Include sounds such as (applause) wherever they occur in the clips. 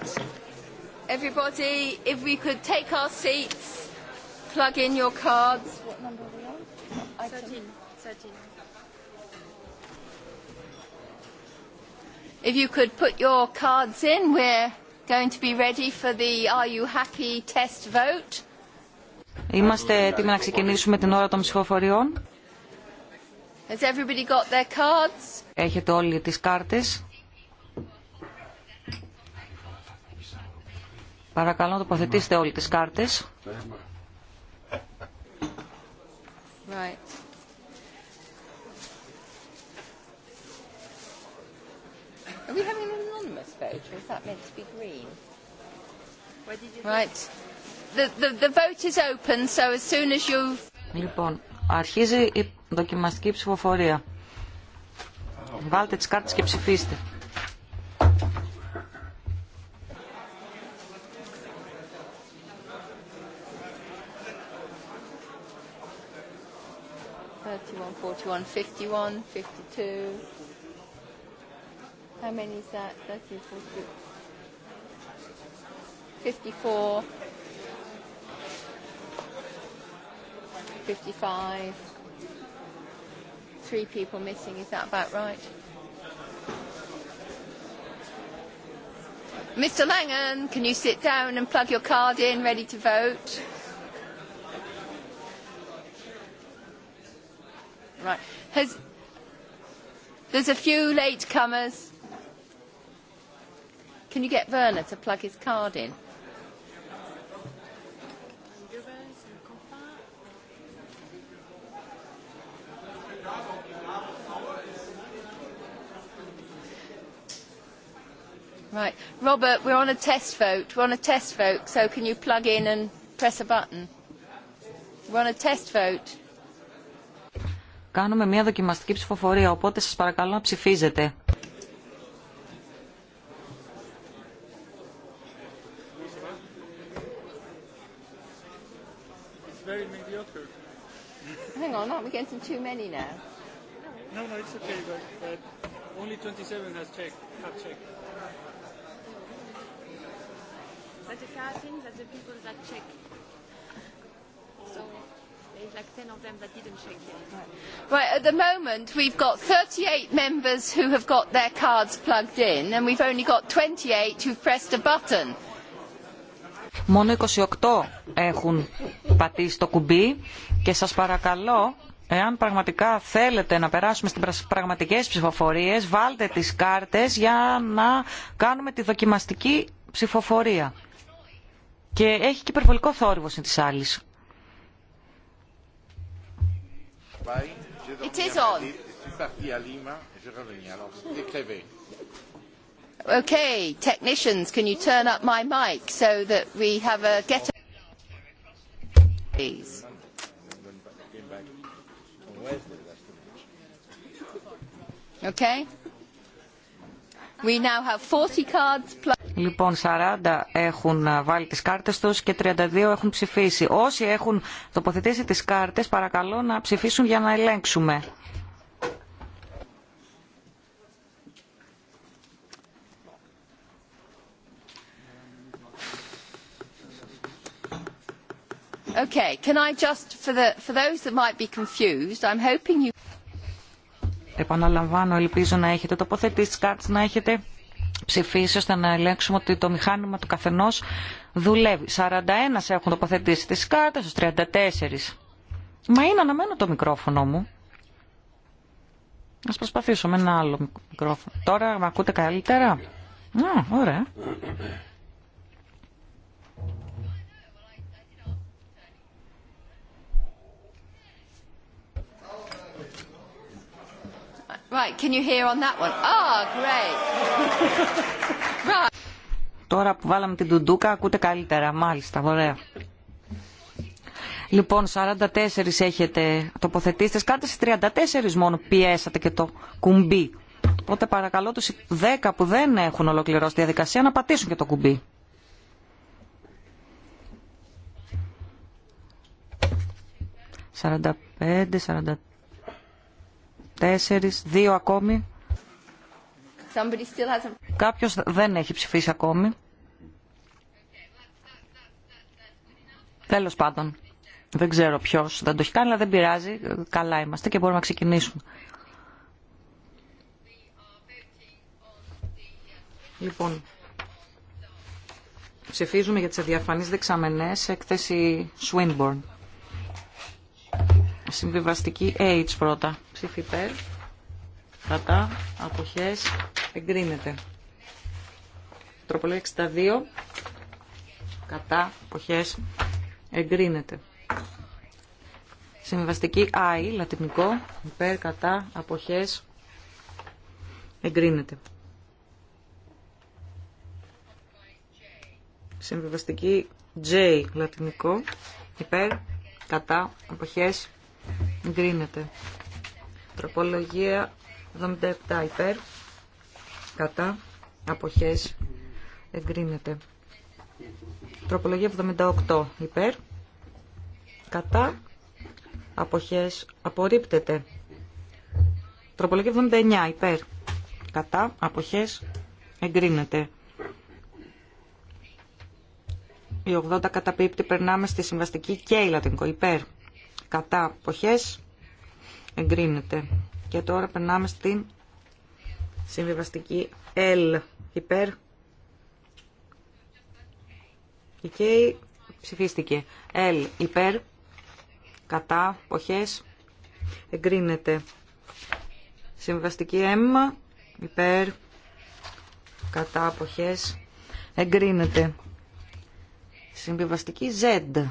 Right. Everybody, if we could take our seats, plug in your cards. What number are we on? 13. 13. If you could put your cards in, we're going to be ready for the Are You Happy test vote. Είμαστε έτοιμοι να ξεκινήσουμε την ώρα των ψηφοφοριών. Has everybody got their cards? Έχετε όλοι τις κάρτες. Παρακαλώ τοποθετήστε όλοι τις κάρτες. Right. Are we having an anonymous vote, or is that meant to be green? Right. The, the, the vote is open, so as soon as you've. Λοιπόν, αρχίζει η δοκιμαστική ψηφοφορία. Βάλτε τις κάρτες και ψηφίστε. 41, 51, 52. How many is that? 30, 54. 55. Three people missing. Is that about right? Mr. Langen, can you sit down and plug your card in, ready to vote? Right. there's a few latecomers. Can you get Werner to plug his card in? Right. Robert, we're on a test vote. We're on a test vote, so can you plug in and press a button? We're on a test vote κάνουμε μια δοκιμαστική ψηφοφορία, οπότε σας παρακαλώ να ψηφίζετε. Hang on, I'm getting too many now. No, no, it's okay, but, but only 27 has checked, have checked. But the cartons are the people that check. So like Right, at the moment we've got 38 members who have got their cards plugged in and we've only got 28 who've pressed a button. Μόνο 28 έχουν πατήσει το κουμπί και σας παρακαλώ εάν πραγματικά θέλετε να περάσουμε στις πραγματικές ψηφοφορίες βάλτε τις κάρτες για να κάνουμε τη δοκιμαστική ψηφοφορία. Και έχει και υπερβολικό θόρυβο στις άλλες. It is on. Okay, technicians, can you turn up my mic so that we have a get please. Okay? We now have 40 cards. Λοιπόν, 40 έχουν βάλει τις κάρτες τους και 32 έχουν ψηφίσει. Όσοι έχουν τοποθετήσει τις κάρτες, παρακαλώ να ψηφίσουν για να ελέγξουμε. Okay, can I just, for, the, for those that might be confused, I'm hoping you επαναλαμβάνω, ελπίζω να έχετε τοποθετήσει τις κάρτες, να έχετε ψηφίσει ώστε να ελέγξουμε ότι το μηχάνημα του καθενός δουλεύει. 41 έχουν τοποθετήσει τις κάρτες, στους 34. Μα είναι αναμένο το μικρόφωνο μου. Ας προσπαθήσω με ένα άλλο μικρόφωνο. Τώρα με ακούτε καλύτερα. Α, ωραία. Right, can you hear on that one? Oh, great. (laughs) Τώρα που βάλαμε την τουντούκα ακούτε καλύτερα, μάλιστα, ωραία. Λοιπόν, 44 έχετε τοποθετήστε. Κάντε σε 34 μόνο πιέσατε και το κουμπί. Οπότε παρακαλώ τους 10 που δεν έχουν ολοκληρώσει τη διαδικασία να πατήσουν και το κουμπί. Σαράντα Τέσσερις, δύο ακόμη. Κάποιος δεν έχει ψηφίσει ακόμη. Τέλος πάντων. Δεν ξέρω ποιος δεν το έχει κάνει, αλλά δεν πειράζει. Καλά είμαστε και μπορούμε να ξεκινήσουμε. Λοιπόν, ψηφίζουμε για τις διαφανείς δεξαμενές έκθεση Swinburne. Συμβιβαστική H πρώτα ψήφι υπέρ, κατά, αποχές, εγκρίνεται. Τροπολογία 62, κατά, αποχές, εγκρίνεται. Συμβαστική I, λατινικό, υπέρ, κατά, αποχές, εγκρίνεται. Συμβιβαστική J, λατινικό, υπέρ, κατά, αποχές, εγκρίνεται. Τροπολογία 77 υπέρ. Κατά. Αποχές. Εγκρίνεται. Τροπολογία 78 υπέρ. Κατά. Αποχές. Απορρίπτεται. Τροπολογία 79 υπέρ. Κατά. Αποχές. Εγκρίνεται. Η 80 καταπίπτει περνάμε στη συμβαστική και η λατινικό υπέρ. Κατά αποχές εγκρίνεται. Και τώρα περνάμε στην συμβιβαστική L υπέρ. Η K ψηφίστηκε. L υπέρ. Κατά. Ποχές. Εγκρίνεται. Συμβιβαστική M υπέρ. Κατά. Ποχές. Εγκρίνεται. Συμβιβαστική Z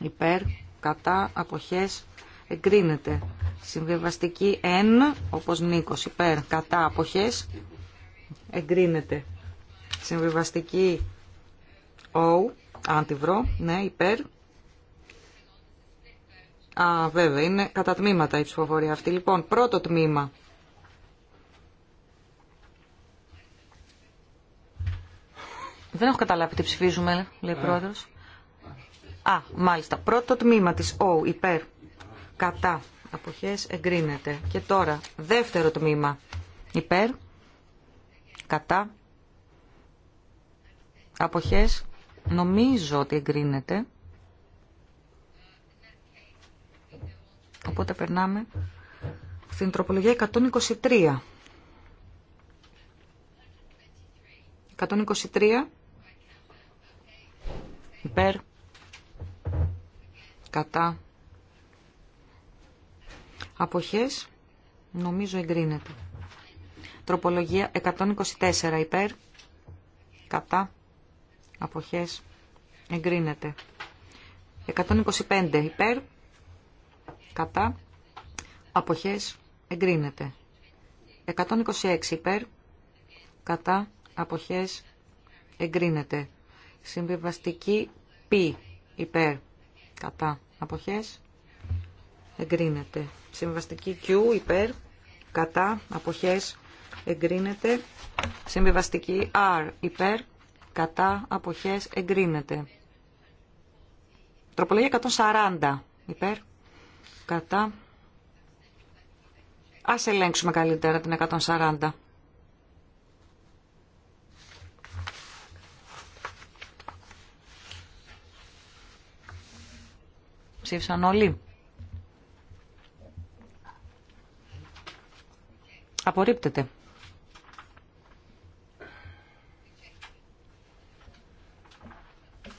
υπέρ. Κατά. Αποχές εγκρίνεται. Συμβιβαστική N, όπως Νίκος, υπέρ, κατά, αποχές, εγκρίνεται. Συμβιβαστική O, αντιβρό ναι, υπέρ. Α, βέβαια, είναι κατά τμήματα η ψηφοφορία αυτή. Λοιπόν, πρώτο τμήμα. Δεν έχω καταλάβει τι ψηφίζουμε, λέει ο ε. πρόεδρος. Α, μάλιστα. Πρώτο τμήμα της O, υπέρ κατά αποχές εγκρίνεται. Και τώρα δεύτερο τμήμα υπέρ, κατά αποχές νομίζω ότι εγκρίνεται. Οπότε περνάμε στην τροπολογία 123. 123 υπέρ κατά αποχές, νομίζω εγκρίνεται. Τροπολογία 124 υπέρ, κατά, αποχές, εγκρίνεται. 125 υπέρ, κατά, αποχές, εγκρίνεται. 126 υπέρ, κατά, αποχές, εγκρίνεται. Συμβιβαστική π υπέρ, κατά, αποχές, εγκρίνεται. Συμβαστική Q υπέρ, κατά, αποχές, εγκρίνεται. Συμβιβαστική R υπέρ, κατά, αποχές, εγκρίνεται. Τροπολογία 140 υπέρ, κατά. Ας ελέγξουμε καλύτερα την 140. Ψήφισαν όλοι. Απορρίπτεται.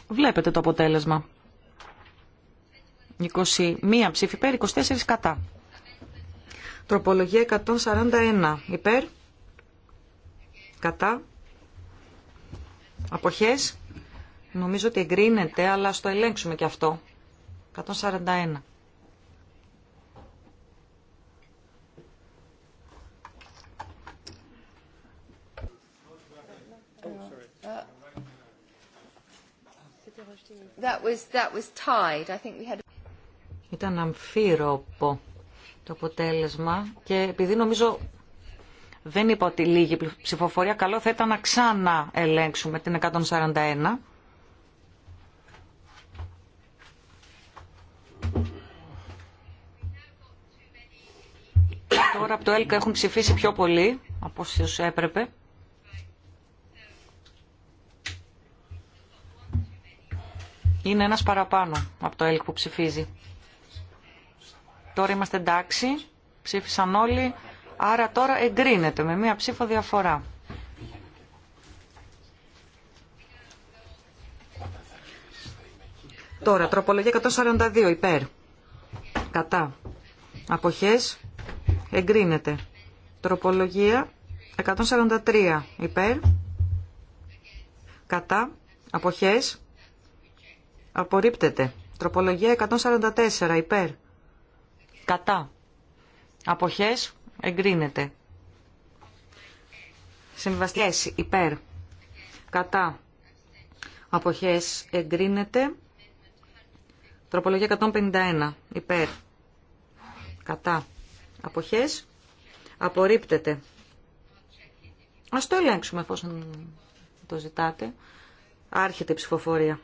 Βλέπετε το αποτέλεσμα. 21 ψήφι υπέρ, 24 κατά. Τροπολογία 141 υπέρ, κατά, αποχές. Νομίζω ότι εγκρίνεται, αλλά στο ελέγξουμε και αυτό. 141. Ήταν αμφίροπο το αποτέλεσμα και επειδή νομίζω δεν είπα ότι λίγη ψηφοφορία, καλό θα ήταν να ξανά ελέγξουμε την 141. Τώρα από το ΕΛΚΑ έχουν ψηφίσει πιο πολύ από όσους έπρεπε. Είναι ένας παραπάνω από το ΕΛΚ που ψηφίζει. Τώρα είμαστε εντάξει, ψήφισαν όλοι, άρα τώρα εγκρίνεται με μία ψήφο διαφορά. Τώρα, τροπολογία 142, υπέρ. Κατά. Αποχές, εγκρίνεται. Τροπολογία 143, υπέρ. Κατά. Αποχές, Απορρίπτεται. Τροπολογία 144 υπέρ. Κατά. Αποχές εγκρίνεται. Συμβαστικές υπέρ. Κατά. Αποχές εγκρίνεται. Τροπολογία 151 υπέρ. Κατά. Αποχές απορρίπτεται. Ας το ελέγξουμε εφόσον το ζητάτε. Άρχεται η ψηφοφορία.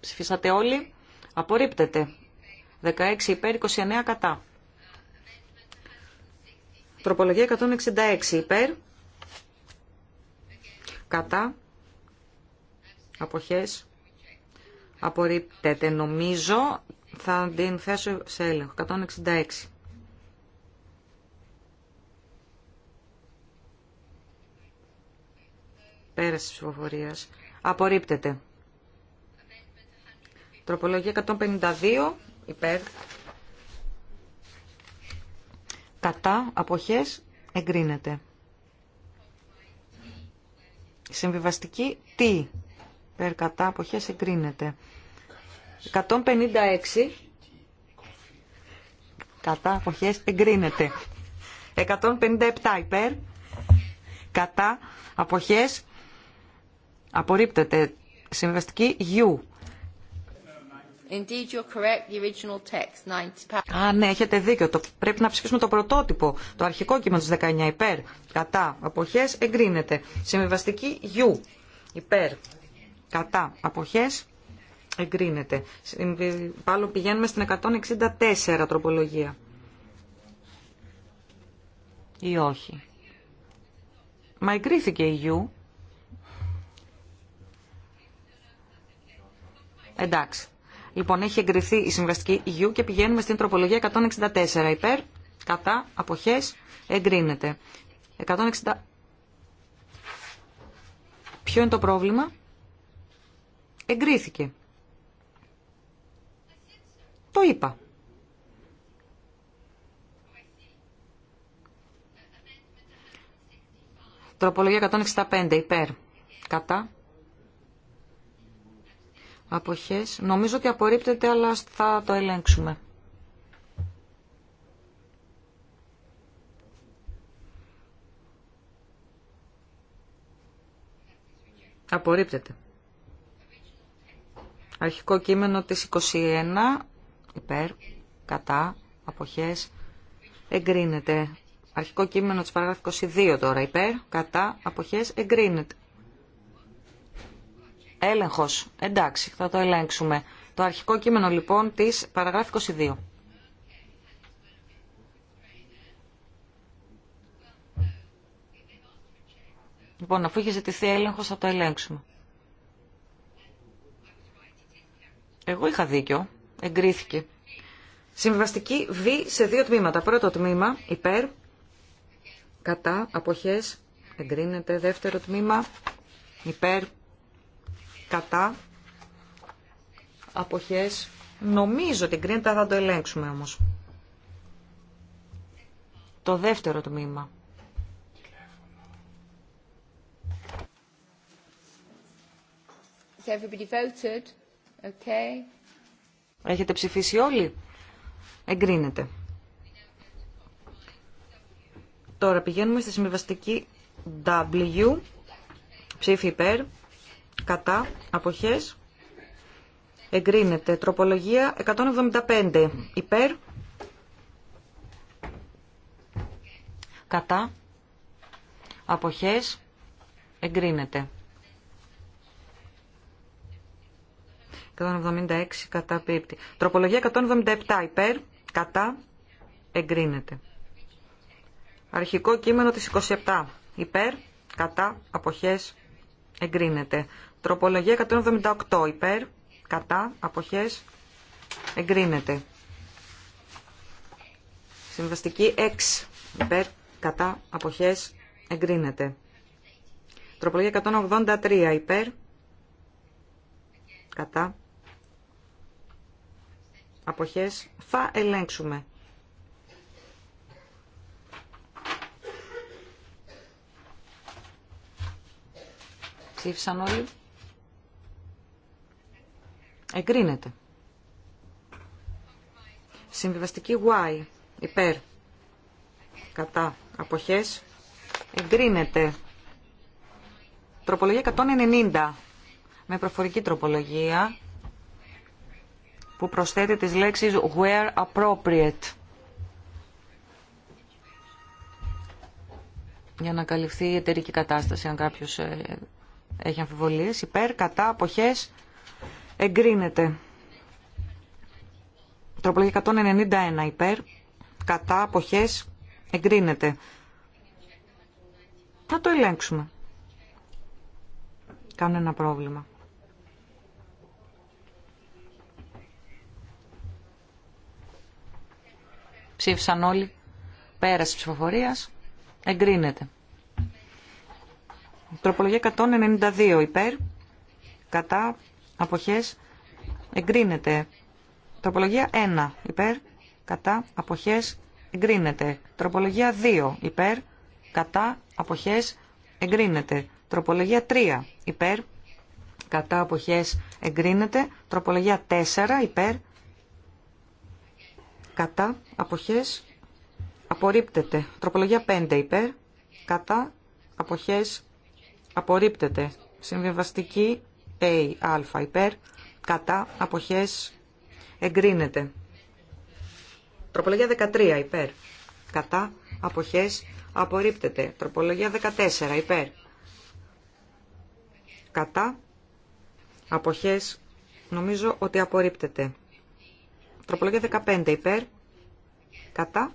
Ψηφίσατε όλοι. Απορρίπτεται. 16 υπέρ, 29 κατά. Τροπολογία 166 υπέρ. Κατά. Αποχές. Απορρίπτεται. Νομίζω θα την θέσω σε έλεγχο. 166. Πέραση της ψηφοφορίας. Απορρίπτεται. Τροπολογία 152 υπέρ. Κατά αποχές εγκρίνεται. Συμβιβαστική τι. Υπέρ κατά αποχές εγκρίνεται. 156 κατά αποχές εγκρίνεται. 157 υπέρ κατά αποχές απορρίπτεται. Συμβιβαστική U Α, ναι, έχετε δίκιο. Το, πρέπει να ψηφίσουμε το πρωτότυπο, το αρχικό κείμενο του 19 υπέρ. Κατά. Αποχές εγκρίνεται. Συμβιβαστική U. Υπέρ. Κατά. Αποχές εγκρίνεται. Πάλι πηγαίνουμε στην 164 τροπολογία. Ή όχι. Μα εγκρίθηκε η U. Εντάξει. Λοιπόν, έχει εγκριθεί η συμβαστική υγιού και πηγαίνουμε στην τροπολογία 164. Υπέρ, κατά, αποχές, εγκρίνεται. 160... Ποιο είναι το πρόβλημα? Εγκρίθηκε. Το είπα. Τροπολογία 165 υπέρ. Κατά. Αποχές. Νομίζω ότι απορρίπτεται, αλλά θα το ελέγξουμε. Απορρίπτεται. Αρχικό κείμενο της 21, υπέρ, κατά, αποχές, εγκρίνεται. Αρχικό κείμενο της παράγραφη 22 τώρα, υπέρ, κατά, αποχές, εγκρίνεται. Έλεγχος. Εντάξει, θα το ελέγξουμε. Το αρχικό κείμενο λοιπόν της παραγράφη 22. Λοιπόν, αφού είχε ζητηθεί έλεγχος θα το ελέγξουμε. Εγώ είχα δίκιο. Εγκρίθηκε. Συμβαστική Β σε δύο τμήματα. Πρώτο τμήμα υπέρ, κατά, αποχές, εγκρίνεται. Δεύτερο τμήμα υπέρ, κατά αποχές νομίζω ότι εγκρίνεται θα το ελέγξουμε όμως το δεύτερο τμήμα Έχετε ψηφίσει όλοι. Εγκρίνεται. Τώρα πηγαίνουμε στη συμβιβαστική W. Ψήφι υπέρ κατά, αποχές, εγκρίνεται. Τροπολογία 175, υπέρ, κατά, αποχές, εγκρίνεται. 176 κατά πίπτη. Τροπολογία 177 υπέρ, κατά, εγκρίνεται. Αρχικό κείμενο της 27 υπέρ, κατά, αποχές, εγκρίνεται. Τροπολογία 178 υπέρ, κατά, αποχές, εγκρίνεται. Συμβαστική 6 υπέρ, κατά, αποχές, εγκρίνεται. Τροπολογία 183 υπέρ, κατά, αποχές, θα ελέγξουμε. Ψήφισαν όλοι. Εγκρίνεται. Συμβιβαστική Y. Υπέρ. Κατά. Αποχές. Εγκρίνεται. Τροπολογία 190. Με προφορική τροπολογία που προσθέτει τις λέξεις where appropriate. Για να καλυφθεί η εταιρική κατάσταση, αν κάποιος ε, έχει αμφιβολίες. Υπέρ, κατά, αποχές, εγκρίνεται. Τροπολογία 191 υπέρ, κατά, αποχές, εγκρίνεται. Θα το ελέγξουμε. Κάνω ένα πρόβλημα. Ψήφισαν όλοι. Πέρασε ψηφοφορία. Εγκρίνεται. Τροπολογία 192 υπέρ, κατά, αποχές εγκρίνεται. Τροπολογία 1 υπέρ, κατά, αποχές εγκρίνεται. Τροπολογία 2 υπέρ, κατά, αποχές εγκρίνεται. Τροπολογία 3 υπέρ, κατά, αποχές εγκρίνεται. Τροπολογία 4 υπέρ, κατά, αποχές απορρίπτεται. Τροπολογία 5 υπέρ, κατά, αποχές απορρίπτεται. Συμβιβαστική ΑΑ υπέρ, κατά, αποχές, εγκρίνεται. Τροπολογία 13 υπέρ, κατά, αποχές, απορρίπτεται. Τροπολογία 14 υπέρ, κατά, αποχές, νομίζω ότι απορρίπτεται. Τροπολογία 15 υπέρ, κατά,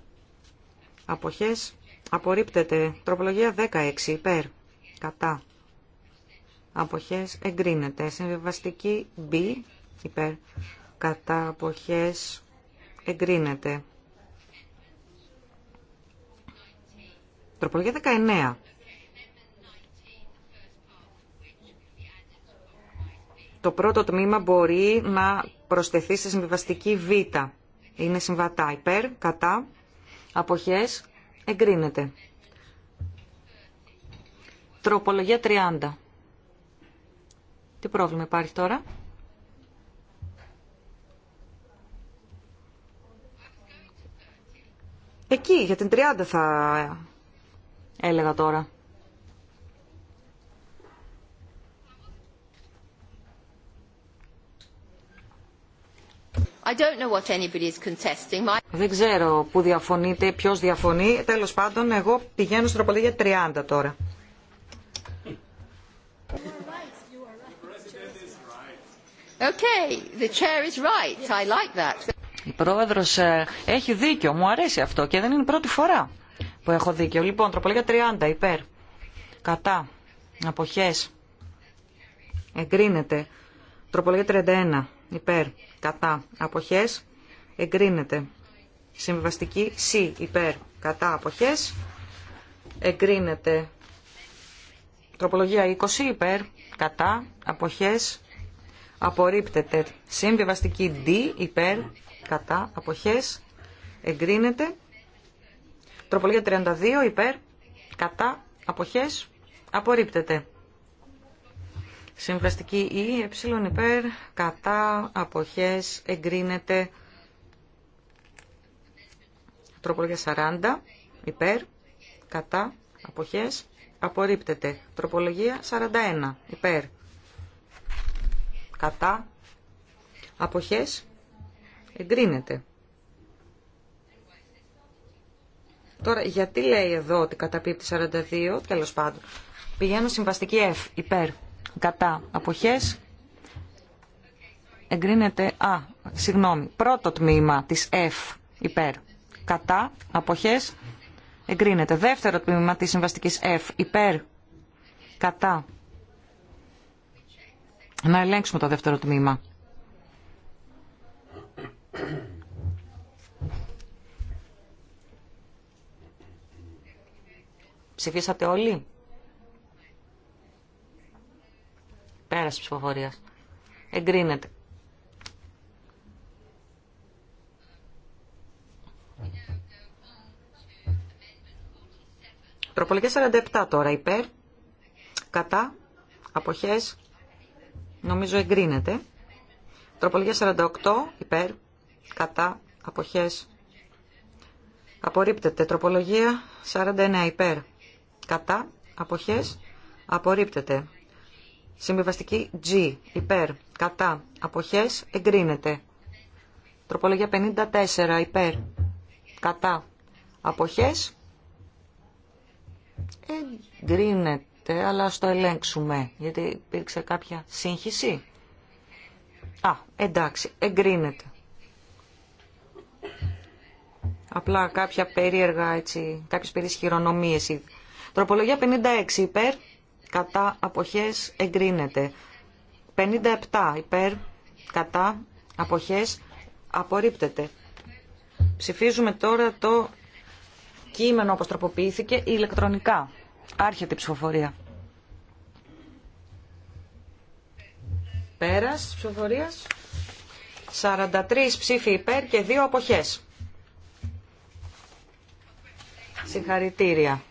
αποχές, απορρίπτεται. Τροπολογία 16 υπέρ, κατά, αποχές εγκρίνεται. Συμβιβαστική B υπέρ κατά αποχές εγκρίνεται. Τροπολογία 19. Το πρώτο τμήμα μπορεί να προσθεθεί σε συμβιβαστική Β. Είναι συμβατά υπέρ, κατά, αποχές, εγκρίνεται. Τροπολογία 30. Τι πρόβλημα υπάρχει τώρα. Εκεί, για την 30 θα έλεγα τώρα. I don't know what anybody is contesting. Δεν ξέρω που διαφωνείτε, ποιος διαφωνεί. Τέλος πάντων, εγώ πηγαίνω στην τροπολογία 30 τώρα. Η πρόεδρος ε, έχει δίκιο, μου αρέσει αυτό και δεν είναι η πρώτη φορά που έχω δίκιο. Λοιπόν, τροπολογία 30, υπέρ, κατά, αποχές, εγκρίνεται. Τροπολογία 31, υπέρ, κατά, αποχές, εγκρίνεται. Συμβιβαστική C, υπέρ, κατά, αποχές, εγκρίνεται. Τροπολογία 20, υπέρ, κατά, αποχές, απορρίπτεται. Συμβιβαστική D υπέρ κατά αποχές εγκρίνεται. Τροπολογία 32 υπέρ κατά αποχές απορρίπτεται. Συμβαστική η e, ε υπέρ κατά αποχές εγκρίνεται. Τροπολογία 40 υπέρ κατά αποχές απορρίπτεται. Τροπολογία 41 υπέρ κατά, αποχές, εγκρίνεται. Τώρα, γιατί λέει εδώ ότι καταπίπτει 42, τέλος πάντων. Πηγαίνω συμβαστική F, υπέρ, κατά, αποχές, εγκρίνεται, α, συγγνώμη, πρώτο τμήμα της F, υπέρ, κατά, αποχές, εγκρίνεται. Δεύτερο τμήμα της συμβαστικής F, υπέρ, κατά, να ελέγξουμε το δεύτερο τμήμα. Ψηφίσατε όλοι. Πέραση ψηφοφορία. Εγκρίνεται. Τροπολογία 47 τώρα. Υπέρ. Κατά. Αποχές. Νομίζω εγκρίνεται. Τροπολογία 48 υπέρ. Κατά. Αποχές. Απορρίπτεται. Τροπολογία 49 υπέρ. Κατά. Αποχές. Απορρίπτεται. Συμβιβαστική G. Υπέρ. Κατά. Αποχές. Εγκρίνεται. Τροπολογία 54. Υπέρ. Κατά. Αποχές. Εγκρίνεται αλλά ας το ελέγξουμε, γιατί υπήρξε κάποια σύγχυση. Α, εντάξει, εγκρίνεται. Απλά κάποια περίεργα, έτσι, κάποιες περίεργες χειρονομίες Τροπολογία 56 υπέρ, κατά αποχές εγκρίνεται. 57 υπέρ, κατά αποχές απορρίπτεται. Ψηφίζουμε τώρα το κείμενο όπως τροποποιήθηκε ηλεκτρονικά. Άρχεται η ψηφοφορία. Πέρας ψηφοφορίας. 43 ψήφοι υπέρ και 2 αποχές. Συγχαρητήρια.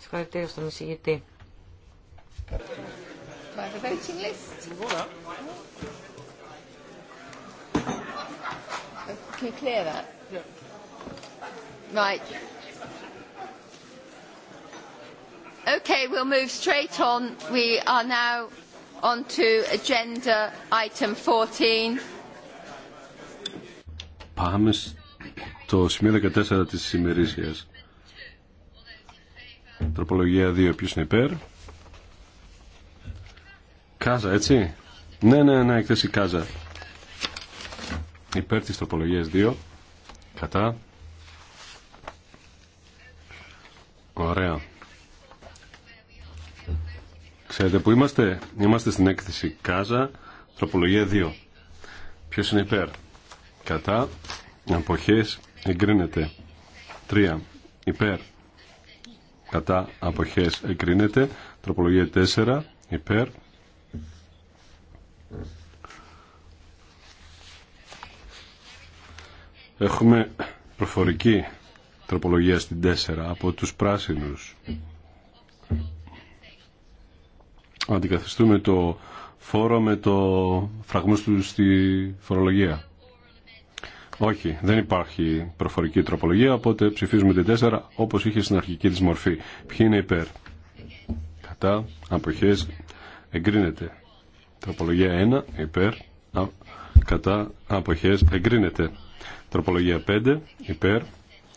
Συγχαρητήρια στον εισηγητή. Can you clear that? Yeah. Right. Okay, we'll move straight on. We are now on agenda item 14. Πάμε στο σημείο 14 της ημερήσιας. Τροπολογία 2. Ποιος είναι υπέρ? Κάζα, έτσι. Ναι, ναι, ναι, εκθέση Κάζα. Υπέρ της τροπολογίας 2. Κατά. Ωραία. Ξέρετε που είμαστε. Είμαστε στην έκθεση Κάζα, τροπολογία 2. Ποιος είναι υπέρ. Κατά. Αποχές. Εγκρίνεται. Τρία Υπέρ. Κατά. Αποχές. Εγκρίνεται. Τροπολογία 4. Υπέρ. Έχουμε προφορική τροπολογία στην 4 από τους πράσινους. Αντικαθιστούμε το φόρο με το φραγμούς του στη φορολογία. Όχι, δεν υπάρχει προφορική τροπολογία, οπότε ψηφίζουμε την 4 όπως είχε στην αρχική της μορφή. Ποιοι είναι υπέρ. Κατά, αποχές, εγκρίνεται. Τροπολογία 1, υπέρ, κατά, αποχές, εγκρίνεται. Τροπολογία 5, υπέρ,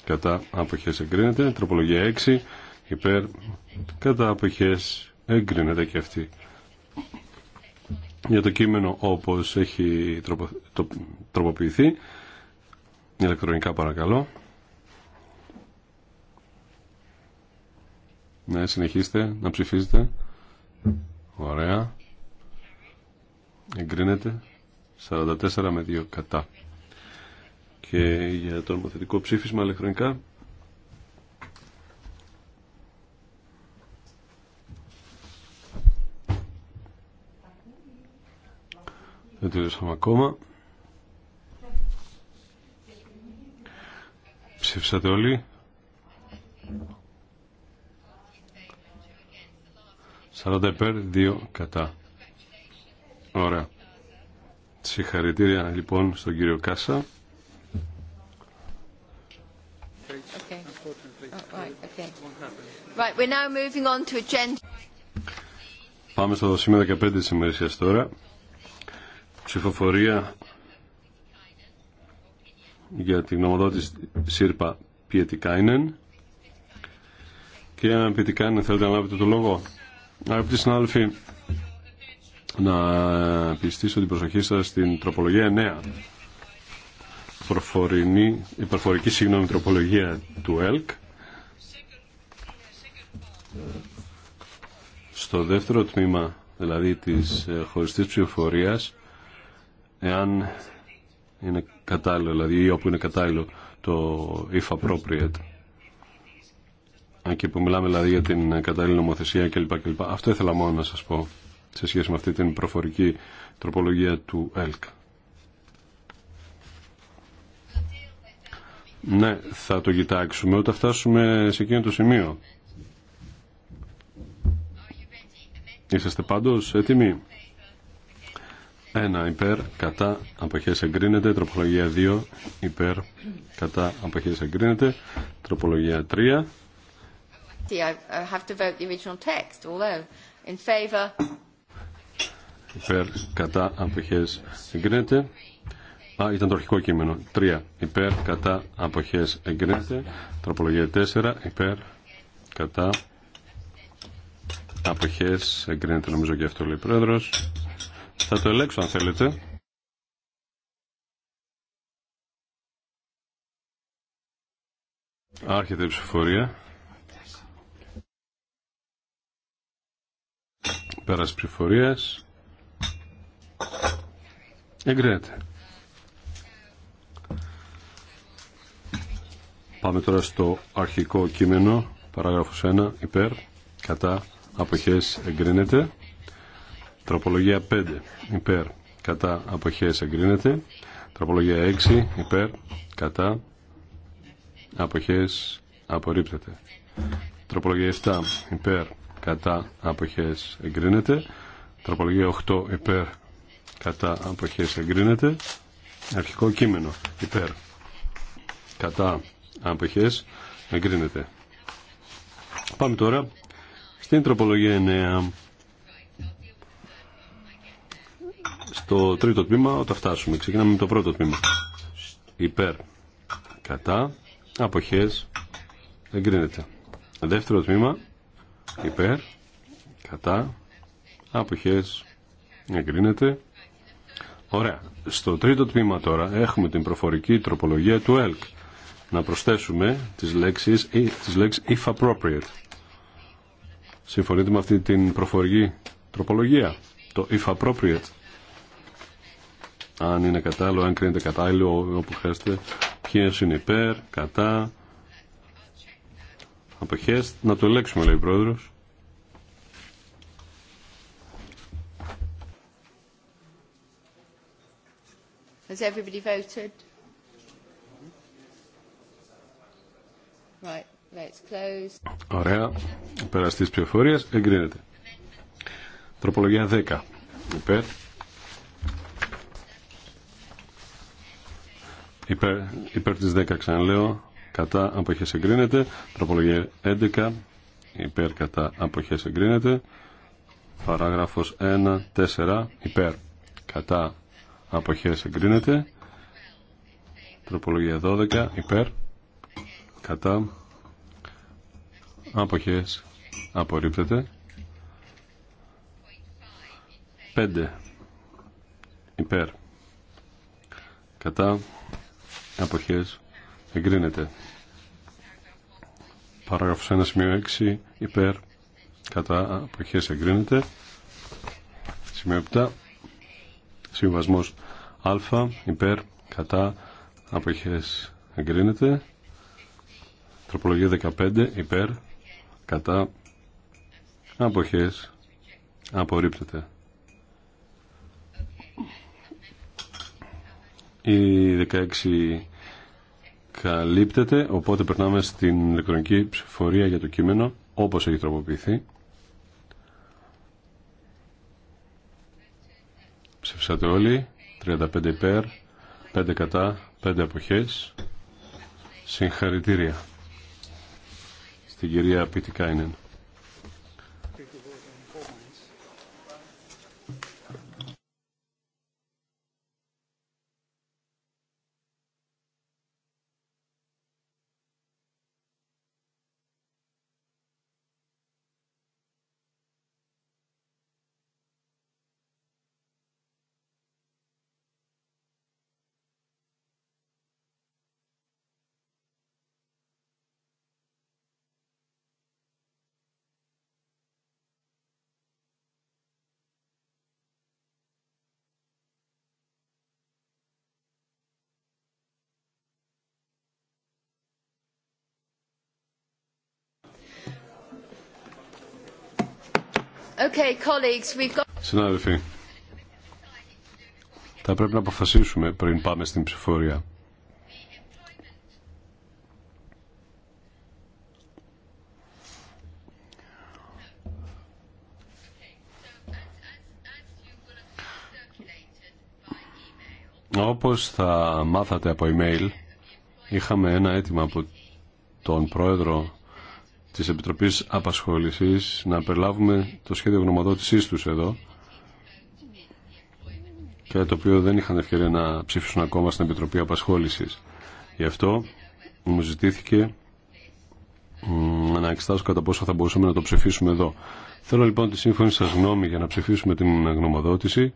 κατά αποχές εγκρίνεται. Τροπολογία 6 υπέρ κατά αποχές εγκρίνεται και αυτή. Για το κείμενο όπως έχει τροποποιηθεί, ηλεκτρονικά παρακαλώ. Ναι, συνεχίστε να ψηφίζετε. Ωραία. Εγκρίνεται. 44 με 2 κατά και για το νομοθετικό ψήφισμα ηλεκτρονικά. Δεν τελειώσαμε ακόμα. Ψήφισατε όλοι. 40 υπέρ, 2 κατά. Ωραία. Συγχαρητήρια λοιπόν στον κύριο Κάσα. Πάμε στο σημείο 15 της ημερησίας τώρα. Ψηφοφορία για την γνωμοδότηση ΣΥΡΠΑ Πιετικάινεν. Κυρία Πιετικάινεν, θέλετε να λάβετε το λόγο. Αγαπητοί συνάδελφοι, να πιστήσω την προσοχή σας στην τροπολογία 9. Προφορική, η προφορική συγγνώμη τροπολογία του ΕΛΚ στο δεύτερο τμήμα, δηλαδή της ε, χωριστής ψηφοφορίας, εάν είναι κατάλληλο, δηλαδή ή όπου είναι κατάλληλο το if appropriate, και που μιλάμε δηλαδή για την κατάλληλη νομοθεσία κλπ. κλπ. Αυτό ήθελα μόνο να σας πω σε σχέση με αυτή την προφορική τροπολογία του ΕΛΚ. Ναι, θα το κοιτάξουμε όταν φτάσουμε σε εκείνο το σημείο. Είσαστε πάντως έτοιμοι. 1 υπέρ, κατά, αποχές εγκρίνεται. Τροπολογία 2 υπέρ, κατά, αποχές εγκρίνεται. Τροπολογία 3. Υπέρ, κατά, αποχές εγκρίνεται. Α, ήταν το αρχικό κείμενο. 3. Υπέρ, κατά, αποχές εγκρίνεται. Τροπολογία 4. Υπέρ, κατά, Αποχές εγκρίνεται νομίζω και αυτό λέει πρόεδρος. Θα το ελέξω αν θέλετε. Άρχεται η ψηφορία. Πέραση ψηφορίας. Εγκρίνεται. Πάμε τώρα στο αρχικό κείμενο, παράγραφος 1, υπέρ, κατά, αποχές εγκρίνεται. Τροπολογία 5 υπέρ κατά αποχές εγκρίνεται. Τροπολογία 6 υπέρ κατά αποχές απορρίπτεται. Τροπολογία 7 υπέρ κατά αποχές εγκρίνεται. Τροπολογία 8 υπέρ κατά αποχές εγκρίνεται. Αρχικό κείμενο υπέρ κατά αποχές εγκρίνεται. Πάμε τώρα στην τροπολογία 9, στο τρίτο τμήμα, όταν φτάσουμε, ξεκινάμε με το πρώτο τμήμα. Υπέρ, κατά, αποχές, εγκρίνεται. Δεύτερο τμήμα, υπέρ, κατά, αποχές, εγκρίνεται. Ωραία. Στο τρίτο τμήμα τώρα έχουμε την προφορική τροπολογία του ΕΛΚ. Να προσθέσουμε τις λέξεις, τις λέξεις if appropriate. Συμφωνείτε με αυτή την προφορική τροπολογία, το if appropriate. Αν είναι κατάλληλο, αν κρίνεται κατάλληλο όπου χρειάζεται, ποιε είναι υπέρ, κατά, αποχές. Να το ελέγξουμε, λέει ο Πρόεδρος. Has everybody Right. Ωραία. Περαστή πληροφορία. Εγκρίνεται. Τροπολογία 10. Υπέρ. Υπέρ, υπέρ της 10 ξαναλέω. Κατά αποχές εγκρίνεται. Τροπολογία 11. Υπέρ κατά αποχές εγκρίνεται. Παράγραφος 1. 4. Υπέρ κατά αποχές εγκρίνεται. Τροπολογία 12. Υπέρ κατά Αποχές. Απορρίπτεται. 5. Υπέρ. Κατά. Αποχές. Εγκρίνεται. Παράγραφος 1 σημείο 6. Υπέρ. Κατά. Αποχές. Εγκρίνεται. Σημείο 7. Συμβασμός Α. Υπέρ. Κατά. Αποχές. Εγκρίνεται. Τροπολογία 15. Υπέρ κατά αποχές απορρίπτεται. Η 16 καλύπτεται, οπότε περνάμε στην ηλεκτρονική ψηφορία για το κείμενο όπως έχει τροποποιηθεί. Ψηφίσατε όλοι, 35 υπέρ, 5 κατά, 5 αποχές. Συγχαρητήρια στην κυρία Πιτικάινεν. Okay, Συνάδελφοι, θα πρέπει να αποφασίσουμε πριν πάμε στην ψηφορία. Όπως θα μάθατε από email, είχαμε ένα αίτημα από τον πρόεδρο της Επιτροπής Απασχόλησης να περιλάβουμε το σχέδιο γνωμοδότησής τους εδώ και το οποίο δεν είχαν ευκαιρία να ψήφισουν ακόμα στην Επιτροπή Απασχόλησης. Γι' αυτό μου ζητήθηκε να εξετάσω κατά πόσο θα μπορούσαμε να το ψηφίσουμε εδώ. Θέλω λοιπόν τη σύμφωνη σας γνώμη για να ψηφίσουμε την γνωμοδότηση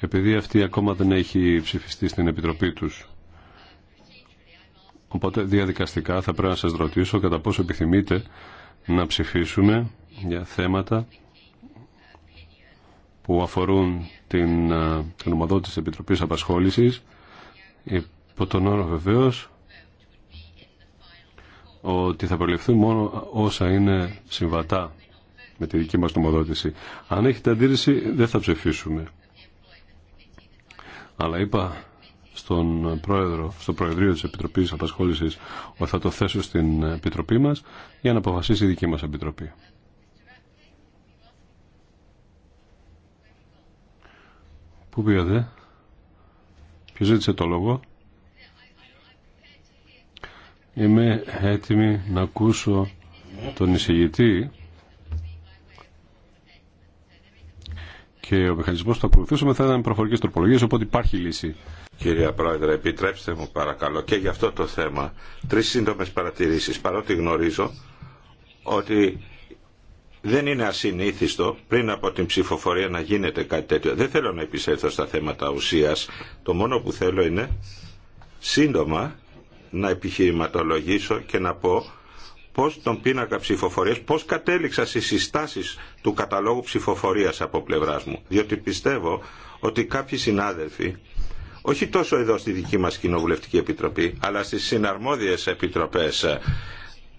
επειδή αυτή ακόμα δεν έχει ψηφιστεί στην Επιτροπή τους. Οπότε διαδικαστικά θα πρέπει να σας ρωτήσω κατά πόσο επιθυμείτε να ψηφίσουμε για θέματα που αφορούν την, ε, την ομοδότηση της Επιτροπής Απασχόλησης υπό τον όρο βεβαίως ότι θα προληφθούν μόνο όσα είναι συμβατά με τη δική μας νομοδότηση. Αν έχετε αντίρρηση δεν θα ψηφίσουμε. Αλλά είπα στον πρόεδρο, στο Προεδρείο της Επιτροπής Απασχόλησης ότι θα το θέσω στην Επιτροπή μας για να αποφασίσει η δική μας Επιτροπή. Πού πήγατε? Ποιος ζήτησε το λόγο? Είμαι έτοιμη να ακούσω τον εισηγητή και ο μηχανισμός που θα ακολουθούσαμε θα ήταν προφορικέ τροπολογίε, οπότε υπάρχει λύση. Κύριε Πρόεδρε, επιτρέψτε μου παρακαλώ και για αυτό το θέμα τρεις σύντομε παρατηρήσεις, παρότι γνωρίζω ότι δεν είναι ασυνήθιστο πριν από την ψηφοφορία να γίνεται κάτι τέτοιο. Δεν θέλω να επισέλθω στα θέματα ουσία. Το μόνο που θέλω είναι σύντομα να επιχειρηματολογήσω και να πω πώς τον πίνακα ψηφοφορίας, πώς κατέληξα στις συστάσεις του καταλόγου ψηφοφορίας από πλευράς μου. Διότι πιστεύω ότι κάποιοι συνάδελφοι, όχι τόσο εδώ στη δική μας Κοινοβουλευτική Επιτροπή, αλλά στις συναρμόδιες επιτροπές, ε,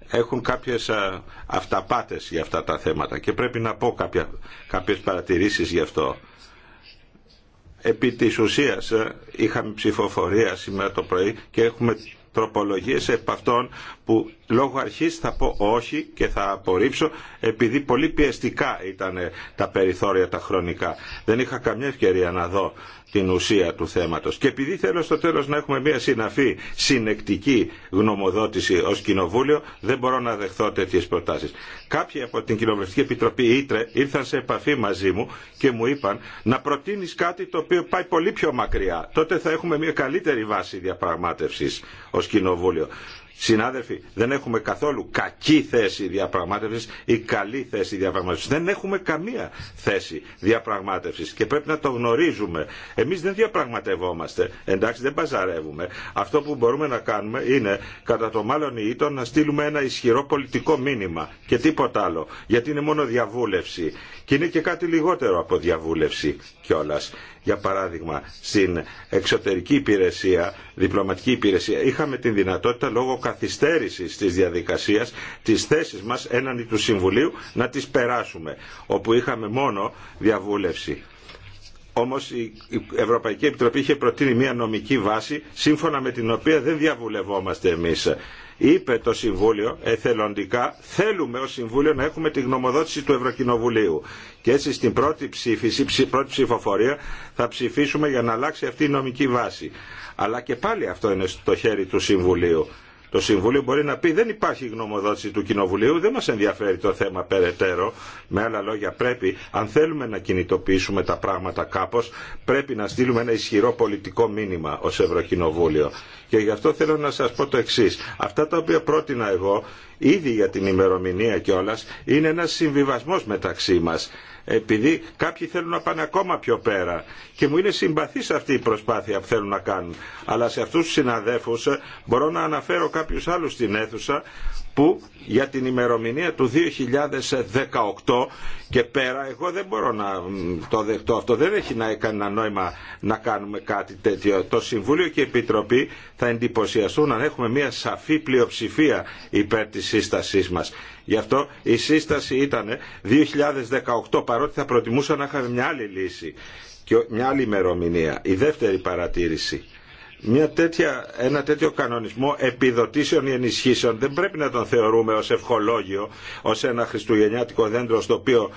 έχουν κάποιες ε, αυταπάτες για αυτά τα θέματα και πρέπει να πω κάποιε κάποιες παρατηρήσεις γι' αυτό. Επί της ουσίας ε, είχαμε ψηφοφορία σήμερα το πρωί και έχουμε τροπολογίες επ' αυτών που λόγω αρχής θα πω όχι και θα απορρίψω επειδή πολύ πιεστικά ήταν ε, τα περιθώρια τα χρονικά. Δεν είχα καμιά ευκαιρία να δω την ουσία του θέματος. Και επειδή θέλω στο τέλος να έχουμε μια συναφή συνεκτική γνωμοδότηση ως κοινοβούλιο, δεν μπορώ να δεχθώ τέτοιες προτάσεις. Κάποιοι από την Κοινοβουλευτική Επιτροπή Ήτρε ήρθαν σε επαφή μαζί μου και μου είπαν να προτείνεις κάτι το οποίο πάει πολύ πιο μακριά. Τότε θα έχουμε μια καλύτερη βάση διαπραγμάτευσης ως κοινοβούλιο. Συνάδελφοι, δεν έχουμε καθόλου κακή θέση διαπραγμάτευσης ή καλή θέση διαπραγμάτευσης. Δεν έχουμε καμία θέση διαπραγμάτευσης και πρέπει να το γνωρίζουμε. Εμείς δεν διαπραγματευόμαστε, εντάξει δεν παζαρεύουμε. Αυτό που μπορούμε να κάνουμε είναι κατά το μάλλον ή να στείλουμε ένα ισχυρό πολιτικό μήνυμα και τίποτα άλλο. Γιατί είναι μόνο διαβούλευση και είναι και κάτι λιγότερο από διαβούλευση κιόλα για παράδειγμα, στην εξωτερική υπηρεσία, διπλωματική υπηρεσία, είχαμε την δυνατότητα λόγω καθυστέρησης της διαδικασίας τις θέσεις μας έναντι του Συμβουλίου να τις περάσουμε, όπου είχαμε μόνο διαβούλευση. Όμω η Ευρωπαϊκή Επιτροπή είχε προτείνει μια νομική βάση σύμφωνα με την οποία δεν διαβουλευόμαστε εμείς. Είπε το Συμβούλιο εθελοντικά θέλουμε ως Συμβούλιο να έχουμε τη γνωμοδότηση του Ευρωκοινοβουλίου και έτσι στην πρώτη, ψήφιση, πρώτη ψηφοφορία θα ψηφίσουμε για να αλλάξει αυτή η νομική βάση. Αλλά και πάλι αυτό είναι στο χέρι του Συμβουλίου. Το Συμβούλιο μπορεί να πει δεν υπάρχει γνωμοδότηση του Κοινοβουλίου, δεν μας ενδιαφέρει το θέμα περαιτέρω. Με άλλα λόγια πρέπει, αν θέλουμε να κινητοποιήσουμε τα πράγματα κάπως, πρέπει να στείλουμε ένα ισχυρό πολιτικό μήνυμα ως Ευρωκοινοβούλιο. Και γι' αυτό θέλω να σας πω το εξής. Αυτά τα οποία πρότεινα εγώ, ήδη για την ημερομηνία κιόλα, είναι ένας συμβιβασμός μεταξύ μας. Επειδή κάποιοι θέλουν να πάνε ακόμα πιο πέρα και μου είναι συμπαθής αυτή η προσπάθεια που θέλουν να κάνουν. Αλλά σε αυτούς τους συναδέφους ε, μπορώ να αναφέρω κάποιους άλλους στην αίθουσα που για την ημερομηνία του 2018 και πέρα εγώ δεν μπορώ να το δεχτώ αυτό. Δεν έχει να ένα νόημα να κάνουμε κάτι τέτοιο. Το Συμβούλιο και η Επιτροπή θα εντυπωσιαστούν αν έχουμε μια σαφή πλειοψηφία υπέρ της σύστασής μας. Γι' αυτό η σύσταση ήταν 2018 παρότι θα προτιμούσα να είχαμε μια άλλη λύση και μια άλλη ημερομηνία. Η δεύτερη παρατήρηση ένα τέτοιο κανονισμό επιδοτήσεων ή ενισχύσεων δεν πρέπει να τον θεωρούμε ως ευχολόγιο, ως ένα χριστουγεννιάτικο δέντρο στο οποίο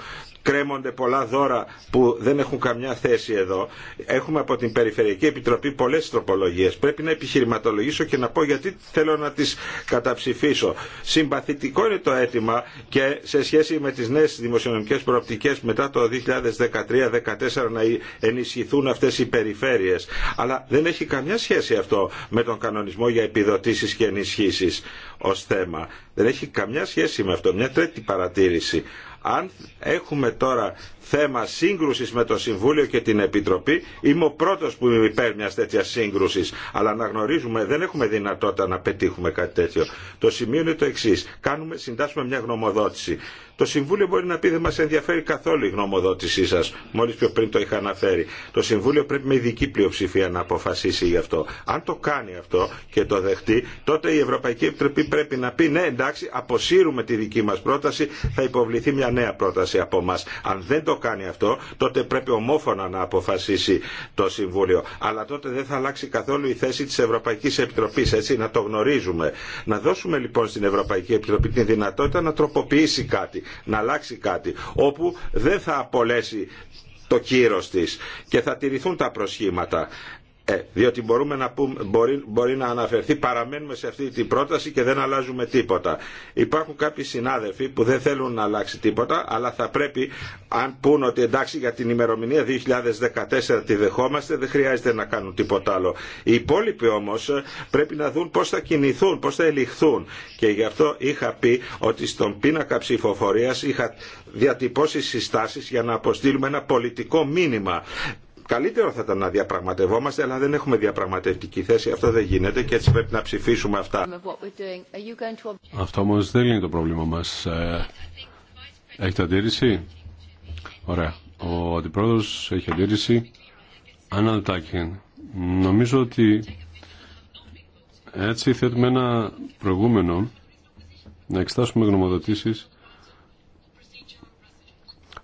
κρέμονται πολλά δώρα που δεν έχουν καμιά θέση εδώ. Έχουμε από την Περιφερειακή Επιτροπή πολλέ τροπολογίε. Πρέπει να επιχειρηματολογήσω και να πω γιατί θέλω να τι καταψηφίσω. Συμπαθητικό είναι το αίτημα και σε σχέση με τι νέε δημοσιονομικέ προοπτικέ μετά το 2013-2014 να ενισχυθούν αυτέ οι περιφέρειε. Αλλά δεν έχει καμιά σχέση αυτό με τον κανονισμό για επιδοτήσει και ενισχύσει ω θέμα. Δεν έχει καμιά σχέση με αυτό. Μια τρίτη παρατήρηση. Αν έχουμε τώρα θέμα σύγκρουσης με το Συμβούλιο και την Επιτροπή. Είμαι ο πρώτος που είμαι υπέρ μιας τέτοιας σύγκρουσης, αλλά να γνωρίζουμε δεν έχουμε δυνατότητα να πετύχουμε κάτι τέτοιο. Το σημείο είναι το εξής. Κάνουμε, συντάσσουμε μια γνωμοδότηση. Το Συμβούλιο μπορεί να πει δεν μα ενδιαφέρει καθόλου η γνωμοδότησή σας. Μόλις πιο πριν το είχα αναφέρει. Το Συμβούλιο πρέπει με ειδική πλειοψηφία να αποφασίσει γι' αυτό. Αν το κάνει αυτό και το δεχτεί, τότε η Ευρωπαϊκή Επιτροπή πρέπει να πει ναι εντάξει αποσύρουμε τη δική μας πρόταση, θα υποβληθεί μια νέα πρόταση από εμά. Αν δεν το κάνει αυτό, τότε πρέπει ομόφωνα να αποφασίσει το Συμβούλιο. Αλλά τότε δεν θα αλλάξει καθόλου η θέση της Ευρωπαϊκής Επιτροπής, έτσι, να το γνωρίζουμε. Να δώσουμε λοιπόν στην Ευρωπαϊκή Επιτροπή την δυνατότητα να τροποποιήσει κάτι, να αλλάξει κάτι, όπου δεν θα απολέσει το κύρος της και θα τηρηθούν τα προσχήματα. Ε, διότι μπορούμε να πούμε, μπορεί, μπορεί να αναφερθεί παραμένουμε σε αυτή την πρόταση και δεν αλλάζουμε τίποτα. Υπάρχουν κάποιοι συνάδελφοι που δεν θέλουν να αλλάξει τίποτα αλλά θα πρέπει αν πούν ότι εντάξει για την ημερομηνία 2014 τη δεχόμαστε δεν χρειάζεται να κάνουν τίποτα άλλο. Οι υπόλοιποι όμω ε, πρέπει να δουν πώ θα κινηθούν, πώ θα ελιχθούν και γι' αυτό είχα πει ότι στον πίνακα ψηφοφορίας είχα διατυπώσει συστάσει για να αποστείλουμε ένα πολιτικό μήνυμα καλύτερο θα ήταν να διαπραγματευόμαστε, αλλά δεν έχουμε διαπραγματευτική θέση. Αυτό δεν γίνεται και έτσι πρέπει να ψηφίσουμε αυτά. Αυτό όμω δεν είναι το πρόβλημα μα. Ε, έχετε αντίρρηση. Ωραία. Ο αντιπρόεδρο έχει αντίρρηση. Άννα Νομίζω ότι έτσι θέτουμε ένα προηγούμενο να εξετάσουμε γνωμοδοτήσεις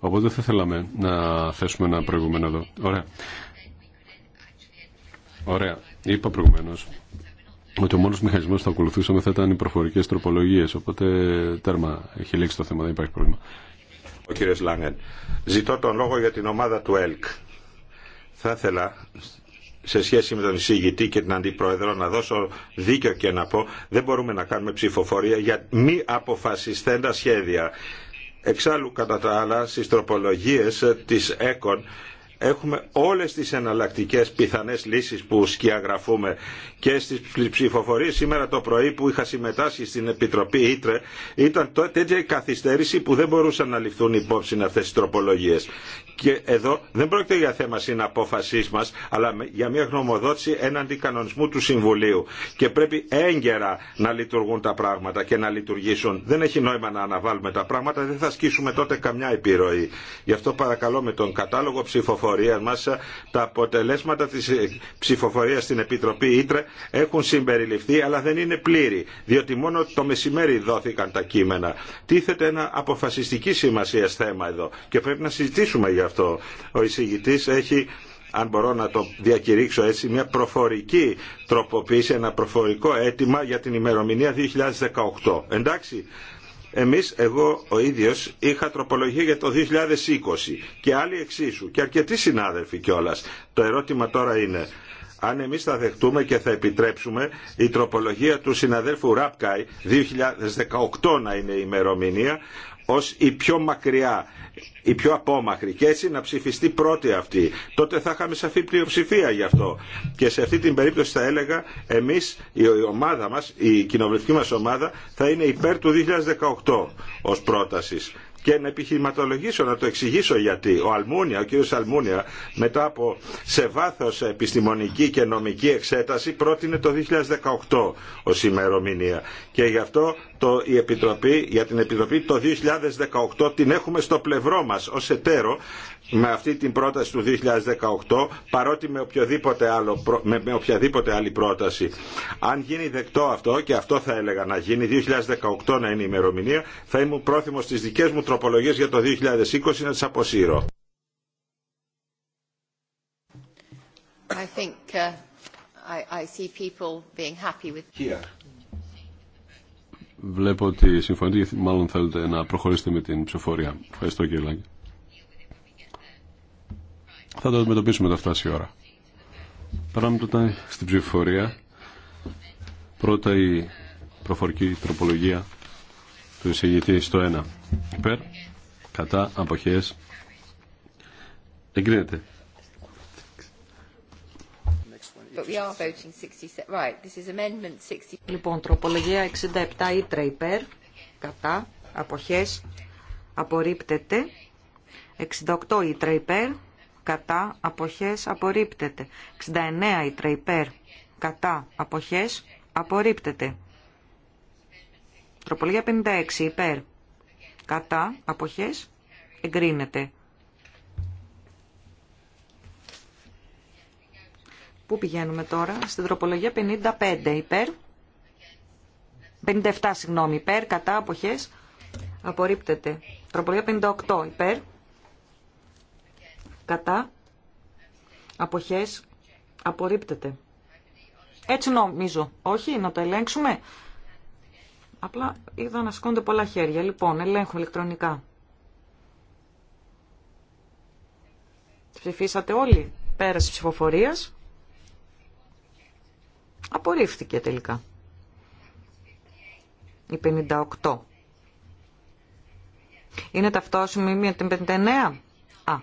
Οπότε θα θέλαμε να θέσουμε ένα προηγούμενο εδώ. Ωραία. Ωραία. Είπα προηγουμένω ότι ο μόνο μηχανισμό που θα ακολουθούσαμε θα ήταν οι προφορικέ τροπολογίε. Οπότε τέρμα έχει λήξει το θέμα, δεν υπάρχει πρόβλημα. Ο κύριο Λάγκεν. Ζητώ τον λόγο για την ομάδα του ΕΛΚ. Θα ήθελα σε σχέση με τον εισηγητή και την αντιπρόεδρο να δώσω δίκιο και να πω δεν μπορούμε να κάνουμε ψηφοφορία για μη αποφασιστέντα σχέδια. Εξάλλου κατά τα άλλα στις τροπολογίες της ΕΚΟΝ έχουμε όλες τις εναλλακτικές πιθανές λύσεις που σκιαγραφούμε και στις ψηφοφορίες σήμερα το πρωί που είχα συμμετάσχει στην Επιτροπή Ήτρε ήταν τέτοια η καθυστέρηση που δεν μπορούσαν να ληφθούν υπόψη αυτές οι τροπολογίες. Και εδώ δεν πρόκειται για θέμα συναπόφασή μα, αλλά για μια γνωμοδότηση έναντι κανονισμού του Συμβουλίου. Και πρέπει έγκαιρα να λειτουργούν τα πράγματα και να λειτουργήσουν. Δεν έχει νόημα να αναβάλουμε τα πράγματα, δεν θα ασκήσουμε τότε καμιά επιρροή. Γι' αυτό παρακαλώ με τον κατάλογο τα αποτελέσματα της ε, ψηφοφορίας στην Επιτροπή Ήτρε έχουν συμπεριληφθεί αλλά δεν είναι πλήρη διότι μόνο το μεσημέρι δόθηκαν τα κείμενα. Τίθεται ένα αποφασιστική σημασία θέμα εδώ και πρέπει να συζητήσουμε γι' αυτό. Ο εισηγητής έχει αν μπορώ να το διακηρύξω έτσι, μια προφορική τροποποίηση, ένα προφορικό αίτημα για την ημερομηνία 2018. Εντάξει, εμείς, εγώ ο ίδιος, είχα τροπολογία για το 2020 και άλλοι εξίσου και αρκετοί συνάδελφοι κιόλας. Το ερώτημα τώρα είναι, αν εμείς θα δεχτούμε και θα επιτρέψουμε η τροπολογία του συναδέλφου Ράπκαη 2018 να είναι η ημερομηνία ως η πιο μακριά, η πιο απόμακρη και έτσι να ψηφιστεί πρώτη αυτή. Τότε θα είχαμε σαφή πλειοψηφία γι' αυτό. Και σε αυτή την περίπτωση θα έλεγα εμείς η ομάδα μας, η κοινοβουλευτική μας ομάδα θα είναι υπέρ του 2018 ως πρότασης και να επιχειρηματολογήσω, να το εξηγήσω γιατί. Ο Αλμούνια, ο κύριος Αλμούνια, μετά από σε βάθος επιστημονική και νομική εξέταση, πρότεινε το 2018 ως ημερομηνία. Και γι' αυτό το, η Επιτροπή, για την Επιτροπή το 2018 την έχουμε στο πλευρό μας ως εταίρο με αυτή την πρόταση του 2018 παρότι με, οποιοδήποτε άλλο, με, οποιαδήποτε άλλη πρόταση. Αν γίνει δεκτό αυτό και αυτό θα έλεγα να γίνει 2018 να είναι η ημερομηνία θα ήμουν πρόθυμος στις δικές μου τροπολογίες για το 2020 να τις αποσύρω. I think uh, I, see people being happy with... Βλέπω ότι συμφωνείτε, μάλλον θέλετε να προχωρήσετε με την ψηφοφορία. Ευχαριστώ κύριε Λάγκη. Θα το αντιμετωπίσουμε όταν φτάσει η ώρα. Περάμε τότε στην ψηφοφορία. Πρώτα η προφορική τροπολογία του εισηγητή στο 1. Υπέρ, κατά, αποχές. Εγκρίνεται. Λοιπόν, τροπολογία 67 ήτρα υπέρ, κατά, αποχές, απορρίπτεται. 68 ήτρα υπέρ, κατά αποχές απορρίπτεται. 69 ήτρα υπέρ κατά αποχές απορρίπτεται. Τροπολογία 56 υπέρ κατά αποχές εγκρίνεται. Πού πηγαίνουμε τώρα, στην τροπολογία 55 υπέρ, 57 συγγνώμη υπέρ, κατά αποχές απορρίπτεται. Τροπολογία 58 υπέρ, κατά, αποχές, απορρίπτεται. Έτσι νομίζω. Όχι, να το ελέγξουμε. Απλά είδα να σκόνται πολλά χέρια. Λοιπόν, ελέγχουμε ηλεκτρονικά. Ψηφίσατε όλοι πέραση ψηφοφορίας. Απορρίφθηκε τελικά. Η 58. Είναι ταυτόσιμη με την 59. Α,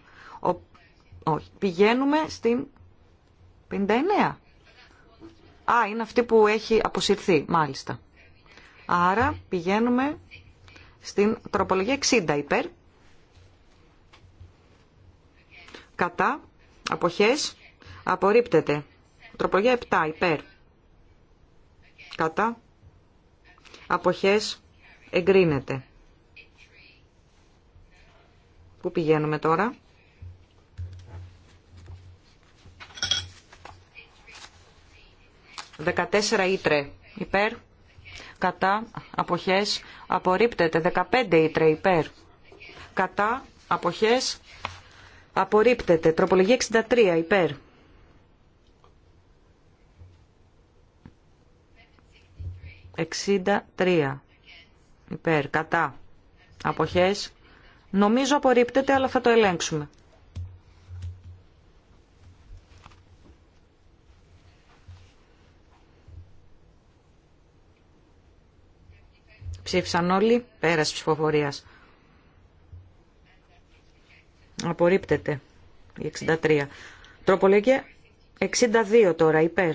όχι. Πηγαίνουμε στην 59. Α, είναι αυτή που έχει αποσυρθεί, μάλιστα. Άρα πηγαίνουμε στην τροπολογία 60 υπέρ. Κατά. Αποχές. Απορρίπτεται. Τροπολογία 7 υπέρ. Κατά. Αποχές. Εγκρίνεται. Πού πηγαίνουμε τώρα. 14 ήτρε υπέρ, κατά, αποχές, απορρίπτεται. 15 ήτρε υπέρ, κατά, αποχές, απορρίπτεται. Τροπολογία 63 υπέρ. 63 Υπέρ. Κατά. Αποχές. Νομίζω απορρίπτεται, αλλά θα το ελέγξουμε. Ψήφισαν όλοι. Πέρας ψηφοφορίας. Απορρίπτεται η 63. Τροπολογία 62 τώρα υπέρ.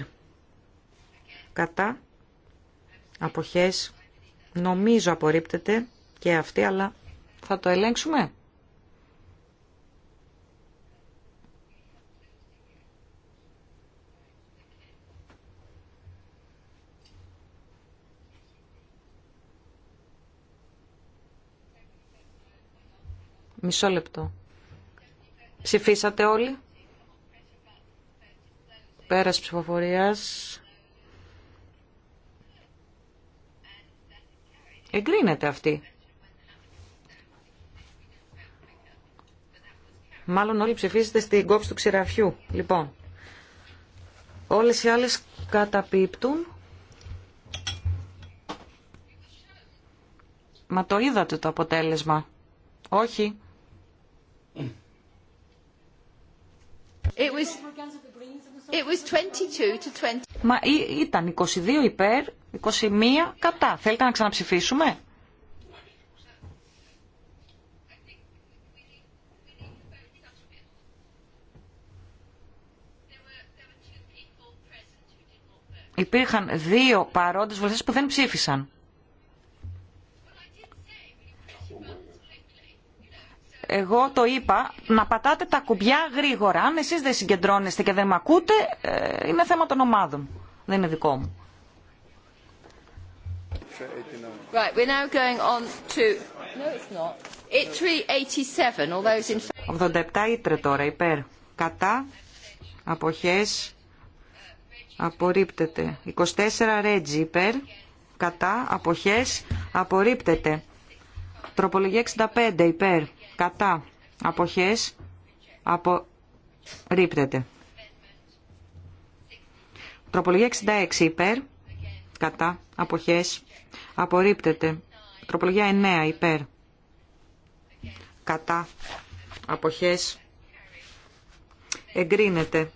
Κατά. Αποχές. Νομίζω απορρίπτεται και αυτή αλλά θα το ελέγξουμε. Μισό λεπτό. Ψηφίσατε όλοι. Πέρας ψηφοφορίας. Εγκρίνεται αυτή. Μάλλον όλοι ψηφίζετε στην κόψη του ξηραφιού. Λοιπόν, όλες οι άλλες καταπίπτουν. Μα το είδατε το αποτέλεσμα. Όχι. Μα ήταν 22 υπέρ, 21 κατά. Θέλετε να ξαναψηφίσουμε. Υπήρχαν δύο παρόντες βουλευτές που δεν ψήφισαν. εγώ το είπα, να πατάτε τα κουμπιά γρήγορα. Αν εσείς δεν συγκεντρώνεστε και δεν με ακούτε, ε, είναι θέμα των ομάδων. Δεν είναι δικό μου. Right, we're now going on to... 87, 87 ήτρε τώρα, υπέρ. Κατά, αποχές, απορρίπτεται. 24 ρέτζι, υπέρ. Κατά, αποχές, απορρίπτεται. Τροπολογία 65, υπέρ κατά αποχές απορρίπτεται. Τροπολογία 66 υπέρ, κατά αποχές απορρίπτεται. Τροπολογία 9 υπέρ, κατά αποχές εγκρίνεται.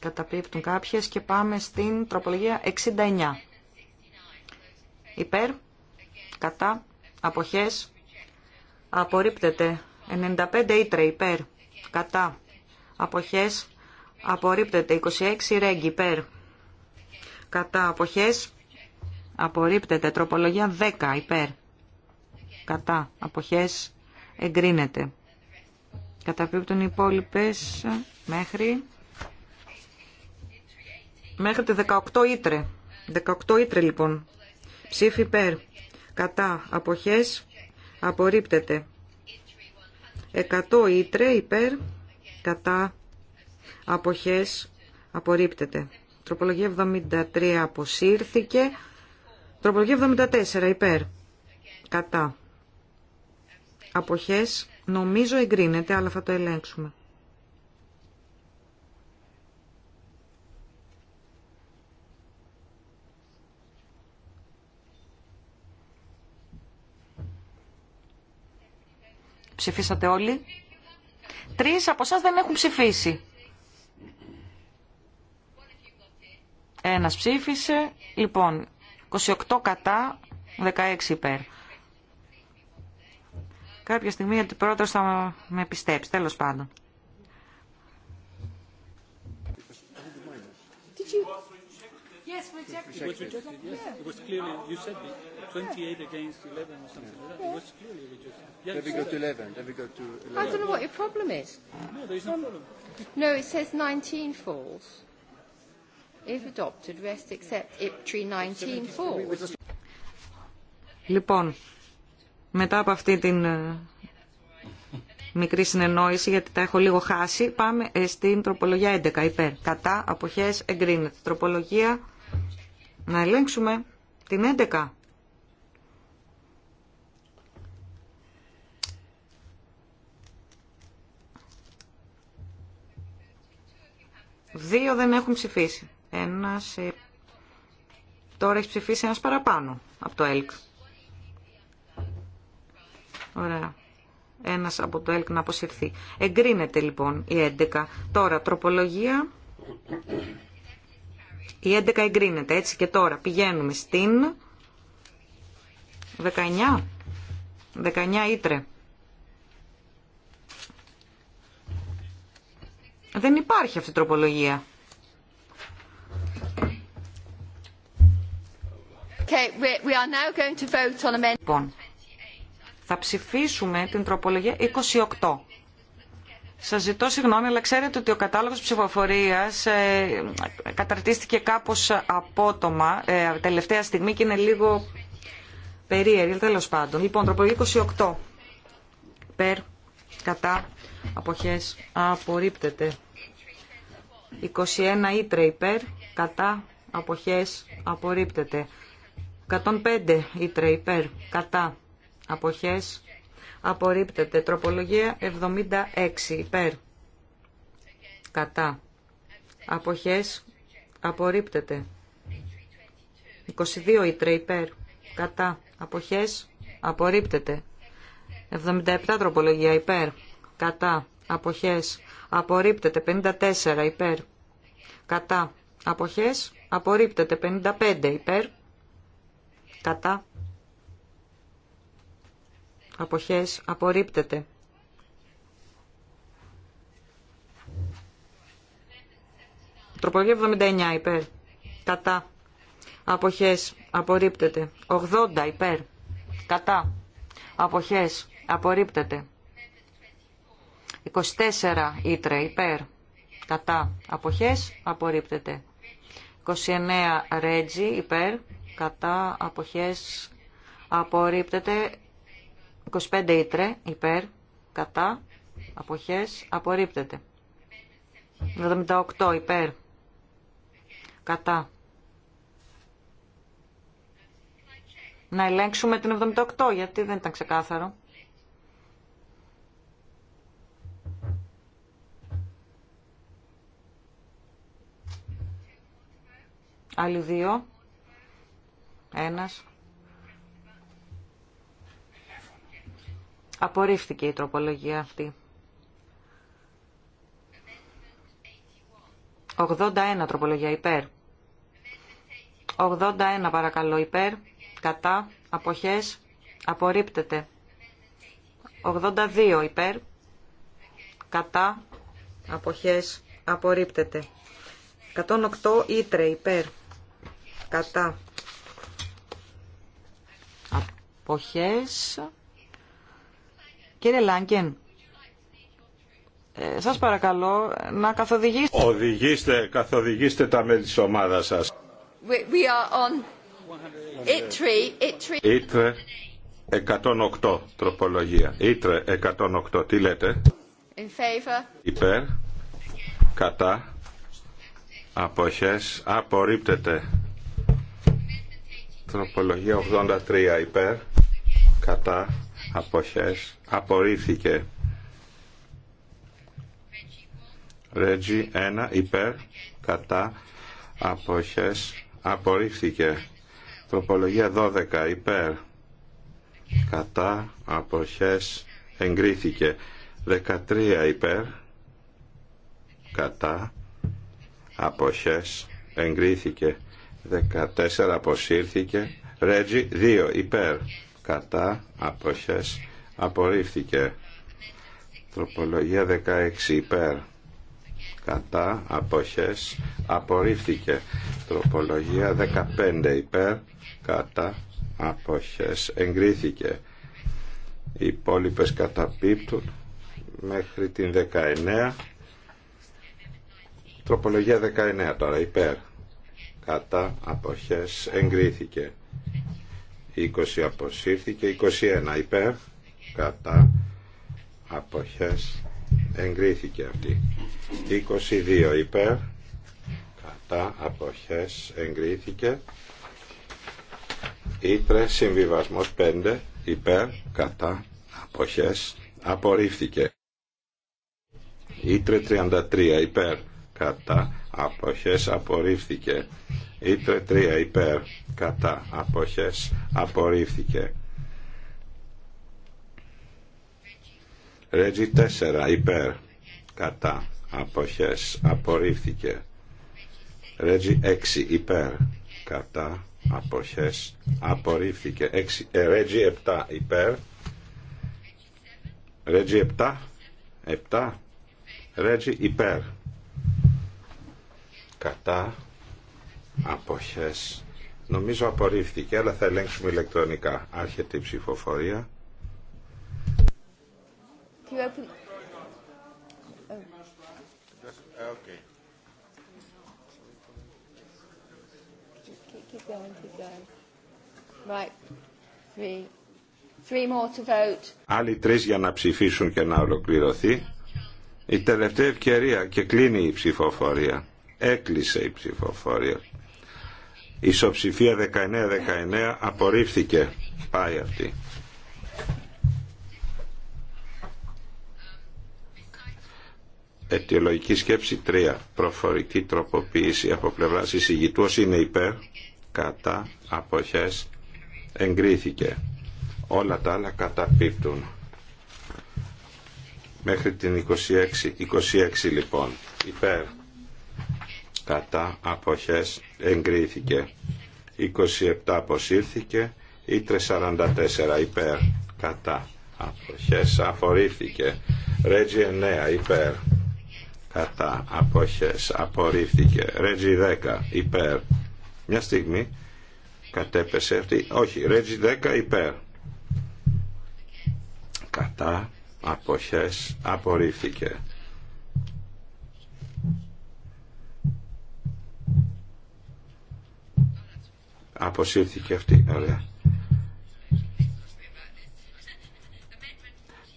Καταπίπτουν κάποιες και πάμε στην τροπολογία 69. Υπέρ, κατά, αποχές, απορρίπτεται. 95 ήτρε, υπέρ, κατά, αποχές, απορρίπτεται. 26 ρέγγι, υπέρ, κατά, αποχές, απορρίπτεται. Τροπολογία 10, υπέρ, κατά, αποχές, εγκρίνεται. Καταπίπτουν οι υπόλοιπες μέχρι μέχρι τη 18 Ήτρε. 18 Ήτρε λοιπόν. Ψήφι υπέρ. Κατά. Αποχές. Απορρίπτεται. 100 Ήτρε υπέρ. Κατά. Αποχές. Απορρίπτεται. Τροπολογία 73 αποσύρθηκε. Τροπολογία 74 υπέρ. Κατά. Αποχές. Νομίζω εγκρίνεται, αλλά θα το ελέγξουμε. Ψηφίσατε όλοι. Τρεις από εσά δεν έχουν ψηφίσει. Ένας ψήφισε. Λοιπόν, 28 κατά, 16 υπέρ. Κάποια στιγμή ότι αντιπρόεδρο θα με πιστέψει, τέλος πάντων rejected. It was rejected, yes. It was clearly, you said 28 against 11 or something like that. It was clearly rejected. Then we go to 11. Then we go to 11. I don't know what your problem is. No, there is no problem. No, it says 19 falls. If adopted, rest except IPTRI 19 falls. Λοιπόν, μετά από αυτή την μικρή συνεννόηση γιατί τα έχω λίγο χάσει. Πάμε στην τροπολογία 11 υπέρ. Κατά αποχές εγκρίνεται. Τροπολογία να ελέγξουμε την 11. Δύο δεν έχουν ψηφίσει. Ένας, ε, τώρα έχει ψηφίσει ένας παραπάνω από το ΕΛΚ. Ωραία. Ένας από το ΕΛΚ να αποσυρθεί. Εγκρίνεται λοιπόν η 11. Τώρα τροπολογία η 11 εγκρίνεται. Έτσι και τώρα πηγαίνουμε στην 19. 19 Ήτρε. Δεν υπάρχει αυτή η τροπολογία. Okay, we are now going to vote on... Λοιπόν, θα ψηφίσουμε την τροπολογία 28. Σα ζητώ συγγνώμη, αλλά ξέρετε ότι ο κατάλογο ψηφοφορία ε, καταρτίστηκε κάπω απότομα, ε, τελευταία στιγμή και είναι λίγο περίεργη, τέλο πάντων. Λοιπόν, τροπο 28. Περ, κατά, αποχέ, απορρίπτεται. 21 ήτρε υπέρ, κατά, αποχέ, απορρίπτεται. 105 ήτρε υπέρ, κατά, αποχές απορρίπτεται. Τροπολογία 76 υπέρ. Κατά. Αποχές απορρίπτεται. 22 ήτρε υπέρ. Κατά. Αποχές απορρίπτεται. 77 τροπολογία υπέρ. Κατά. Αποχές απορρίπτεται. 54 υπέρ. Κατά. Αποχές απορρίπτεται. 55 υπέρ. Κατά αποχές απορρίπτεται. 79 υπέρ. Κατά. Αποχές. Απορρίπτεται. 80 υπέρ. Κατά. Αποχές. Απορρίπτεται. 24 ήτρε υπέρ. Κατά. Αποχές. Απορρίπτεται. 29 ρέτζι υπέρ. Κατά. Αποχές. Απορρίπτεται. 25 ήτρε υπέρ κατά αποχές απορρίπτεται. 78 υπέρ κατά. Να ελέγξουμε την 78 γιατί δεν ήταν ξεκάθαρο. Άλλοι δύο. Ένας. Απορρίφθηκε η τροπολογία αυτή. 81 τροπολογία υπέρ. 81 παρακαλώ υπέρ. Κατά. Αποχές. Απορρίπτεται. 82 υπέρ. Κατά. Αποχές. Απορρίπτεται. 108 ήτρε υπέρ. Κατά. Αποχές. Κύριε Λάγκεν, ε, σας παρακαλώ να καθοδηγήσετε. Οδηγήστε, καθοδηγήστε τα μέλη της ομάδας σας. We, Ήτρε 108 τροπολογία. Ήτρε 108. Τι λέτε. In Υπέρ. Κατά. Αποχές. Απορρίπτεται. Τροπολογία 83. Υπέρ. Κατά αποχές απορρίφθηκε Ρέτζι 1 υπέρ κατά αποχές απορρίφθηκε τροπολογία 12 υπέρ κατά αποχές εγκρίθηκε 13 υπέρ κατά αποχές εγκρίθηκε 14 αποσύρθηκε Ρέτζι 2 υπέρ κατά αποχές απορρίφθηκε τροπολογία 16 υπέρ κατά αποχές απορρίφθηκε τροπολογία 15 υπέρ κατά αποχές εγκρίθηκε οι υπόλοιπε καταπίπτουν μέχρι την 19 τροπολογία 19 τώρα υπέρ κατά αποχές εγκρίθηκε 20 αποσύρθηκε 21 υπέρ κατά αποχές εγκρίθηκε αυτή 22 υπέρ κατά αποχές εγκρίθηκε Ήτρε συμβιβασμός 5 υπέρ κατά αποχές απορρίφθηκε Ήτρε 33 υπέρ κατά απόχέ απορρίφθηκε ήτρε 3 υπέρ κατά αποχές απορρίφθηκε Ρέτζι 4 υπέρ κατά Αποχέ, απορρίφθηκε Ρέτζι 6 υπέρ κατά αποχές απορρίφθηκε Ρέτζι 7 ε, υπέρ Ρέτζι 7 7 Ρέτζι υπέρ κατά αποχές νομίζω απορρίφθηκε αλλά θα ελέγξουμε ηλεκτρονικά άρχεται η ψηφοφορία Άλλοι τρεις για να ψηφίσουν και να ολοκληρωθεί. Η τελευταία ευκαιρία και κλείνει η ψηφοφορία. Έκλεισε η ψηφοφορία. Η ισοψηφία 19-19 απορρίφθηκε. Πάει αυτή. Αιτιολογική σκέψη 3. Προφορική τροποποίηση από πλευρά εισηγητού είναι υπέρ, κατά, αποχές, εγκρίθηκε. Όλα τα άλλα καταπίπτουν. Μέχρι την 26. 26 λοιπόν. Υπέρ, κατά αποχές εγκρίθηκε 27 αποσύρθηκε ή 44 υπέρ κατά αποχές απορρίφθηκε. Ρέτζι 9 υπέρ κατά αποχές απορρίφθηκε Ρέτζι 10 υπέρ μια στιγμή κατέπεσε αυτή όχι Ρέτζι 10 υπέρ κατά αποχές απορρίφθηκε Αποσύρθηκε αυτή. Ωραία.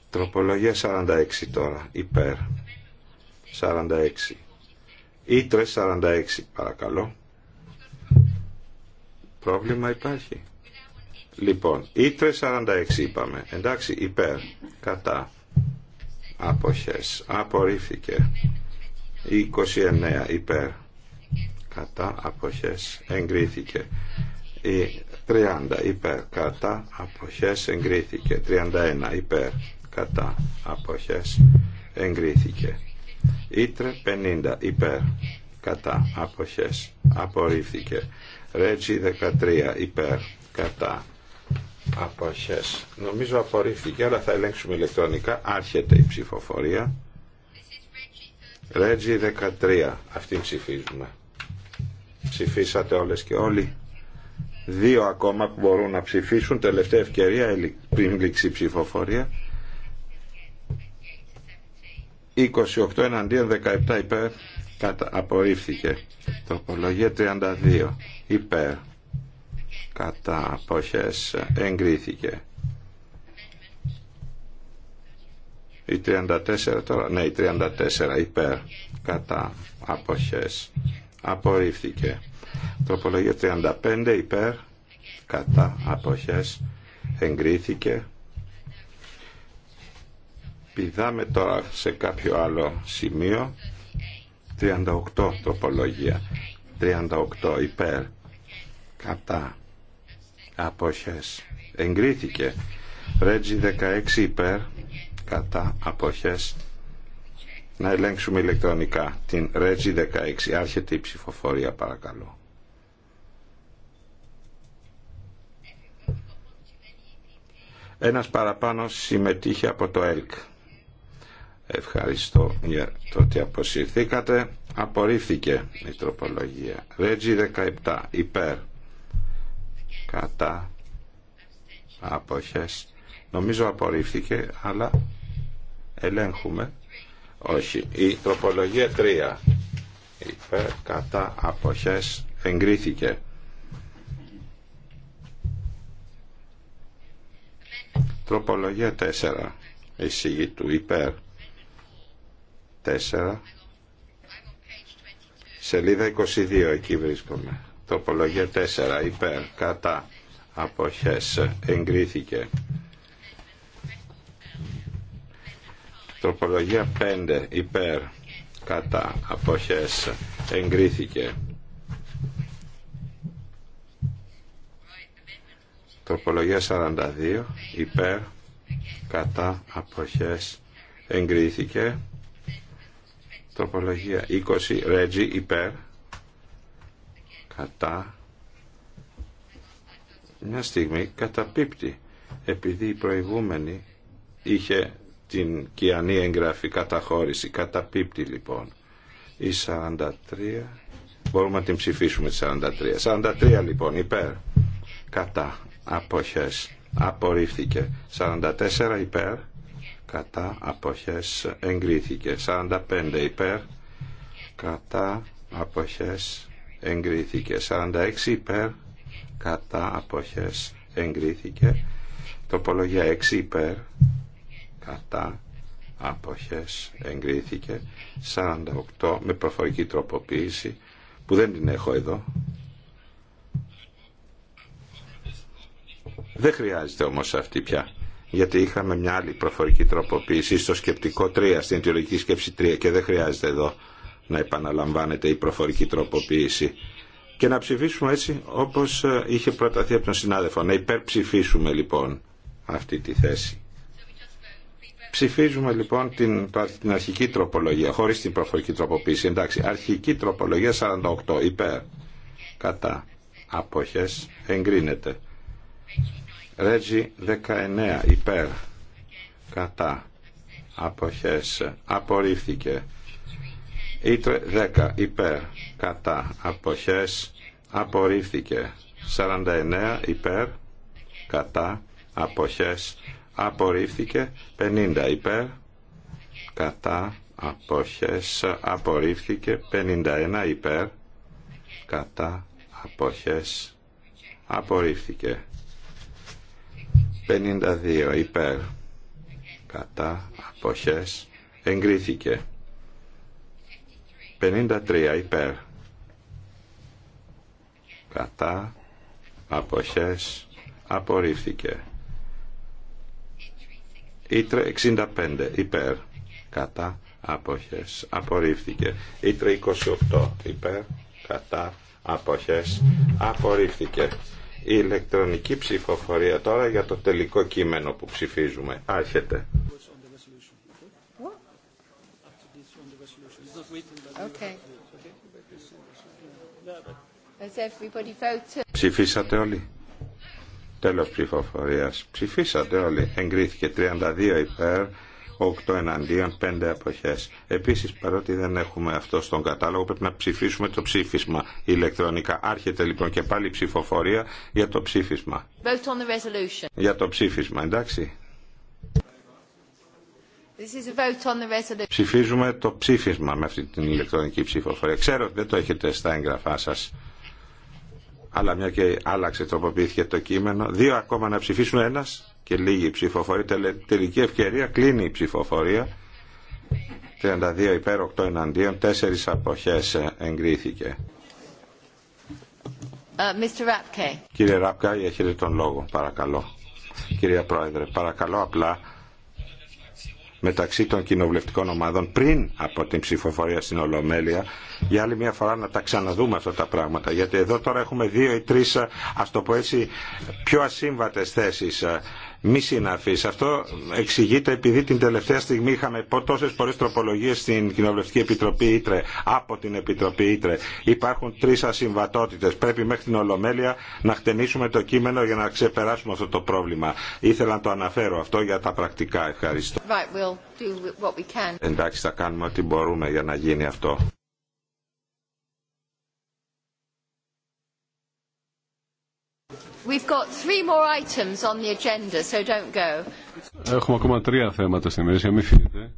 Τροπολογία 46 τώρα. Υπέρ. 46. Ήτρε 46 παρακαλώ. Πρόβλημα υπάρχει. Λοιπόν, Ήτρε 46 είπαμε. Εντάξει, υπέρ. Κατά. Αποχές. Απορρίφθηκε. 29 υπέρ. Κατά. Αποχές. Εγκρίθηκε. Η 30 υπέρ κατά αποχές εγκρίθηκε. 31 υπέρ κατά αποχές εγκρίθηκε. Ήτρε 50 υπέρ κατά αποχές απορρίφθηκε. Ρέτζι 13 υπέρ κατά αποχές. Νομίζω απορρίφθηκε αλλά θα ελέγξουμε ηλεκτρονικά. Άρχεται η ψηφοφορία. Ρέτζι 13. Αυτή ψηφίζουμε. Ψηφίσατε όλες και όλοι. Δύο ακόμα που μπορούν να ψηφίσουν. Τελευταία ευκαιρία πριν λήξει η ψηφοφορία. 28 εναντίον 17 υπέρ. Κατα... Απορρίφθηκε. Τροπολογία 32 υπέρ. Κατά αποχές εγκρίθηκε. Η 34 τώρα, ναι η 34 υπέρ κατά αποχές απορρίφθηκε. Τροπολογία 35 υπέρ κατά αποχές εγκρίθηκε. Πηδάμε τώρα σε κάποιο άλλο σημείο. 38 τροπολογία. 38 υπέρ κατά αποχές εγκρίθηκε. Ρέτζι 16 υπέρ κατά αποχές να ελέγξουμε ηλεκτρονικά την Ρέτζι 16 άρχεται η ψηφοφορία παρακαλώ Ένας παραπάνω συμμετείχε από το ΕΛΚ. Ευχαριστώ για το ότι αποσυρθήκατε. Απορρίφθηκε η τροπολογία. Ρέτζι 17. Υπέρ. Κατά. Αποχές. Νομίζω απορρίφθηκε, αλλά ελέγχουμε. Όχι. Η τροπολογία 3. Υπέρ. Κατά. Αποχές. Εγκρίθηκε. Τροπολογία 4. Εισηγήτου υπέρ. 4. Σελίδα 22 εκεί βρίσκομαι. Τροπολογία 4 υπέρ. Κατά. Αποχές. Εγκρίθηκε. Τροπολογία 5 υπέρ. Κατά. Αποχές. Εγκρίθηκε. Τροπολογία 42 υπέρ κατά αποχές εγκρίθηκε. Τροπολογία 20 Ρέτζι υπέρ κατά μια στιγμή καταπίπτει επειδή η προηγούμενη είχε την κιανή εγγραφή καταχώρηση καταπίπτει λοιπόν η 43 μπορούμε να την ψηφίσουμε τη 43 43 λοιπόν υπέρ κατά αποχές απορρίφθηκε 44 υπέρ κατά αποχές εγκρίθηκε 45 υπέρ κατά αποχές εγκρίθηκε 46 υπέρ κατά αποχές εγκρίθηκε τοπολογία 6 υπέρ κατά αποχές εγκρίθηκε 48 με προφορική τροποποίηση που δεν την έχω εδώ Δεν χρειάζεται όμως αυτή πια. Γιατί είχαμε μια άλλη προφορική τροποποίηση στο σκεπτικό 3, στην αιτιολογική σκέψη 3 και δεν χρειάζεται εδώ να επαναλαμβάνεται η προφορική τροποποίηση. Και να ψηφίσουμε έτσι όπως ε, είχε προταθεί από τον συνάδελφο. Να υπερψηφίσουμε λοιπόν αυτή τη θέση. Ψηφίζουμε λοιπόν την, την αρχική τροπολογία, χωρίς την προφορική τροποποίηση. Εντάξει, αρχική τροπολογία 48, υπέρ. Κατά. Απόχες. Εγκρίνεται. Ρέτζι 19 υπέρ κατά αποχές απορρίφθηκε Ήτρε 10 υπέρ κατά αποχές απορρίφθηκε 49 υπέρ κατά αποχές απορρίφθηκε 50 υπέρ κατά αποχές απορρίφθηκε 51 υπέρ κατά αποχές απορρίφθηκε 52 υπέρ κατά αποχές εγκρίθηκε 53 υπέρ κατά αποχές απορρίφθηκε Ήτρε 65 υπέρ κατά αποχές απορρίφθηκε Ήτρε 28 υπέρ κατά αποχές απορρίφθηκε η ηλεκτρονική ψηφοφορία τώρα για το τελικό κείμενο που ψηφίζουμε. Άρχεται. Ψηφίσατε όλοι. Τέλος ψηφοφορίας. Ψηφίσατε όλοι. Εγκρίθηκε 32 υπέρ. 8 εναντίον, 5 αποχές. Επίσης, παρότι δεν έχουμε αυτό στον κατάλογο, πρέπει να ψηφίσουμε το ψήφισμα ηλεκτρονικά. Άρχεται λοιπόν και πάλι ψηφοφορία για το ψήφισμα. Για το ψήφισμα, εντάξει. This is a vote on the Ψηφίζουμε το ψήφισμα με αυτή την ηλεκτρονική ψηφοφορία. Ξέρω ότι δεν το έχετε στα έγγραφά σας αλλά μια και άλλαξε, τροποποιήθηκε το κείμενο. Δύο ακόμα να ψηφίσουν ένας και λίγη ψηφοφορία. Τελική ευκαιρία κλείνει η ψηφοφορία. 32 υπέρ 8 εναντίον, 4 αποχές ε, εγκρίθηκε. Uh, Κύριε Ράπκα, έχετε τον λόγο, παρακαλώ. Κυρία Πρόεδρε, παρακαλώ απλά μεταξύ των κοινοβουλευτικών ομάδων πριν από την ψηφοφορία στην Ολομέλεια για άλλη μια φορά να τα ξαναδούμε αυτά τα πράγματα γιατί εδώ τώρα έχουμε δύο ή τρεις ε, ας το πω έτσι πιο ασύμβατες θέσεις μη συναφή. Αυτό εξηγείται επειδή την τελευταία στιγμή είχαμε τόσες πολλές τροπολογίες στην Κοινοβουλευτική Επιτροπή Ήτρε, από την Επιτροπή Ήτρε. Υπάρχουν τρεις ασυμβατότητες. Πρέπει μέχρι την Ολομέλεια να χτενίσουμε το κείμενο για να ξεπεράσουμε αυτό το πρόβλημα. Ήθελα να το αναφέρω αυτό για τα πρακτικά. Ευχαριστώ. Εντάξει, θα κάνουμε ό,τι μπορούμε για να γίνει αυτό. We've got three more items on the agenda, so don't go. Έχουμε ακόμα τρία θέματα στην ημερήσια, μην φύγετε.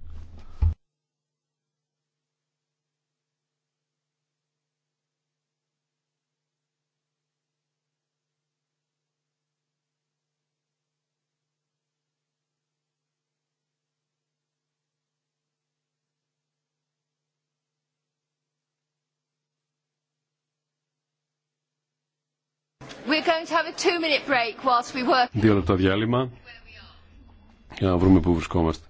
Δύο λεπτά διάλειμμα για να βρούμε πού βρισκόμαστε.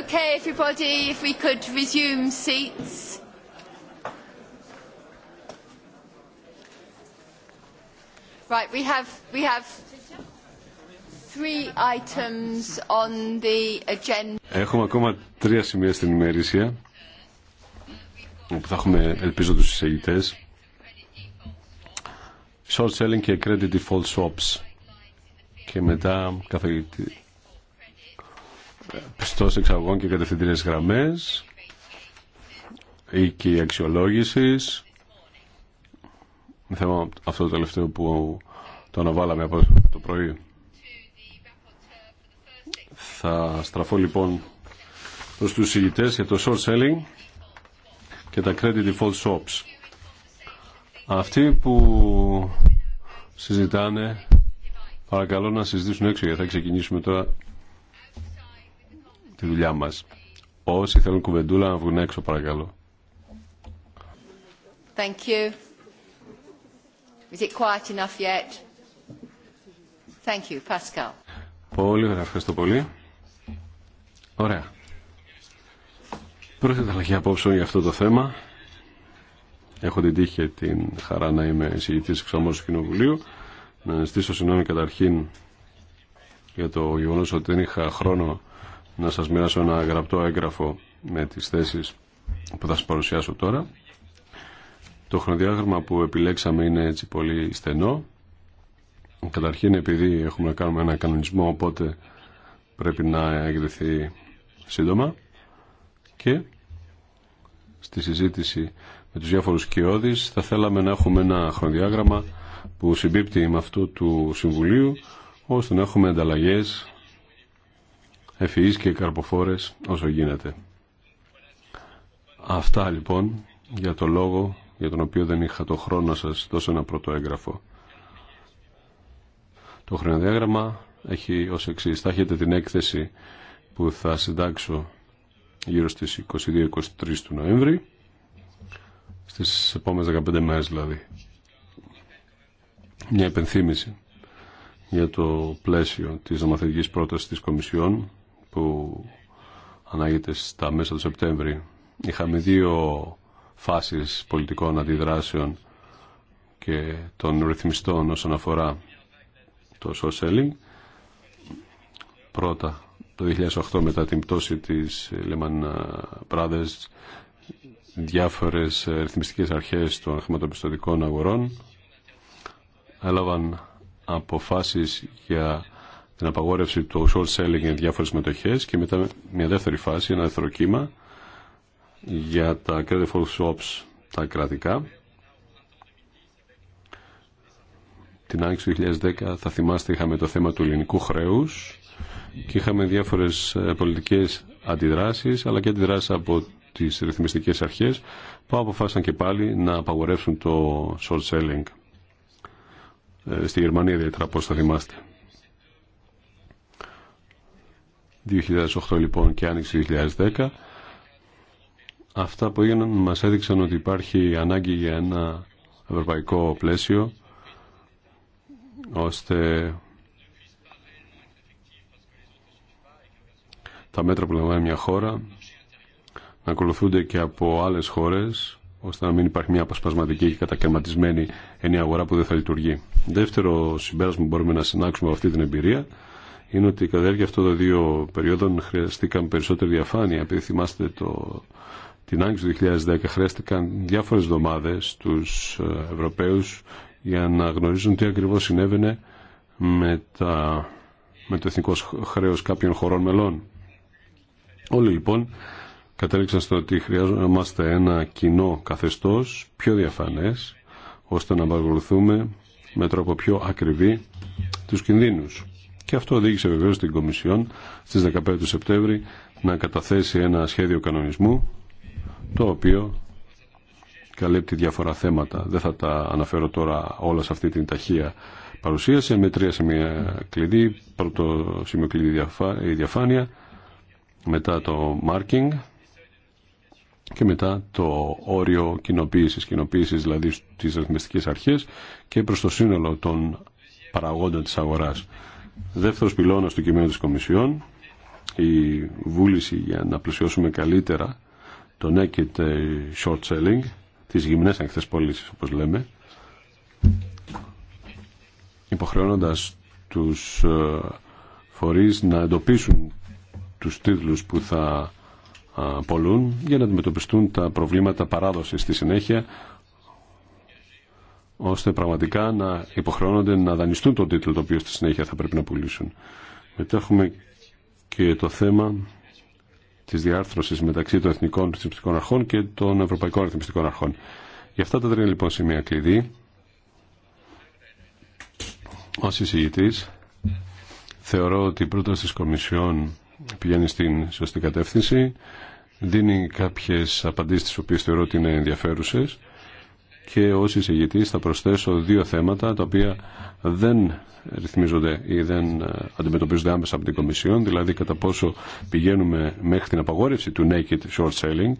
Okay, everybody, if we could resume seats. Right, we have, we have three items on the agenda. Έχουμε ακόμα τρία σημεία στην ημερήσια όπου θα έχουμε ελπίζω τους εισηγητές short selling και credit default swaps και μετά καθηγητή πιστός εξαγωγών και κατευθυντήρες γραμμές ή και αξιολόγηση. Θέμα αυτό το τελευταίο που το αναβάλαμε από το πρωί. Θα στραφώ λοιπόν προς τους ηγητές για το short selling και τα credit default shops. Αυτοί που συζητάνε παρακαλώ να συζητήσουν έξω γιατί θα ξεκινήσουμε τώρα τη δουλειά μα. Όσοι θέλουν κουβεντούλα να βγουν έξω παρακαλώ. Thank you. Is it quiet enough yet? Thank you, Pascal. Πολύ ωραία, ευχαριστώ πολύ. Ωραία. Πρώτη ανταλλαγή απόψεων για αυτό το θέμα. Έχω την τύχη και την χαρά να είμαι εισηγητή τη του Κοινοβουλίου. Να ζητήσω συγγνώμη καταρχήν για το γεγονό ότι δεν είχα χρόνο να σας μοιράσω ένα γραπτό έγγραφο με τις θέσεις που θα σας παρουσιάσω τώρα. Το χρονοδιάγραμμα που επιλέξαμε είναι έτσι πολύ στενό. Καταρχήν επειδή έχουμε να κάνουμε ένα κανονισμό οπότε πρέπει να εγκριθεί σύντομα και στη συζήτηση με τους διάφορους κοιόδης θα θέλαμε να έχουμε ένα χρονοδιάγραμμα που συμπίπτει με αυτό του Συμβουλίου ώστε να έχουμε ανταλλαγές ευφυείς και καρποφόρες όσο γίνεται. Αυτά λοιπόν για το λόγο για τον οποίο δεν είχα το χρόνο σας δώσω ένα πρώτο έγγραφο. Το χρονοδιάγραμμα έχει ως εξής. Θα έχετε την έκθεση που θα συντάξω γύρω στις 22-23 του Νοέμβρη, στις επόμενες 15 μέρες δηλαδή. Μια επενθύμηση για το πλαίσιο της νομοθετικής πρότασης της Κομισιόν που ανάγεται στα μέσα του Σεπτέμβρη. Είχαμε δύο φάσεις πολιτικών αντιδράσεων και των ρυθμιστών όσον αφορά το social selling. Πρώτα, το 2008 μετά την πτώση της Lehman Brothers, διάφορες ρυθμιστικές αρχές των χρηματοπιστωτικών αγορών έλαβαν αποφάσεις για την απαγόρευση του short selling για διάφορες μετοχές και μετά μια δεύτερη φάση, ένα δεύτερο κύμα για τα credit for swaps τα κρατικά. Την άνοιξη του 2010 θα θυμάστε είχαμε το θέμα του ελληνικού χρέους και είχαμε διάφορες ε, πολιτικές αντιδράσεις αλλά και αντιδράσεις από τις ρυθμιστικές αρχές που αποφάσισαν και πάλι να απαγορεύσουν το short selling. Ε, στη Γερμανία ιδιαίτερα πώς θα θυμάστε. 2008 λοιπόν και άνοιξη 2010 αυτά που έγιναν μας έδειξαν ότι υπάρχει ανάγκη για ένα ευρωπαϊκό πλαίσιο ώστε τα μέτρα που λαμβάνει μια χώρα να ακολουθούνται και από άλλες χώρες ώστε να μην υπάρχει μια αποσπασματική και κατακαιρματισμένη ενιαία αγορά που δεν θα λειτουργεί. Δεύτερο συμπέρασμα που μπορούμε να συνάξουμε από αυτή την εμπειρία είναι ότι κατά διάρκεια αυτών των δύο περίοδων χρειαστήκαν περισσότερη διαφάνεια. Επειδή θυμάστε το, την άγγιση του 2010 χρειάστηκαν διάφορες εβδομάδε τους ε, Ευρωπαίους για να γνωρίζουν τι ακριβώς συνέβαινε με, τα, με το εθνικό χρέος κάποιων χωρών μελών. Όλοι λοιπόν κατέληξαν στο ότι χρειάζομαστε ένα κοινό καθεστώς πιο διαφανές ώστε να παρακολουθούμε με τρόπο πιο ακριβή τους κινδύνους. Και αυτό οδήγησε βεβαίω την Κομισιόν στις 15 του Σεπτέμβρη να καταθέσει ένα σχέδιο κανονισμού το οποίο καλύπτει διάφορα θέματα. Δεν θα τα αναφέρω τώρα όλα σε αυτή την ταχεία παρουσίαση με τρία σημεία κλειδί. Πρώτο σημείο κλειδί η διαφάνεια, μετά το marking και μετά το όριο κοινοποίησης, κοινοποίησης δηλαδή στις ρυθμιστικές αρχές και προς το σύνολο των παραγόντων της αγοράς. Δεύτερος πυλώνας του κειμένου της Κομισιόν, η βούληση για να πλησιώσουμε καλύτερα το naked ναι short selling, τις γυμνές ανοιχτές πωλήσει, όπως λέμε, υποχρεώνοντας τους ε, φορείς να εντοπίσουν τους τίτλους που θα ε, πολλούν για να αντιμετωπιστούν τα προβλήματα παράδοσης στη συνέχεια ώστε πραγματικά να υποχρεώνονται να δανειστούν τον τίτλο το οποίο στη συνέχεια θα πρέπει να πουλήσουν. Μετά έχουμε και το θέμα της διάρθρωσης μεταξύ των εθνικών ρυθμιστικών αρχών και των ευρωπαϊκών ρυθμιστικών αρχών. Για αυτά τα τρία λοιπόν σημεία κλειδί, ως εισηγητής, θεωρώ ότι η πρόταση της Κομισιόν πηγαίνει στην σωστή κατεύθυνση, δίνει κάποιες απαντήσεις τις οποίες θεωρώ ότι είναι ενδιαφέρουσες, και ως εισηγητής θα προσθέσω δύο θέματα τα οποία δεν ρυθμίζονται ή δεν ε, αντιμετωπίζονται άμεσα από την Κομισιόν, δηλαδή κατά πόσο πηγαίνουμε μέχρι την απαγόρευση του naked short selling,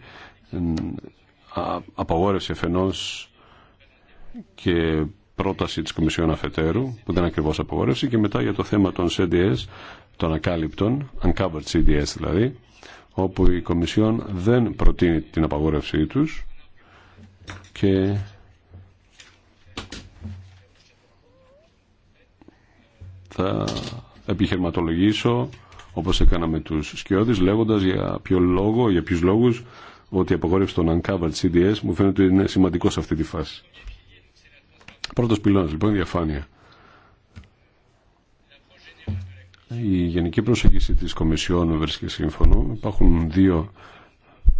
απαγόρευση εφενός και πρόταση της Κομισιόν αφετέρου, που δεν είναι ακριβώς απαγόρευση, και μετά για το θέμα των CDS, των ακάλυπτων, uncovered CDS δηλαδή, όπου η Κομισιόν δεν προτείνει την απαγόρευσή τους και θα επιχειρηματολογήσω όπως έκανα με τους σκιώδεις λέγοντας για ποιο λόγο, για ποιους λόγους ότι η απογόρευση των uncovered CDS μου φαίνεται ότι είναι σημαντικό σε αυτή τη φάση. Πρώτος πυλώνας λοιπόν διαφάνεια. Η γενική προσέγγιση της Κομισιόν βρίσκεται σύμφωνο. Υπάρχουν δύο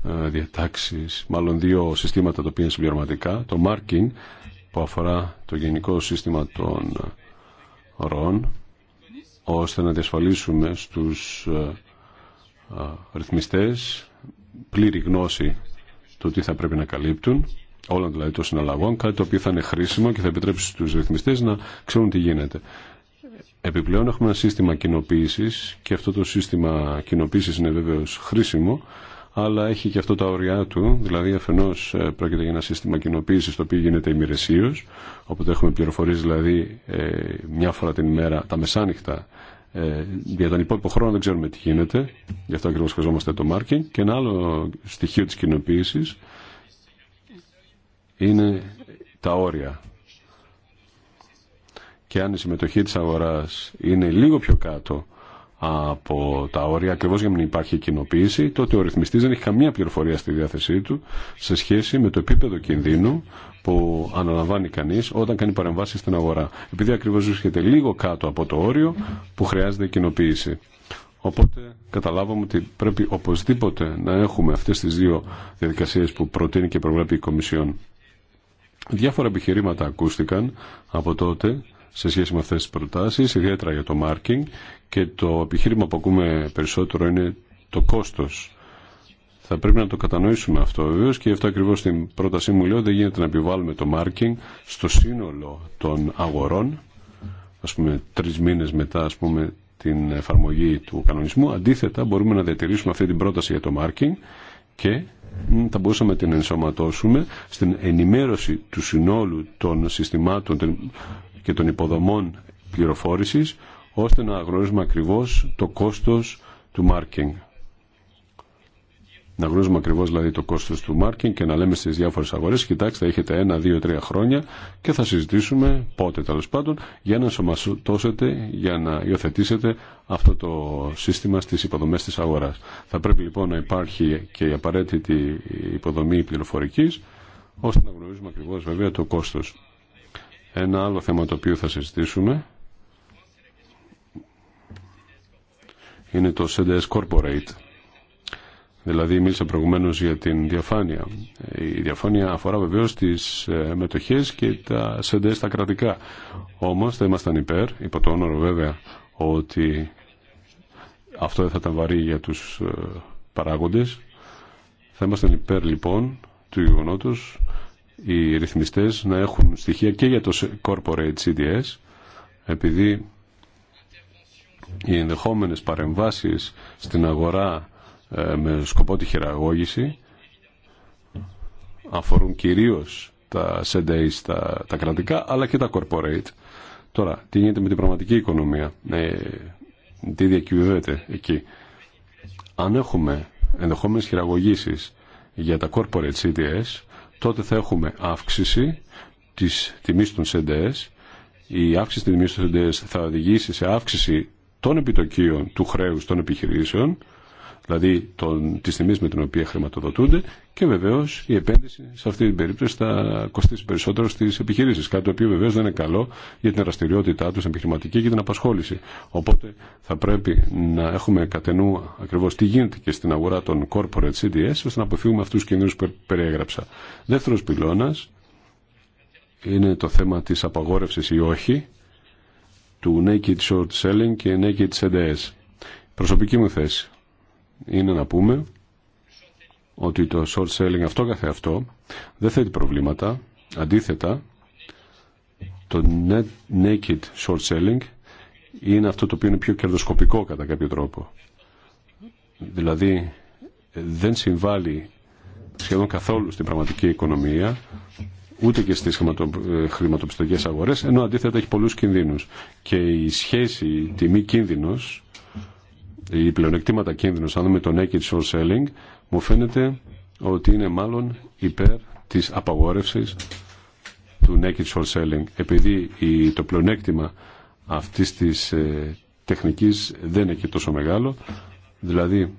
ε, διατάξεις, μάλλον δύο συστήματα τα οποία είναι συμπληρωματικά. Το marking που αφορά το γενικό σύστημα των ε, ροών ώστε να διασφαλίσουμε στους ε, ε, ρυθμιστές πλήρη γνώση του τι θα πρέπει να καλύπτουν όλων δηλαδή των συναλλαγών, κάτι το οποίο θα είναι χρήσιμο και θα επιτρέψει στους ρυθμιστές να ξέρουν τι γίνεται. Επιπλέον έχουμε ένα σύστημα κοινοποίηση και αυτό το σύστημα κοινοποίηση είναι βέβαιως χρήσιμο αλλά έχει και αυτό τα ωριά του, δηλαδή αφενό ε, πρόκειται για ένα σύστημα κοινοποίηση το οποίο γίνεται ημερησίω, οπότε έχουμε πληροφορίες δηλαδή ε, μια φορά την ημέρα τα μεσάνυχτα ε, για τον υπόλοιπο χρόνο δεν ξέρουμε τι γίνεται, γι' αυτό ακριβώ χρειαζόμαστε το marketing και ένα άλλο στοιχείο τη κοινοποίηση είναι τα όρια και αν η συμμετοχή της αγοράς είναι λίγο πιο κάτω από τα όρια ακριβώ για να μην υπάρχει κοινοποίηση τότε ο ρυθμιστή δεν έχει καμία πληροφορία στη διάθεσή του σε σχέση με το επίπεδο κινδύνου που αναλαμβάνει κανεί όταν κάνει παρεμβάσει στην αγορά επειδή ακριβώ βρίσκεται λίγο κάτω από το όριο που χρειάζεται κοινοποίηση. Οπότε καταλάβαμε ότι πρέπει οπωσδήποτε να έχουμε αυτέ τι δύο διαδικασίε που προτείνει και προβλέπει η Κομισιόν. Διάφορα επιχειρήματα ακούστηκαν από τότε σε σχέση με αυτές τις προτάσεις, ιδιαίτερα για το marking και το επιχείρημα που ακούμε περισσότερο είναι το κόστος. Θα πρέπει να το κατανοήσουμε αυτό βεβαίω και αυτό ακριβώς στην πρότασή μου λέω δεν γίνεται να επιβάλλουμε το marking στο σύνολο των αγορών ας πούμε τρεις μήνες μετά ας πούμε την εφαρμογή του κανονισμού. Αντίθετα μπορούμε να διατηρήσουμε αυτή την πρόταση για το marking και θα μπορούσαμε να την ενσωματώσουμε στην ενημέρωση του συνόλου των συστημάτων και των υποδομών πληροφόρησης ώστε να γνωρίζουμε ακριβώς το κόστος του μάρκετινγκ να γνωρίζουμε ακριβώ δηλαδή το κόστο του μάρκετ και να λέμε στι διάφορε αγορέ: Κοιτάξτε, έχετε ένα, δύο, τρία χρόνια και θα συζητήσουμε πότε τέλο πάντων για να σωματώσετε, για να υιοθετήσετε αυτό το σύστημα στι υποδομέ τη αγορά. Θα πρέπει λοιπόν να υπάρχει και η απαραίτητη υποδομή πληροφορική ώστε να γνωρίζουμε ακριβώ βέβαια το κόστο. Ένα άλλο θέμα το οποίο θα συζητήσουμε είναι το CDS Corporate Δηλαδή μίλησα προηγουμένως για την διαφάνεια. Η διαφάνεια αφορά βεβαίως τις ε, μετοχές και τα σεντές στα κρατικά. Όμως θα ήμασταν υπέρ, υπό το όνορο βέβαια ότι αυτό δεν θα ήταν βαρύ για τους ε, παράγοντες. Θα ήμασταν υπέρ λοιπόν του γεγονότο οι ρυθμιστές να έχουν στοιχεία και για το corporate CDS επειδή οι ενδεχόμενες παρεμβάσεις στην αγορά ε, με σκοπό τη χειραγώγηση αφορούν κυρίως τα SEDAs, τα, τα κρατικά, αλλά και τα corporate. Τώρα, τι γίνεται με την πραγματική οικονομία, ε, τι διακυβεύεται εκεί. Αν έχουμε ενδεχόμενες χειραγωγήσεις για τα corporate CDS, τότε θα έχουμε αύξηση της τιμής των CDS. Η αύξηση της τιμής των CDS θα οδηγήσει σε αύξηση των επιτοκίων του χρέους των επιχειρήσεων, δηλαδή των, της με την οποία χρηματοδοτούνται και βεβαίως η επένδυση σε αυτή την περίπτωση θα κοστίσει περισσότερο στις επιχειρήσεις, κάτι το οποίο βεβαίως δεν είναι καλό για την δραστηριότητά τους επιχειρηματική και την απασχόληση. Οπότε θα πρέπει να έχουμε κατ' νου ακριβώς τι γίνεται και στην αγορά των corporate CDS ώστε να αποφύγουμε αυτούς τους κινδύνους που περιέγραψα. Δεύτερος πυλώνας είναι το θέμα της απαγόρευσης ή όχι του naked short selling και naked CDS. Προσωπική μου θέση είναι να πούμε ότι το short selling αυτό καθε αυτό δεν θέτει προβλήματα. Αντίθετα, το net naked short selling είναι αυτό το οποίο είναι πιο κερδοσκοπικό κατά κάποιο τρόπο. Δηλαδή δεν συμβάλλει σχεδόν καθόλου στην πραγματική οικονομία ούτε και στις ε, χρηματοπιστωτικές αγορές ενώ αντίθετα έχει πολλούς κινδύνους και η σχέση τιμή κίνδυνος οι πλεονεκτήματα κίνδυνος, αν δούμε το naked short selling, μου φαίνεται ότι είναι μάλλον υπέρ της απαγόρευσης του naked short selling, επειδή το πλεονέκτημα αυτής της ε, τεχνικής δεν είναι και τόσο μεγάλο, δηλαδή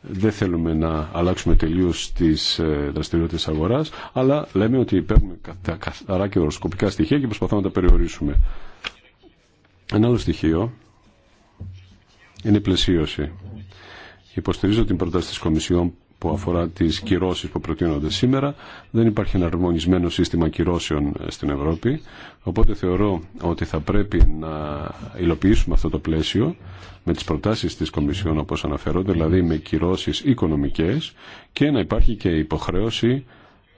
δεν θέλουμε να αλλάξουμε τελείως τις ε, δραστηριότητες αγοράς, αλλά λέμε ότι παίρνουμε τα καθαρά και οροσκοπικά στοιχεία και προσπαθούμε να τα περιορίσουμε. Ένα άλλο στοιχείο είναι πλαισίωση. Υποστηρίζω την πρόταση της Κομισιόν που αφορά τις κυρώσεις που προτείνονται σήμερα. Δεν υπάρχει ένα αρμονισμένο σύστημα κυρώσεων ε, στην Ευρώπη, οπότε θεωρώ ότι θα πρέπει να υλοποιήσουμε αυτό το πλαίσιο με τις προτάσεις της Κομισιόν όπως αναφέρονται, δηλαδή με κυρώσεις οικονομικές και να υπάρχει και υποχρέωση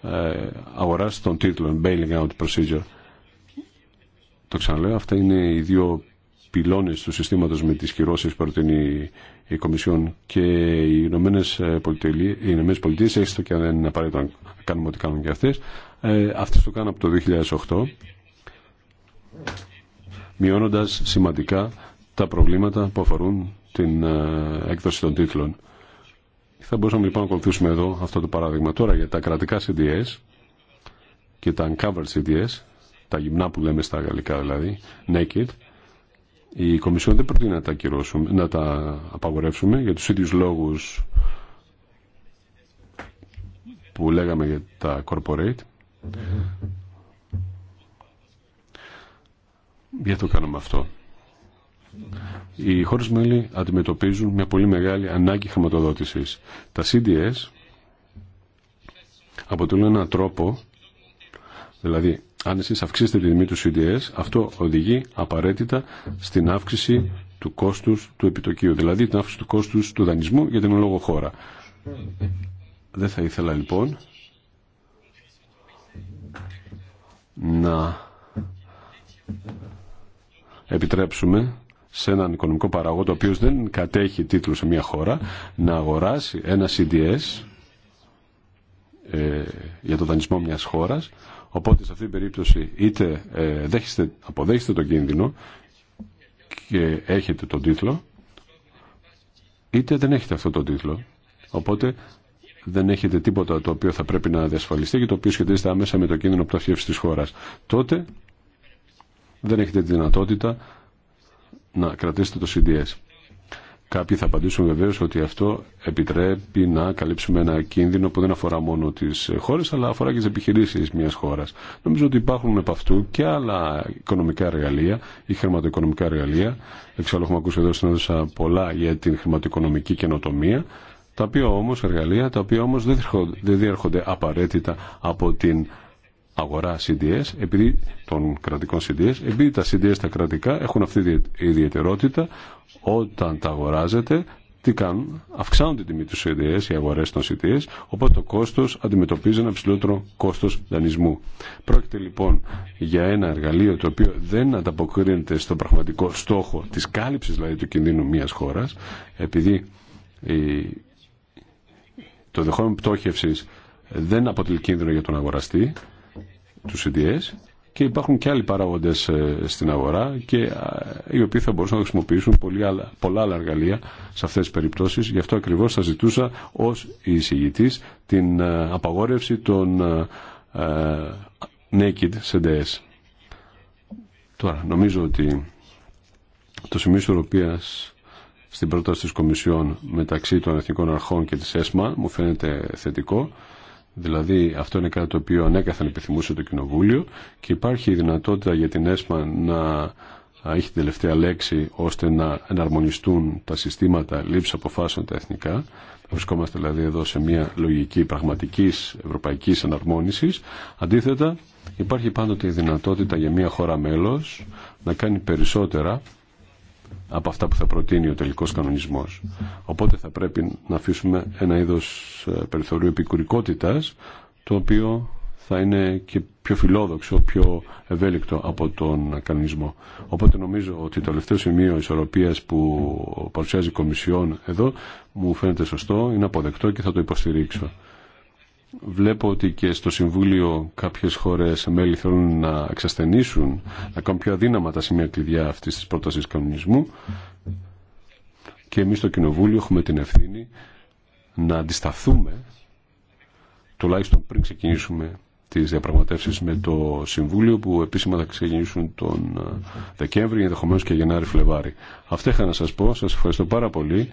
ε, αγοράς των τίτλων, bailing out procedure. Το ξαναλέω, αυτά είναι οι δύο πυλώνε του συστήματο με τι κυρώσει που προτείνει η Κομισιόν και οι Ηνωμένε Πολιτείε, έστω και αν δεν είναι απαραίτητο να κάνουμε ό,τι κάνουν και αυτέ, ε, το κάνουν από το 2008, μειώνοντα σημαντικά τα προβλήματα που αφορούν την ε, έκδοση των τίτλων. Θα μπορούσαμε λοιπόν να ακολουθήσουμε εδώ αυτό το παράδειγμα. Τώρα για τα κρατικά CDS και τα uncovered CDS, τα γυμνά που λέμε στα γαλλικά δηλαδή, naked, η Κομισιόν δεν προτείνει να τα, ακυρώσουμε, να τα απαγορεύσουμε για τους ίδιους λόγους που λέγαμε για τα corporate. Γιατί το κάνουμε αυτό. Οι χώρες μέλη αντιμετωπίζουν μια πολύ μεγάλη ανάγκη χρηματοδότησης. Τα CDS αποτελούν έναν τρόπο, δηλαδή αν εσείς αυξήσετε την τιμή του CDS, αυτό οδηγεί απαραίτητα στην αύξηση του κόστους του επιτοκίου, δηλαδή την αύξηση του κόστους του δανεισμού για την ολόγω χώρα. Δεν θα ήθελα λοιπόν να επιτρέψουμε σε έναν οικονομικό παραγότο, ο οποίος δεν κατέχει τίτλο σε μια χώρα να αγοράσει ένα CDS ε, για το δανεισμό μιας χώρας οπότε σε αυτή την περίπτωση είτε ε, δέχεστε, αποδέχεστε τον κίνδυνο και έχετε τον τίτλο είτε δεν έχετε αυτό τον τίτλο οπότε δεν έχετε τίποτα το οποίο θα πρέπει να διασφαλιστεί και το οποίο σχετίζεται άμεσα με το κίνδυνο πτωχεύση της χώρας τότε δεν έχετε τη δυνατότητα να κρατήσετε το CDS Κάποιοι θα απαντήσουν βεβαίω ότι αυτό επιτρέπει να καλύψουμε ένα κίνδυνο που δεν αφορά μόνο τι χώρε, αλλά αφορά και τι επιχειρήσει μια χώρα. Νομίζω ότι υπάρχουν επ' αυτού και άλλα οικονομικά εργαλεία ή χρηματοοικονομικά εργαλεία. Εξάλλου, έχουμε ακούσει εδώ στην πολλά για την χρηματοοικονομική καινοτομία. Τα οποία όμω, εργαλεία, τα οποία όμως δεν διέρχονται απαραίτητα από την αγορά CDS, επειδή των κρατικών CDS, επειδή τα CDS τα κρατικά έχουν αυτή τη ιδιαιτερότητα όταν τα αγοράζετε τι κάνουν, αυξάνουν την τιμή του CDS, οι αγορέ των CDS, οπότε το κόστος αντιμετωπίζει ένα ψηλότερο κόστος δανεισμού. Πρόκειται λοιπόν για ένα εργαλείο το οποίο δεν ανταποκρίνεται στον πραγματικό στόχο της κάλυψης δηλαδή του κινδύνου μια χώρα, επειδή το δεχόμενο πτώχευση δεν αποτελεί κίνδυνο για τον αγοραστή, του CDS και υπάρχουν και άλλοι παράγοντε ε, στην αγορά και οι οποίοι θα μπορούσαν να χρησιμοποιήσουν πολλά άλλα εργαλεία σε αυτές τις περιπτώσεις. Γι' αυτό ακριβώς θα ζητούσα ως εισηγητή την ε, απαγόρευση των ε, naked CDS. Τώρα, νομίζω ότι το σημείο ισορροπία στην πρόταση της Κομισιόν μεταξύ των Εθνικών Αρχών και της ΕΣΜΑ μου φαίνεται θετικό Δηλαδή αυτό είναι κάτι το οποίο ανέκαθεν επιθυμούσε το Κοινοβούλιο και υπάρχει η δυνατότητα για την ΕΣΜΑ να έχει την τελευταία λέξη ώστε να εναρμονιστούν τα συστήματα λήψη αποφάσεων τα εθνικά. Βρισκόμαστε δηλαδή εδώ σε μια λογική πραγματικής ευρωπαϊκής εναρμόνισης. Αντίθετα, υπάρχει πάντοτε η δυνατότητα για μια χώρα μέλος να κάνει περισσότερα από αυτά που θα προτείνει ο τελικός κανονισμός. Οπότε θα πρέπει να αφήσουμε ένα είδος ε, περιθωρίου επικουρικότητας το οποίο θα είναι και πιο φιλόδοξο, πιο ευέλικτο από τον κανονισμό. Οπότε νομίζω ότι το τελευταίο σημείο ισορροπίας που παρουσιάζει η Κομισιόν εδώ μου φαίνεται σωστό, είναι αποδεκτό και θα το υποστηρίξω. Βλέπω ότι και στο Συμβούλιο κάποιες χώρες μέλη θέλουν να εξασθενήσουν, να κάνουν πιο αδύναμα τα σημεία κλειδιά αυτής της πρότασης κανονισμού και εμείς στο Κοινοβούλιο έχουμε την ευθύνη να αντισταθούμε τουλάχιστον πριν ξεκινήσουμε τις διαπραγματεύσεις με το Συμβούλιο που επίσημα θα ξεκινήσουν τον ε, Δεκέμβρη ενδεχομένω και Γενάρη-Φλεβάρη. Αυτά είχα να σας πω. Σας ευχαριστώ πάρα πολύ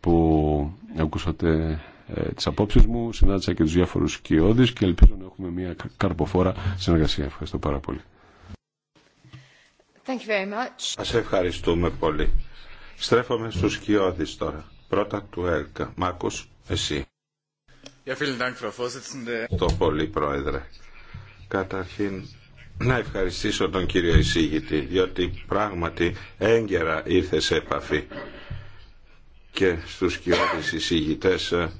που ακούσατε ε, τις απόψεις μου, συνάντησα και τους διάφορους κοιόδης και ελπίζω να έχουμε μια καρποφόρα συνεργασία. Ευχαριστώ πάρα πολύ. Thank you very much. Σας ευχαριστούμε πολύ. Στρέφομαι στους κοιόδης τώρα. Πρώτα του ΕΛΚΑ. Μάκος, εσύ. vielen Dank, Το πολύ, Πρόεδρε. Καταρχήν, να ευχαριστήσω τον κύριο εισήγητη, διότι πράγματι έγκαιρα ήρθε σε επαφή και στους κοιόδης εισήγητες ε,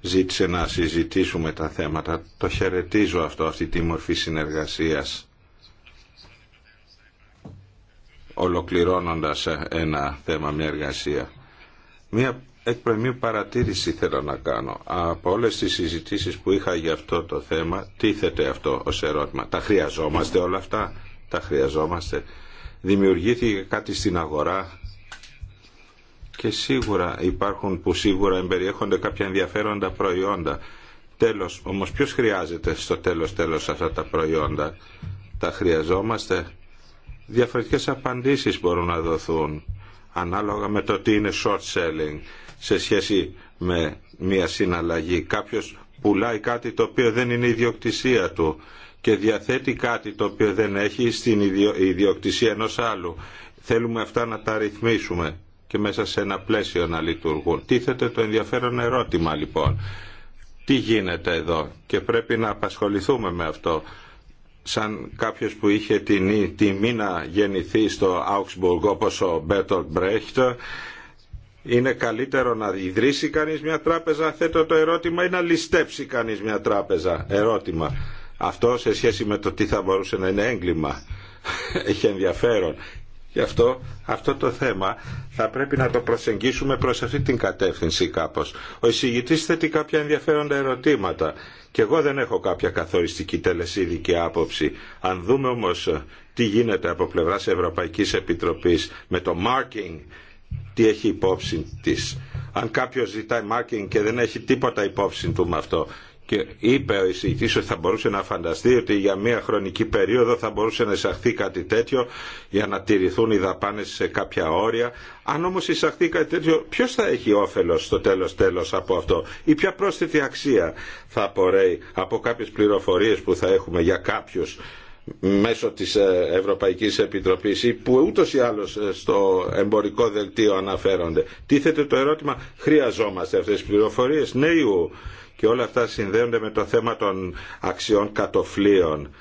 ζήτησε να συζητήσουμε τα θέματα. Το χαιρετίζω αυτό, αυτή τη μορφή συνεργασίας. Ολοκληρώνοντας ένα θέμα, μια εργασία. Μια εκπρεμή παρατήρηση θέλω να κάνω. Από όλες τις συζητήσεις που είχα για αυτό το θέμα, τίθεται αυτό ως ερώτημα. Τα χρειαζόμαστε όλα αυτά. Τα χρειαζόμαστε. Δημιουργήθηκε κάτι στην αγορά και σίγουρα υπάρχουν που σίγουρα εμπεριέχονται κάποια ενδιαφέροντα προϊόντα. Τέλος, όμως ποιος χρειάζεται στο τέλος τέλος αυτά τα προϊόντα. Τα χρειαζόμαστε. Διαφορετικές απαντήσεις μπορούν να δοθούν ανάλογα με το τι είναι short selling σε σχέση με μια συναλλαγή. Κάποιος πουλάει κάτι το οποίο δεν είναι ιδιοκτησία του και διαθέτει κάτι το οποίο δεν έχει στην ιδιοκτησία ενός άλλου. Θέλουμε αυτά να τα ρυθμίσουμε και μέσα σε ένα πλαίσιο να λειτουργούν. Τίθεται το ενδιαφέρον ερώτημα λοιπόν. Τι γίνεται εδώ και πρέπει να απασχοληθούμε με αυτό. Σαν κάποιος που είχε την τιμή να γεννηθεί στο Augsburg όπως ο Μπέτορ Μπρέχτ, είναι καλύτερο να ιδρύσει κανείς μια τράπεζα, θέτω το ερώτημα, ή να ληστέψει κανείς μια τράπεζα. Ερώτημα. Αυτό σε σχέση με το τι θα μπορούσε να είναι έγκλημα (laughs) έχει ενδιαφέρον Γι' αυτό αυτό το θέμα θα πρέπει να το προσεγγίσουμε προς αυτή την κατεύθυνση κάπως. Ο εισηγητής θέτει κάποια ενδιαφέροντα ερωτήματα και εγώ δεν έχω κάποια καθοριστική τελεσίδικη άποψη. Αν δούμε όμως ε, τι γίνεται από πλευράς Ευρωπαϊκής Επιτροπής με το marking, τι έχει υπόψη της. Αν κάποιος ζητάει marking και δεν έχει τίποτα υπόψη του με αυτό, και είπε ο εισηγητής ότι θα μπορούσε να φανταστεί ότι για μια χρονική περίοδο θα μπορούσε να εισαχθεί κάτι τέτοιο για να τηρηθούν οι δαπάνες σε κάποια όρια. Αν όμως εισαχθεί κάτι τέτοιο, ποιος θα έχει όφελος στο τέλος τέλος από αυτό ή ποια πρόσθετη αξία θα απορρέει από κάποιες πληροφορίες που θα έχουμε για κάποιους μέσω της ε, Ευρωπαϊκής Επιτροπής ή που ούτως ή άλλως ε, στο εμπορικό δελτίο αναφέρονται. Τίθεται το ερώτημα, χρειαζόμαστε αυτές τις πληροφορίες νέου και όλα αυτά συνδέονται με το θέμα των αξιών κατοφλίων.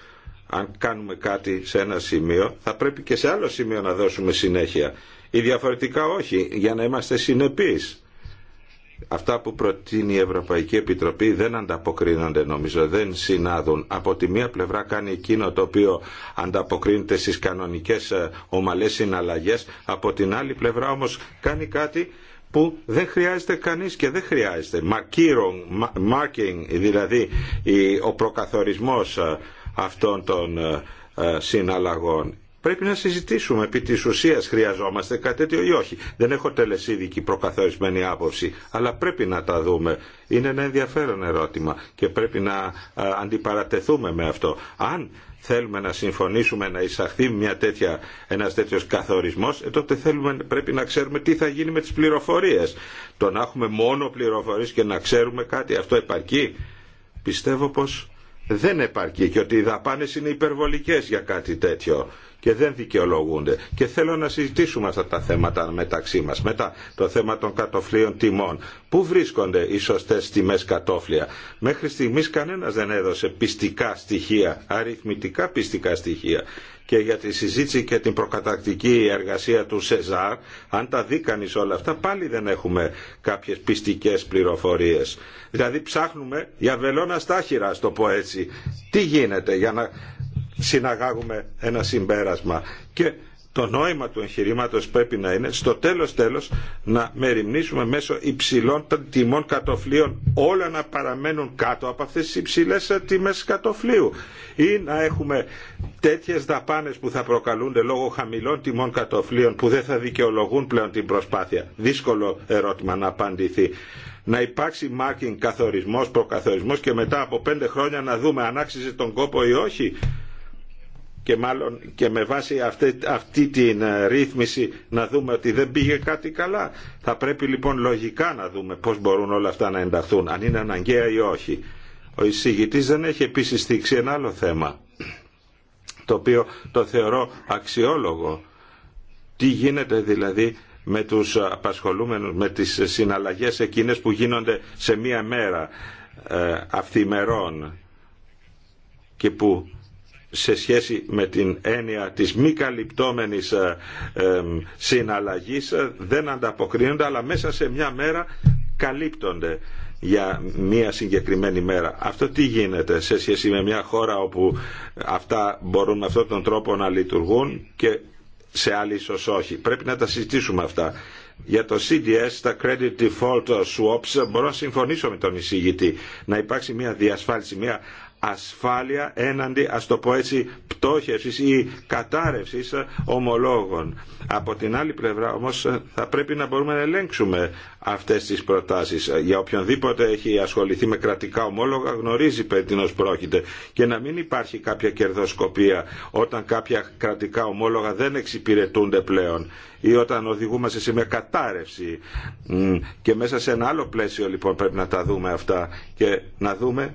Αν κάνουμε κάτι σε ένα σημείο, θα πρέπει και σε άλλο σημείο να δώσουμε συνέχεια. Ή διαφορετικά όχι, για να είμαστε συνεπείς. Αυτά που προτείνει η Ευρωπαϊκή Επιτροπή δεν ανταποκρίνονται νομίζω, δεν συνάδουν. Από τη μία πλευρά κάνει εκείνο το οποίο ανταποκρίνεται στις κανονικές ε, ομαλές συναλλαγές, από την άλλη πλευρά όμως κάνει κάτι που δεν χρειάζεται κανείς και δεν χρειάζεται. Marking, δηλαδή ο προκαθορισμός ε, αυτών των ε, ε, συναλλαγών. Πρέπει να συζητήσουμε επί της ουσίας χρειαζόμαστε κάτι τέτοιο ή όχι. Δεν έχω τελεσίδικη προκαθορισμένη άποψη, αλλά πρέπει να τα δούμε. Είναι ένα ενδιαφέρον ερώτημα και πρέπει να αντιπαρατεθούμε με αυτό. Αν θέλουμε να συμφωνήσουμε να εισαχθεί μια τέτοια, ένας τέτοιος καθορισμός, ε, τότε θέλουμε, πρέπει να ξέρουμε τι θα γίνει με τις πληροφορίες. Το να έχουμε μόνο πληροφορίες και να ξέρουμε κάτι, αυτό επαρκεί. Πιστεύω πως δεν επαρκεί και ότι οι δαπάνες είναι υπερβολικές για κάτι τέτοιο και δεν δικαιολογούνται. Και θέλω να συζητήσουμε αυτά τα θέματα μεταξύ μας. Μετά το θέμα των κατοφλίων τιμών. Πού βρίσκονται οι σωστές τιμές κατόφλια. Μέχρι στιγμής κανένας δεν έδωσε πιστικά στοιχεία, αριθμητικά πιστικά στοιχεία και για τη συζήτηση και την προκατακτική εργασία του Σεζάρ, αν τα δει κανείς όλα αυτά, πάλι δεν έχουμε κάποιες πιστικές πληροφορίες. Δηλαδή ψάχνουμε για βελόνα στάχυρα, το πω έτσι. Τι γίνεται για να συναγάγουμε ένα συμπέρασμα. Και το νόημα του εγχειρήματο πρέπει να είναι στο τέλος τέλος να μεριμνήσουμε μέσω υψηλών τιμών κατοφλίων όλα να παραμένουν κάτω από αυτές τις υψηλές ε, τιμές κατοφλίου ή να έχουμε τέτοιες δαπάνες που θα προκαλούνται λόγω χαμηλών τιμών κατοφλίων που δεν θα δικαιολογούν πλέον την προσπάθεια. Δύσκολο ερώτημα να απαντηθεί να υπάρξει marking καθορισμός, προκαθορισμός και μετά από πέντε χρόνια να δούμε αν άξιζε τον κόπο ή όχι και μάλλον και με βάση αυτή, την ε, ρύθμιση να δούμε ότι δεν πήγε κάτι καλά. Θα πρέπει λοιπόν λογικά να δούμε πώς μπορούν όλα αυτά να ενταθούν, αν είναι αναγκαία ή όχι. Ο εισηγητής δεν έχει επίσης θίξει ένα άλλο θέμα, το οποίο το θεωρώ αξιόλογο. Τι γίνεται δηλαδή με τους απασχολούμενους, με τις συναλλαγές εκείνες που γίνονται σε μία μέρα ε, αυθημερών και που σε σχέση με την έννοια της μη καλυπτόμενης ε, συναλλαγής ε, δεν ανταποκρίνονται αλλά μέσα σε μια μέρα καλύπτονται για μια συγκεκριμένη μέρα. Αυτό τι γίνεται σε σχέση με μια χώρα όπου αυτά μπορούν με αυτόν τον τρόπο να λειτουργούν και σε άλλη ίσως όχι. Πρέπει να τα συζητήσουμε αυτά. Για το CDS, τα Credit Default Swaps, μπορώ να συμφωνήσω με τον εισηγητή. Να υπάρξει μια διασφάλιση, μια ασφάλεια έναντι, ας το πω έτσι, πτώχευσης ή κατάρρευσης ομολόγων. Από την άλλη πλευρά όμως θα πρέπει να μπορούμε να ελέγξουμε αυτές τις προτάσεις. Για οποιονδήποτε έχει ασχοληθεί με κρατικά ομόλογα γνωρίζει περί πρόκειται και να μην υπάρχει κάποια κερδοσκοπία όταν κάποια κρατικά ομόλογα δεν εξυπηρετούνται πλέον ή όταν οδηγούμαστε σε μια κατάρρευση και μέσα σε ένα άλλο πλαίσιο λοιπόν πρέπει να τα δούμε αυτά και να δούμε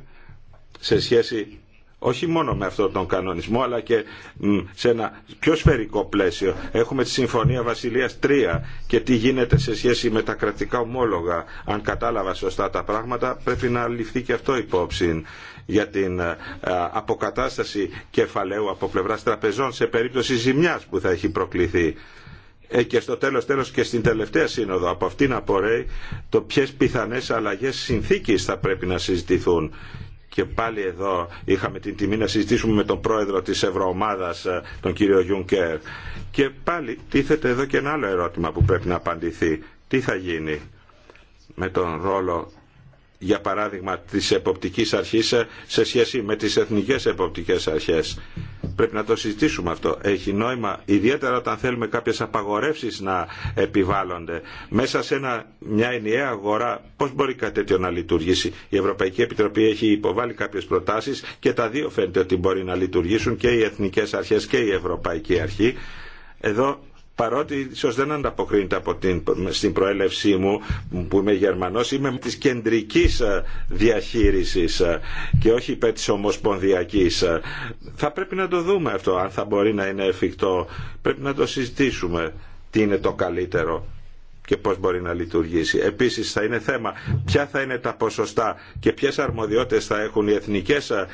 σε σχέση όχι μόνο με αυτόν τον κανονισμό αλλά και σε ένα πιο σφαιρικό πλαίσιο. Έχουμε τη Συμφωνία Βασιλείας 3 και τι γίνεται σε σχέση με τα κρατικά ομόλογα. Αν κατάλαβα σωστά τα πράγματα πρέπει να ληφθεί και αυτό υπόψη για την ε, αποκατάσταση κεφαλαίου από πλευρά τραπεζών σε περίπτωση ζημιάς που θα έχει προκληθεί ε, και στο τέλος τέλος και στην τελευταία σύνοδο από αυτήν απορρέει το ποιες πιθανές αλλαγές συνθήκης θα πρέπει να συζητηθούν και πάλι εδώ είχαμε την τιμή να συζητήσουμε με τον πρόεδρο της Ευρωομάδας, ε, τον κύριο Γιουνκέρ. Και πάλι τίθεται εδώ και ένα άλλο ερώτημα που πρέπει να απαντηθεί. Τι θα γίνει με τον ρόλο για παράδειγμα της εποπτικής αρχής σε σχέση με τις εθνικές εποπτικές αρχές. Πρέπει να το συζητήσουμε αυτό. Έχει νόημα, ιδιαίτερα όταν θέλουμε κάποιες απαγορεύσεις να επιβάλλονται. Μέσα σε μια ενιαία αγορά, πώς μπορεί κάτι τέτοιο να λειτουργήσει. Η Ευρωπαϊκή Επιτροπή έχει υποβάλει κάποιες προτάσεις και τα δύο φαίνεται ότι μπορεί να λειτουργήσουν και οι εθνικές αρχές και η Ευρωπαϊκή Αρχή. Εδώ παρότι ίσω δεν ανταποκρίνεται από την, στην προέλευσή μου που είμαι Γερμανός είμαι της κεντρικής ε, διαχείρισης ε, και όχι υπέρ της ομοσπονδιακής ε, θα πρέπει να το δούμε αυτό αν θα μπορεί να είναι εφικτό πρέπει να το συζητήσουμε τι είναι το καλύτερο και πώς μπορεί να λειτουργήσει. Επίσης θα είναι θέμα ποια θα είναι τα ποσοστά και ποιες αρμοδιότητες θα έχουν οι εθνικές ε,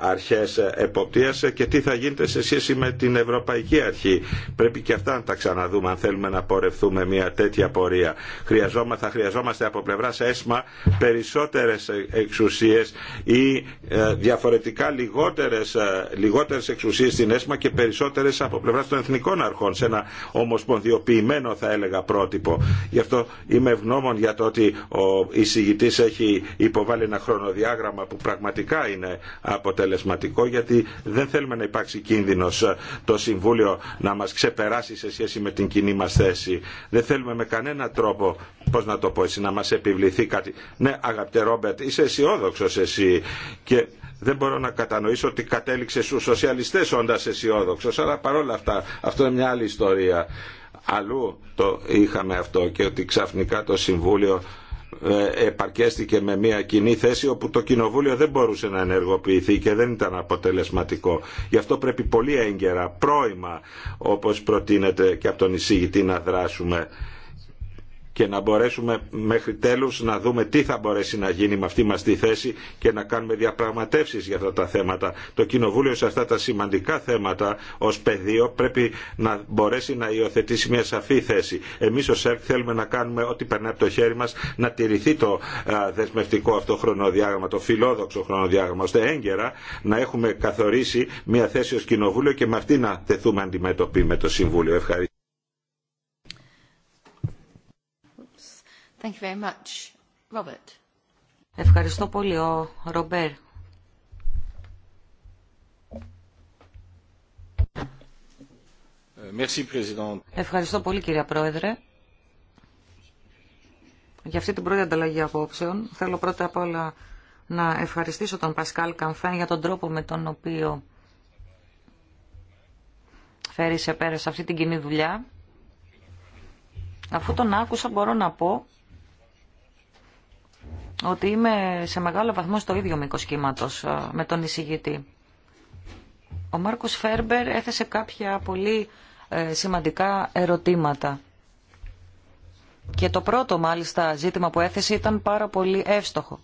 αρχές εποπτείας και τι θα γίνεται σε σχέση με την Ευρωπαϊκή Αρχή. Πρέπει και αυτά να τα ξαναδούμε αν θέλουμε να πορευθούμε μια τέτοια πορεία. Χρειαζόμα, θα χρειαζόμαστε από πλευρά ΕΣΜΑ περισσότερες εξουσίες ή ε, διαφορετικά λιγότερες, ε, λιγότερες εξουσίες στην ΕΣΜΑ και περισσότερες από πλευρά των εθνικών αρχών σε ένα ομοσπονδιοποιημένο θα έλεγα πρότυπο Γι' αυτό είμαι ευγνώμων για το ότι ο εισηγητή έχει υποβάλει ένα χρονοδιάγραμμα που πραγματικά είναι αποτελεσματικό γιατί δεν θέλουμε να υπάρξει κίνδυνο ε, το Συμβούλιο να μα ξεπεράσει σε σχέση με την κοινή μα θέση. Δεν θέλουμε με κανένα τρόπο, πώς να το πω έτσι, να μας επιβληθεί κάτι. Ναι, αγαπητέ Ρόμπερτ, είσαι αισιόδοξο εσύ και δεν μπορώ να κατανοήσω ότι κατέληξε στου σοσιαλιστέ όντα αισιόδοξο, αλλά παρόλα αυτά αυτό είναι μια άλλη ιστορία αλλού το είχαμε αυτό και ότι ξαφνικά το Συμβούλιο ε, επαρκέστηκε με μια κοινή θέση όπου το κοινοβούλιο δεν μπορούσε να ενεργοποιηθεί και δεν ήταν αποτελεσματικό. Γι' αυτό πρέπει πολύ έγκαιρα, πρόημα, όπως προτείνεται και από τον εισηγητή να δράσουμε και να μπορέσουμε μέχρι τέλους να δούμε τι θα μπορέσει να γίνει με αυτή μας τη θέση και να κάνουμε διαπραγματεύσεις για αυτά τα θέματα. Το Κοινοβούλιο σε αυτά τα σημαντικά θέματα ως πεδίο πρέπει να μπορέσει να υιοθετήσει μια σαφή θέση. Εμείς ως ΕΡΚ θέλουμε να κάνουμε ό,τι περνάει από το χέρι μας να τηρηθεί το δεσμευτικό αυτό χρονοδιάγραμμα, το φιλόδοξο χρονοδιάγραμμα, ώστε έγκαιρα να έχουμε καθορίσει μια θέση ως Κοινοβούλιο και με αυτή να τεθούμε αντιμέτωποι με το Συμβούλιο. Ευχαριστώ. Ευχαριστώ πολύ, ο Ρομπέρ. Ευχαριστώ πολύ κυρία Πρόεδρε. Για αυτή την πρώτη ανταλλαγή απόψεων θέλω πρώτα απ' όλα να ευχαριστήσω τον Πασκάλ Καμφέν για τον τρόπο με τον οποίο φέρει σε πέρα σε αυτή την κοινή δουλειά. Αφού τον άκουσα μπορώ να πω ότι είμαι σε μεγάλο βαθμό στο ίδιο μήκο κύματο ε, με τον εισηγητή. Ο Μάρκος Φέρμπερ έθεσε κάποια πολύ ε, σημαντικά ερωτήματα. Και το πρώτο μάλιστα ζήτημα που έθεσε ήταν πάρα πολύ εύστοχο.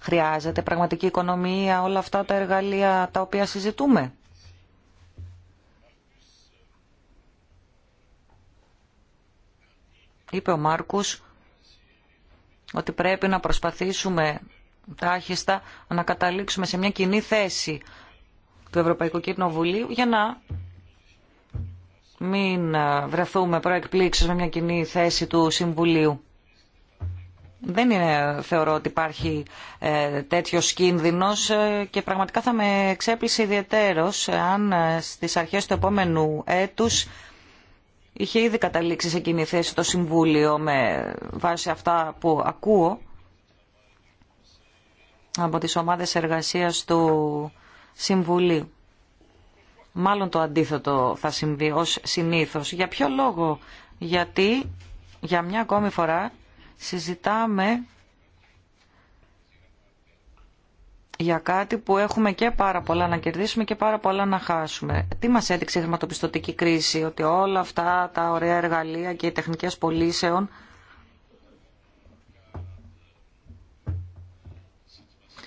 Χρειάζεται πραγματική οικονομία, όλα αυτά τα εργαλεία τα οποία συζητούμε. Είπε ο Μάρκος ότι πρέπει να προσπαθήσουμε τάχιστα να καταλήξουμε σε μια κοινή θέση του Ευρωπαϊκού Κοινοβουλίου για να μην ε, βρεθούμε προεκπλήξεις με μια κοινή θέση του Συμβουλίου. Δεν είναι, θεωρώ ότι υπάρχει ε, τέτοιος κίνδυνος ε, και πραγματικά θα με εξέπλησε ιδιαιτέρως αν ε, στις αρχές του επόμενου έτους είχε ήδη καταλήξει σε κοινή θέση το Συμβούλιο με βάση αυτά που ακούω από τις ομάδες εργασίας του Συμβουλίου. Μάλλον το αντίθετο θα συμβεί ως συνήθως. Για ποιο λόγο, γιατί για μια ακόμη φορά συζητάμε για κάτι που έχουμε και πάρα πολλά να κερδίσουμε και πάρα πολλά να χάσουμε. Τι μας έδειξε η χρηματοπιστωτική κρίση, ότι όλα αυτά τα ωραία εργαλεία και οι τεχνικές πωλήσεων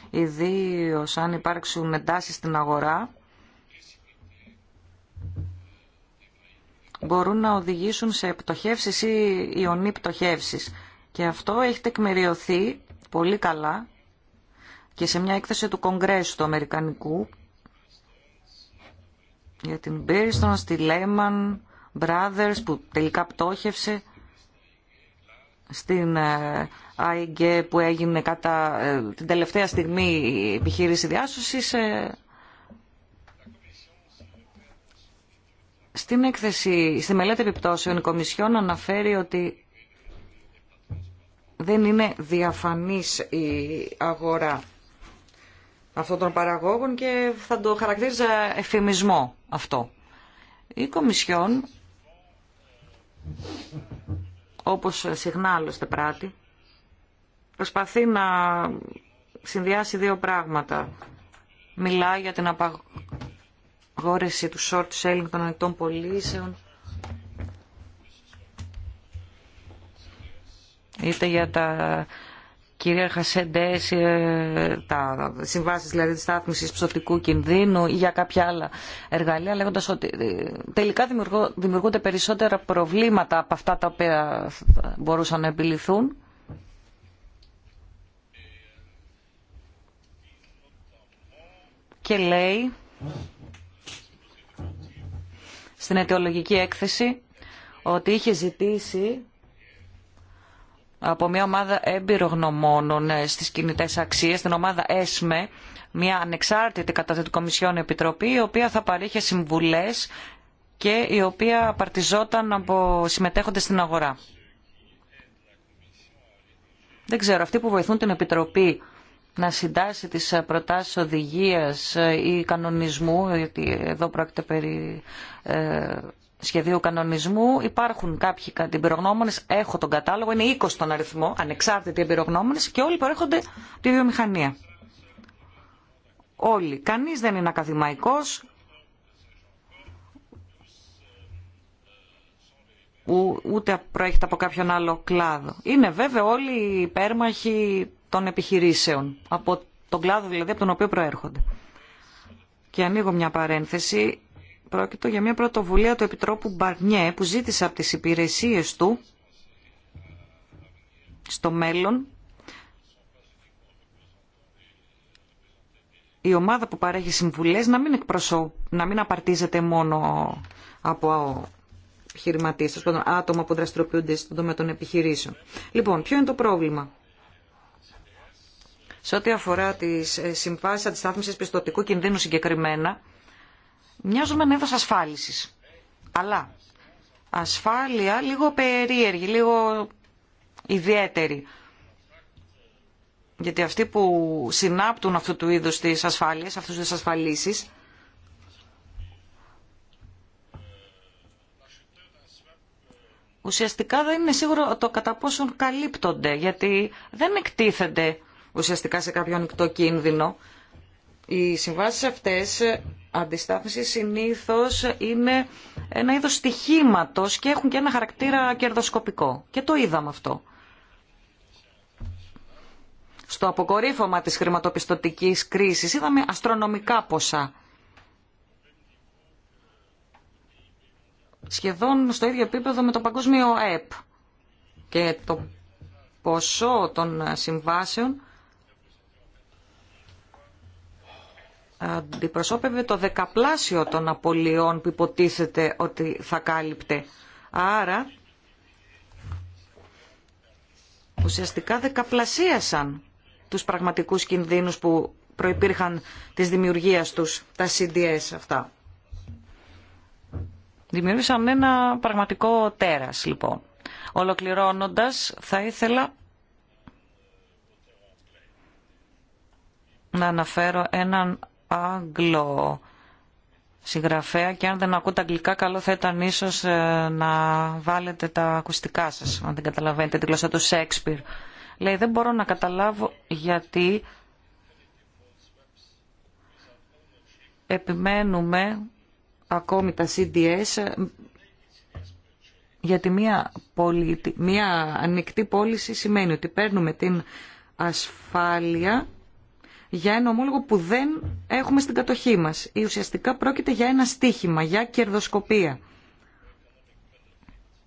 ιδίως αν υπάρξουν εντάσεις στην αγορά, μπορούν να οδηγήσουν σε πτωχεύσεις ή ιονή πτωχεύσεις. Και αυτό έχει τεκμηριωθεί πολύ καλά και σε μια έκθεση του Κογκρέσου του Αμερικανικού για την Μπίριστον, στη Λέμαν Brothers που τελικά πτώχευσε στην ΑΕΓΕ που έγινε κατά ε, την τελευταία στιγμή η επιχείρηση διάσωσης ε. στην έκθεση, στη μελέτη επιπτώσεων η Κομισιόν αναφέρει ότι δεν είναι διαφανής η αγορά αυτό των παραγόγων και θα το χαρακτήριζα εφημισμό αυτό. Η Κομισιόν, όπως συχνά άλλωστε πράττει, προσπαθεί να συνδυάσει δύο πράγματα. Μιλά για την απαγόρευση του short selling των ανοιχτών πολίσεων. είτε για τα κυρίαρχα ε, τα συμβάσεις δηλαδή τη στάθμισης ψωτικού κινδύνου ή για κάποια άλλα εργαλεία, λέγοντας ότι ε, τελικά δημιουργούνται περισσότερα προβλήματα από αυτά τα οποία μπορούσαν να επιληθούν. Και λέει στην αιτιολογική έκθεση ότι είχε ζητήσει από μια ομάδα γνωμόνων ε, στις κινητές αξίες, την ομάδα ΕΣΜΕ, μια ανεξάρτητη κατά Κομισιόν Επιτροπή, η οποία θα παρήχε συμβουλές και η οποία απαρτιζόταν από συμμετέχοντες στην αγορά. Δεν ξέρω, αυτοί που βοηθούν την Επιτροπή να συντάσει τις προτάσεις οδηγίας ή κανονισμού, γιατί εδώ πρόκειται περί ε, σχεδίου κανονισμού υπάρχουν κάποιοι εμπειρογνώμονε. έχω τον κατάλογο, είναι 20 τον αριθμό, ανεξάρτητοι εμπειρογνώμονες και όλοι προέρχονται από τη βιομηχανία. Όλοι. Κανείς δεν είναι ακαδημαϊκός, ούτε προέρχεται από κάποιον άλλο κλάδο. Είναι βέβαια όλοι οι υπέρμαχοι των επιχειρήσεων, από τον κλάδο δηλαδή από τον οποίο προέρχονται. Και ανοίγω μια παρένθεση. Πρόκειτο για μια πρωτοβουλία του Επιτρόπου Μπαρνιέ που ζήτησε από τις υπηρεσίες του στο μέλλον η ομάδα που παρέχει συμβουλές να μην, εκπροσω... να μην απαρτίζεται μόνο από επιχειρηματίες, άτομα που δραστηριοποιούνται στον τομέα των επιχειρήσεων. Λοιπόν, ποιο είναι το πρόβλημα. Σε ό,τι αφορά τις ε, συμβάσεις αντιστάθμισης πιστοτικού κινδύνου συγκεκριμένα, μοιάζουν με ένα ασφάλισης. Αλλά ασφάλεια λίγο περίεργη, λίγο ιδιαίτερη. Γιατί αυτοί που συνάπτουν αυτού του είδους τις ασφάλειες, αυτούς τις ασφαλίσεις, ουσιαστικά δεν είναι σίγουρο το κατά πόσον καλύπτονται, γιατί δεν εκτίθενται ουσιαστικά σε κάποιο ανοιχτό κίνδυνο. Οι συμβάσεις αυτές αντιστάθμιση συνήθως είναι ένα είδος στοιχήματος και έχουν και ένα χαρακτήρα κερδοσκοπικό. Και το είδαμε αυτό. Στο αποκορύφωμα της χρηματοπιστωτικής κρίσης είδαμε αστρονομικά ποσά. Σχεδόν στο ίδιο επίπεδο με το παγκόσμιο ΕΠ. Και το ποσό των συμβάσεων αντιπροσώπευε το δεκαπλάσιο των απολειών που υποτίθεται ότι θα κάλυπτε. Άρα ουσιαστικά δεκαπλασίασαν τους πραγματικούς κινδύνους που προϋπήρχαν της δημιουργίας τους, τα CDS αυτά. Δημιούργησαν ένα πραγματικό τέρας λοιπόν. Ολοκληρώνοντας θα ήθελα να αναφέρω έναν Άγγλο συγγραφέα και αν δεν ακούτε αγγλικά καλό θα ήταν ίσως ε, να βάλετε τα ακουστικά σας, αν δεν καταλαβαίνετε τη γλώσσα του Σέξπιρ. Λέει δεν μπορώ να καταλάβω γιατί επιμένουμε ακόμη τα CDS ε, γιατί μια, μια ανοιχτή πώληση σημαίνει ότι παίρνουμε την ασφάλεια για ένα ομόλογο που δεν έχουμε στην κατοχή μας. Ή ουσιαστικά πρόκειται για ένα στίχημα, για κερδοσκοπία.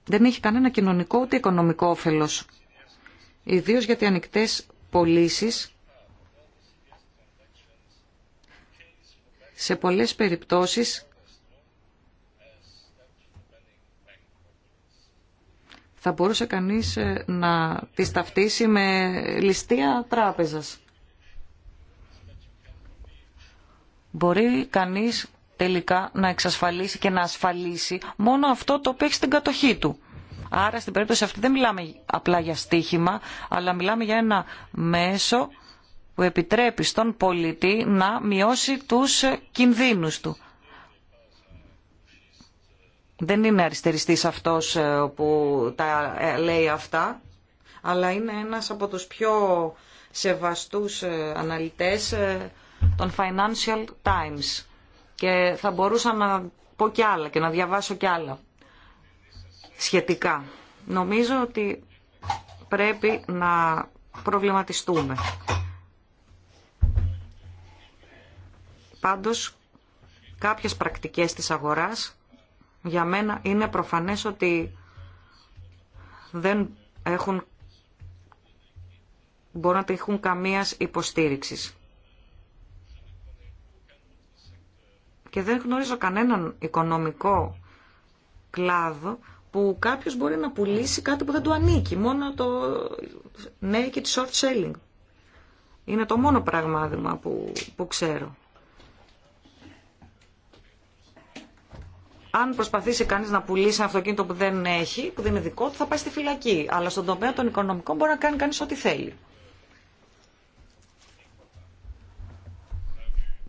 Δεν έχει κανένα κοινωνικό ούτε οικονομικό όφελος. Ιδίως γιατί ανοιχτέ πωλήσει σε πολλές περιπτώσεις θα μπορούσε κανείς ε, να τις ταυτίσει με ληστεία τράπεζας. μπορεί κανείς τελικά να εξασφαλίσει και να ασφαλίσει μόνο αυτό το οποίο έχει στην κατοχή του. Άρα στην περίπτωση αυτή δεν μιλάμε απλά για στοίχημα, αλλά μιλάμε για ένα μέσο που επιτρέπει στον πολίτη να μειώσει τους κινδύνους του. Δεν είναι αριστεριστής αυτός ε, που τα ε, λέει αυτά, αλλά είναι ένας από τους πιο σεβαστούς ε, αναλυτές των Financial Times και θα μπορούσα να πω κι άλλα και να διαβάσω κι άλλα σχετικά. Νομίζω ότι πρέπει να προβληματιστούμε. Πάντως, κάποιες πρακτικές της αγοράς για μένα είναι προφανές ότι δεν έχουν μπορούν να έχουν καμίας υποστήριξης. και δεν γνωρίζω κανέναν οικονομικό κλάδο που κάποιος μπορεί να πουλήσει κάτι που δεν του ανήκει, μόνο το ναι short selling. Είναι το μόνο πράγμα που, που ξέρω. αν προσπαθήσει κανείς να πουλήσει ένα αυτοκίνητο που δεν έχει, που δεν είναι δικό του, θα πάει στη φυλακή. Αλλά στον τομέα των οικονομικών μπορεί να κάνει κανεί ό,τι θέλει.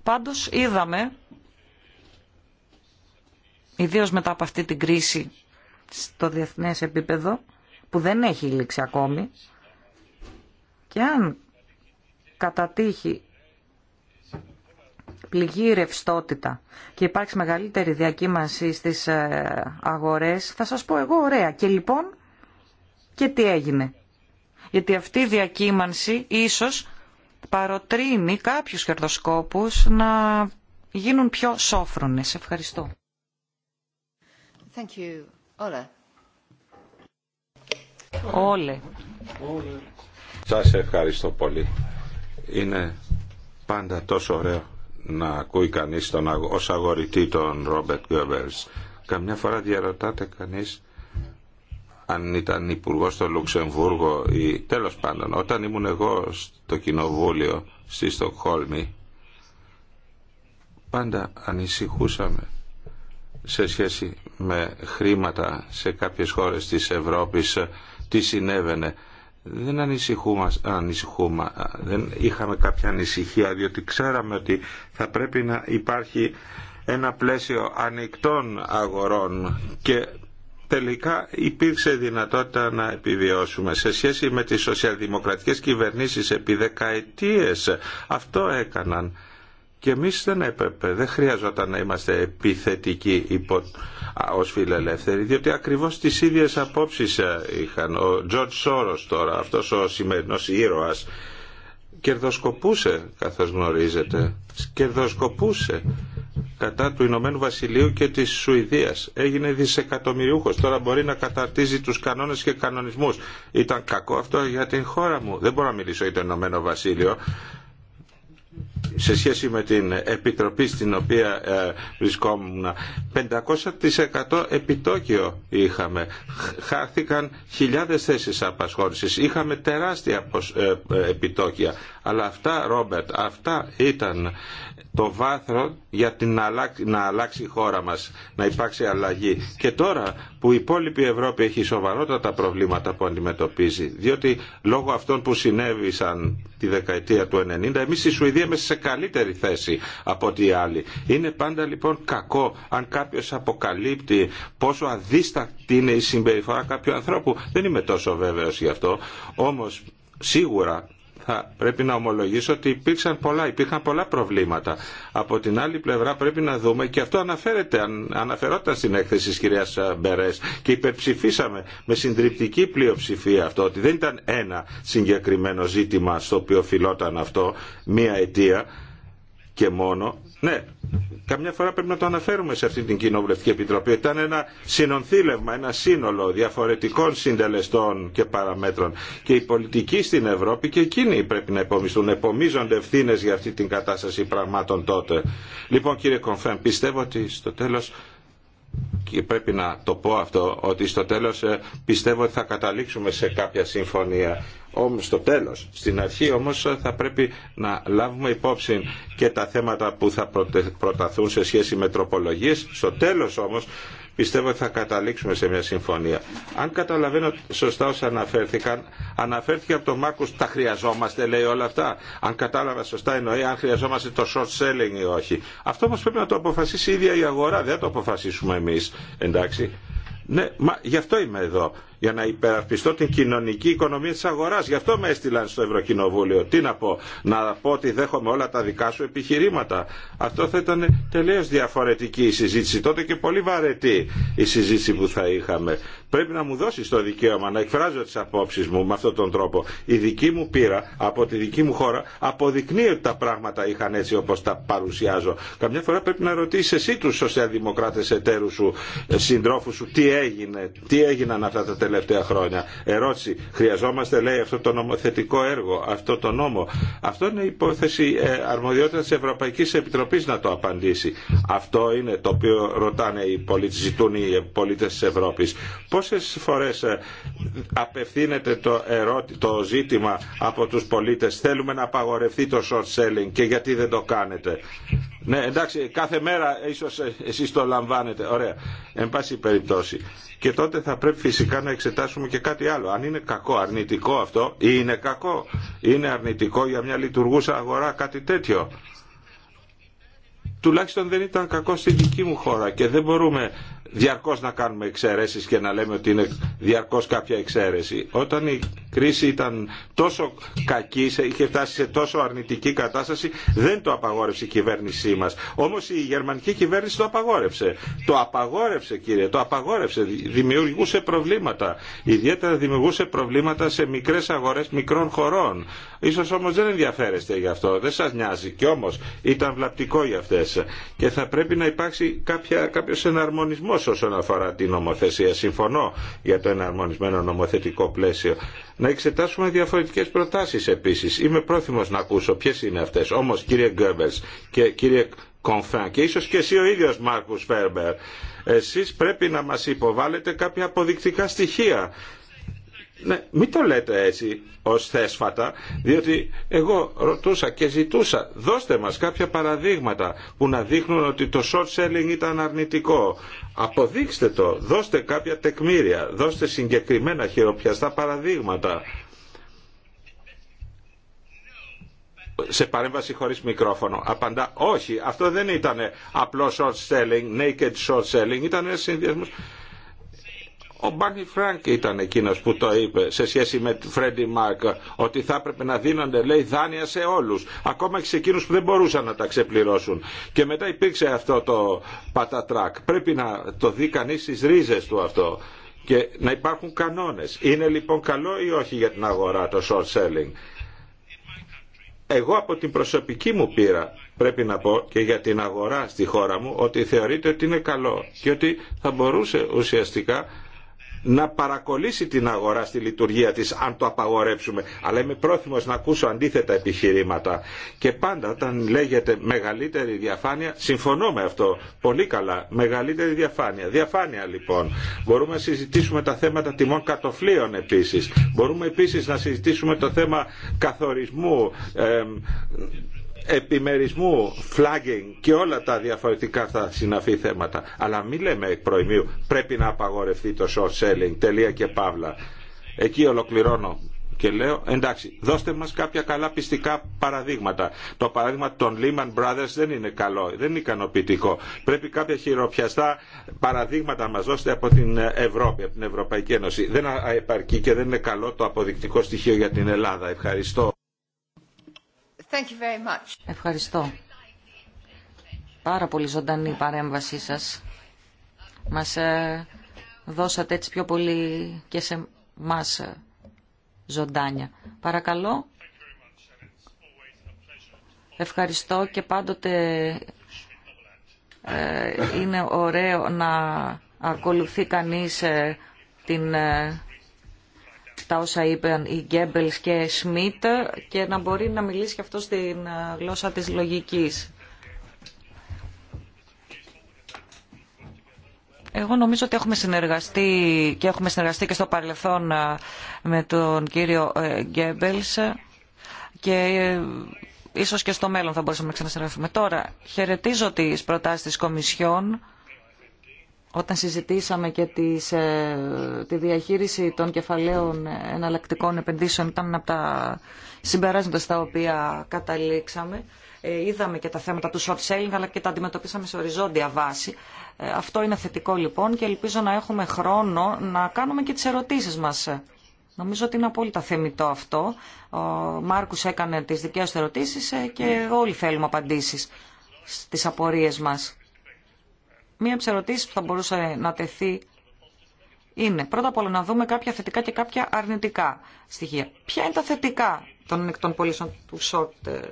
Πάντω είδαμε ιδίως μετά από αυτή την κρίση στο διεθνές επίπεδο, που δεν έχει λήξει ακόμη, και αν κατατύχει πληγή ρευστότητα και υπάρξει μεγαλύτερη διακύμανση στις ε, αγορές, θα σας πω εγώ ωραία. Και λοιπόν, και τι έγινε. Γιατί αυτή η διακύμανση ίσως παροτρύνει κάποιους κερδοσκόπους να γίνουν πιο σόφρονες. Ευχαριστώ. Σας ευχαριστώ πολύ. Είναι πάντα τόσο ωραίο να ακούει κανείς τον, ως αγορητή τον Ρόμπερτ Γκέμπερς. Καμιά φορά διαρωτάται κανείς αν ήταν υπουργό στο Λουξεμβούργο ή τέλος πάντων όταν ήμουν εγώ στο κοινοβούλιο στη Στοκχόλμη πάντα ανησυχούσαμε σε σχέση με χρήματα σε κάποιες χώρες της Ευρώπης ε, τι συνέβαινε. Δεν ανησυχούμε, ε, δεν είχαμε κάποια ανησυχία διότι ξέραμε ότι θα πρέπει να υπάρχει ένα πλαίσιο ανοιχτών αγορών και τελικά υπήρξε δυνατότητα να επιβιώσουμε σε σχέση με τις σοσιαλδημοκρατικές κυβερνήσεις επί δεκαετίες αυτό έκαναν και εμεί δεν έπρεπε, δεν χρειαζόταν να είμαστε επιθετικοί υπό... ω φιλελεύθεροι, διότι ακριβώ τι ίδιε απόψει ε, είχαν. Ο Τζορτ Σόρο τώρα, αυτό ο σημερινό ήρωα, κερδοσκοπούσε, καθώ γνωρίζετε. Κερδοσκοπούσε κατά του Ηνωμένου Βασιλείου και της Σουηδίας. Έγινε δισεκατομμυριούχος, τώρα μπορεί να καταρτίζει τους κανόνες και κανονισμούς. Ήταν κακό αυτό για την χώρα μου. Δεν μπορώ να μιλήσω για το Ηνωμένο Βασίλειο σε σχέση με την επιτροπή στην οποία ε, βρισκόμουν 500% επιτόκιο είχαμε χάθηκαν χιλιάδες θέσεις απασχόλησης είχαμε τεράστια ε, επιτόκια αλλά αυτά Ρόμπερτ αυτά ήταν το βάθρο για την να, αλλάξει, η χώρα μας, να υπάρξει αλλαγή. Και τώρα που η υπόλοιπη Ευρώπη έχει σοβαρότατα προβλήματα που αντιμετωπίζει, διότι λόγω αυτών που συνέβησαν τη δεκαετία του 90, εμείς στη Σουηδία σε καλύτερη θέση από ό,τι οι άλλοι. Είναι πάντα λοιπόν κακό αν κάποιο αποκαλύπτει πόσο αδίστακτη είναι η συμπεριφορά κάποιου ανθρώπου. Δεν είμαι τόσο βέβαιο γι' αυτό. Όμω σίγουρα θα πρέπει να ομολογήσω ότι υπήρξαν πολλά, υπήρχαν πολλά προβλήματα. Από την άλλη πλευρά πρέπει να δούμε και αυτό αναφέρεται, αναφερόταν στην έκθεση της κυρίας Μπερές και υπερψηφίσαμε με συντριπτική πλειοψηφία αυτό ότι δεν ήταν ένα συγκεκριμένο ζήτημα στο οποίο φιλόταν αυτό μία αιτία και μόνο. Ναι, καμιά φορά πρέπει να το αναφέρουμε σε αυτή την Κοινοβουλευτική Επιτροπή. Ήταν ένα συνονθήλευμα, ένα σύνολο διαφορετικών συντελεστών και παραμέτρων. Και οι πολιτικοί στην Ευρώπη και εκείνοι πρέπει να υπομισθούν. Επομίζονται ευθύνε για αυτή την κατάσταση πραγμάτων τότε. Λοιπόν, κύριε Κομφέν, πιστεύω ότι στο τέλο και πρέπει να το πω αυτό ότι στο τέλος ε, πιστεύω ότι θα καταλήξουμε σε κάποια συμφωνία όμως στο τέλος. Στην αρχή όμως ε, θα πρέπει να λάβουμε υπόψη και τα θέματα που θα προταθούν σε σχέση με τροπολογίες. Στο τέλος όμως πιστεύω ότι θα καταλήξουμε σε μια συμφωνία. Αν καταλαβαίνω σωστά όσα αναφέρθηκαν, αναφέρθηκε από τον Μάρκο τα χρειαζόμαστε, λέει όλα αυτά. Αν κατάλαβα σωστά εννοεί αν χρειαζόμαστε το short selling ή όχι. Αυτό όμω πρέπει να το αποφασίσει η ίδια η αγορά, δεν το αποφασίσουμε εμεί. Εντάξει. Ναι, μα γι' αυτό είμαι εδώ για να υπερασπιστώ την κοινωνική οικονομία της αγοράς. Γι' αυτό με έστειλαν στο Ευρωκοινοβούλιο. Τι να πω, να πω ότι δέχομαι όλα τα δικά σου επιχειρήματα. Αυτό θα ήταν τελείως διαφορετική η συζήτηση τότε και πολύ βαρετή η συζήτηση που θα είχαμε. Πρέπει να μου δώσεις το δικαίωμα να εκφράζω τις απόψεις μου με αυτόν τον τρόπο. Η δική μου πείρα από τη δική μου χώρα αποδεικνύει ότι τα πράγματα είχαν έτσι όπως τα παρουσιάζω. Καμιά φορά πρέπει να ρωτήσεις εσύ του σοσιαλδημοκράτες εταίρους σου, ε, συντρόφους σου, τι έγινε, τι έγιναν αυτά τα τελευταία χρόνια. Ερώτηση, χρειαζόμαστε λέει αυτό το νομοθετικό έργο, αυτό το νόμο. Αυτό είναι υπόθεση ε, αρμοδιότητα τη Ευρωπαϊκής Επιτροπής να το απαντήσει. Αυτό είναι το οποίο ρωτάνε οι πολίτες, ζητούν οι πολίτες της Ευρώπης. Πόσες φορές ε, απευθύνεται το, το ζήτημα από τους πολίτες θέλουμε να απαγορευτεί το short selling και γιατί δεν το κάνετε. Ναι, εντάξει, κάθε μέρα ίσως εσείς το λαμβάνετε. Ωραία. Εν πάση περιπτώσει. Και τότε θα πρέπει φυσικά να εξετάσουμε και κάτι άλλο. Αν είναι κακό, αρνητικό αυτό, ή είναι κακό, είναι αρνητικό για μια λειτουργούσα αγορά, κάτι τέτοιο. Τουλάχιστον δεν ήταν κακό στη δική μου χώρα και δεν μπορούμε διαρκώς να κάνουμε εξαιρέσεις και να λέμε ότι είναι διαρκώς κάποια εξαίρεση. Όταν η κρίση ήταν τόσο κακή, είχε φτάσει σε τόσο αρνητική κατάσταση, δεν το απαγόρευσε η κυβέρνησή μα. Όμω η γερμανική κυβέρνηση το απαγόρευσε. Το απαγόρευσε κύριε, το απαγόρευσε. Δημιουργούσε προβλήματα. Ιδιαίτερα δημιουργούσε προβλήματα σε μικρέ αγορέ μικρών χωρών. Ίσως όμω δεν ενδιαφέρεστε γι' αυτό, δεν σα νοιάζει. Κι όμω ήταν βλαπτικό για αυτέ. Και θα πρέπει να υπάρξει κάποιο εναρμονισμό όσον αφορά την νομοθεσία. Συμφωνώ για το εναρμονισμένο νομοθετικό πλαίσιο να εξετάσουμε διαφορετικέ προτάσεις επίσης. Είμαι πρόθυμος να ακούσω ποιε είναι αυτές. Όμως κύριε Γκέμπερ και κύριε Κομφέν και ίσω και εσύ ο ίδιο Μάρκους Φέρμπερ, εσείς πρέπει να μας υποβάλλετε κάποια αποδεικτικά στοιχεία ναι, μην το λέτε έτσι ως θέσφατα, διότι εγώ ρωτούσα και ζητούσα, δώστε μας κάποια παραδείγματα που να δείχνουν ότι το short selling ήταν αρνητικό. Αποδείξτε το, δώστε κάποια τεκμήρια, δώστε συγκεκριμένα χειροπιαστά παραδείγματα. σε παρέμβαση χωρίς μικρόφωνο. Απαντά, όχι, αυτό δεν ήταν απλό short selling, naked short selling, ήταν ένα συνδυασμός ο Μπάνι Φρανκ ήταν εκείνο που το είπε σε σχέση με Φρέντι Μάρκ ότι θα έπρεπε να δίνονται λέει δάνεια σε όλου. ακόμα και σε εκείνου που δεν μπορούσαν να τα ξεπληρώσουν και μετά υπήρξε αυτό το πατατράκ πρέπει να το δει κανεί στι ρίζε του αυτό και να υπάρχουν κανόνε. είναι λοιπόν καλό ή όχι για την αγορά το short selling εγώ από την προσωπική μου πείρα πρέπει να πω και για την αγορά στη χώρα μου ότι θεωρείται ότι είναι καλό και ότι θα μπορούσε ουσιαστικά να παρακολύσει την αγορά στη λειτουργία της αν το απαγορέψουμε. Αλλά είμαι πρόθυμος να ακούσω αντίθετα επιχειρήματα. Και πάντα όταν λέγεται μεγαλύτερη διαφάνεια, συμφωνώ με αυτό πολύ καλά. Μεγαλύτερη διαφάνεια. Διαφάνεια λοιπόν. Μπορούμε να συζητήσουμε τα θέματα τιμών κατοφλίων επίσης. Μπορούμε επίσης να συζητήσουμε το θέμα καθορισμού επιμερισμού, flagging και όλα τα διαφορετικά αυτά συναφή θέματα. Αλλά μην λέμε εκ προημίου πρέπει να απαγορευτεί το short selling, τελεία και παύλα. Εκεί ολοκληρώνω και λέω εντάξει δώστε μας κάποια καλά πιστικά παραδείγματα. Το παράδειγμα των Lehman Brothers δεν είναι καλό, δεν είναι ικανοποιητικό. Πρέπει κάποια χειροπιαστά παραδείγματα να μας δώσετε από την Ευρώπη, από την Ευρωπαϊκή Ένωση. Δεν επαρκεί και δεν είναι καλό το αποδεικτικό στοιχείο για την Ελλάδα. Ευχαριστώ. Ευχαριστώ. Πάρα πολύ ζωντανή η παρέμβασή σας. Μας ε, δώσατε έτσι πιο πολύ και σε μας ε, ζωντάνια. Παρακαλώ. Ευχαριστώ και πάντοτε ε, είναι ωραίο να ακολουθεί κανείς την τα όσα είπαν οι Γκέμπελ και Σμιτ και να μπορεί να μιλήσει και αυτό στην ε, γλώσσα της λογικής. Εγώ νομίζω ότι έχουμε συνεργαστεί και έχουμε συνεργαστεί και στο παρελθόν ε, με τον κύριο ε, Γκέμπελς και ίσως και στο μέλλον θα μπορούσαμε να ξανασυνεργαστούμε. Τώρα, χαιρετίζω τις προτάσεις της Κομισιόν όταν συζητήσαμε και τις, ε, τη διαχείριση των κεφαλαίων εναλλακτικών επενδύσεων ήταν από τα συμπεράσματα στα οποία καταλήξαμε. Ε, είδαμε και τα θέματα του short selling αλλά και τα αντιμετωπίσαμε σε οριζόντια βάση. Ε, αυτό είναι θετικό λοιπόν και ελπίζω να έχουμε χρόνο να κάνουμε και τις ερωτήσεις μας. Νομίζω ότι είναι απόλυτα θεμητό αυτό. Ο Μάρκους έκανε τις δικές ερωτήσεις και όλοι θέλουμε απαντήσεις στις απορίες μας μία από τι ερωτήσει που θα μπορούσε να τεθεί είναι πρώτα απ' όλα να δούμε κάποια θετικά και κάποια αρνητικά στοιχεία. Ποια είναι τα θετικά των ανοιχτών πωλήσεων του short ε, ε,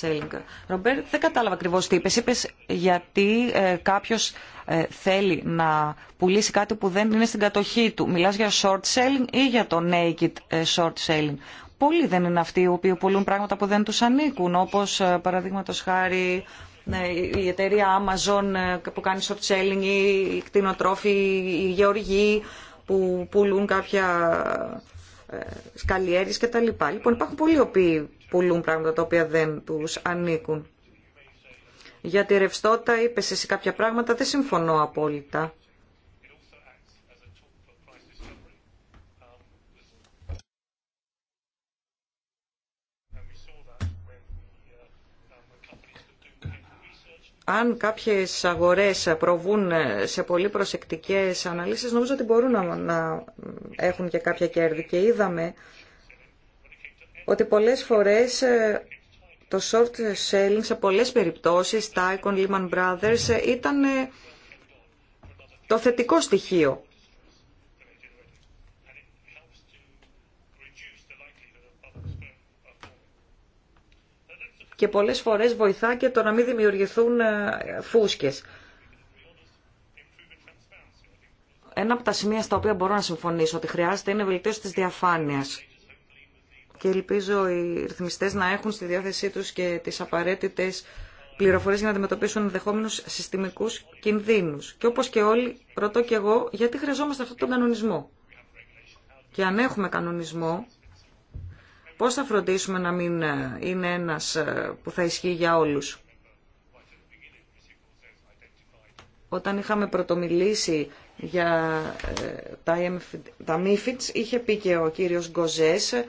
selling. Ρομπέρ, δεν κατάλαβα ακριβώ τι είπε. Είπε γιατί ε, κάποιο ε, θέλει να πουλήσει κάτι που δεν είναι στην κατοχή του. Μιλά για short selling ή για το naked short selling. Πολλοί δεν είναι αυτοί οι οποίοι πουλούν πράγματα που δεν του ανήκουν, όπως παραδείγματο χάρη ναι, η εταιρεία Amazon ε, που κάνει short selling οι κτηνοτρόφοι, οι γεωργοί που πουλούν κάποια ε, τα κτλ. Λοιπόν υπάρχουν πολλοί οποίοι πουλούν πράγματα τα οποία δεν τους ανήκουν. Για τη ρευστότητα είπες εσύ κάποια πράγματα, δεν συμφωνώ απόλυτα. αν κάποιες αγορές προβούν σε πολύ προσεκτικές αναλύσεις, νομίζω ότι μπορούν να, έχουν και κάποια κέρδη. Και είδαμε ότι πολλές φορές ε, το short selling σε πολλές περιπτώσεις, τα Icon Lehman Brothers, ε, ήταν ε, το θετικό στοιχείο και πολλές φορές βοηθά και το να μην δημιουργηθούν ε, φούσκες. Ένα από τα σημεία στα οποία μπορώ να συμφωνήσω ότι χρειάζεται είναι βελτίωση της διαφάνειας και ελπίζω οι ρυθμιστές να έχουν στη διάθεσή τους και τις απαραίτητες πληροφορίες για να αντιμετωπίσουν ενδεχόμενους συστημικούς κινδύνους. Και όπως και όλοι, ρωτώ και εγώ, γιατί χρειαζόμαστε αυτόν τον κανονισμό. Και αν έχουμε κανονισμό, Πώς θα φροντίσουμε να μην ε, είναι ένας ε, που θα ισχύει για όλους. Όταν είχαμε πρωτομιλήσει για ε, τα, τα είχε πει και ο κύριος Γκοζές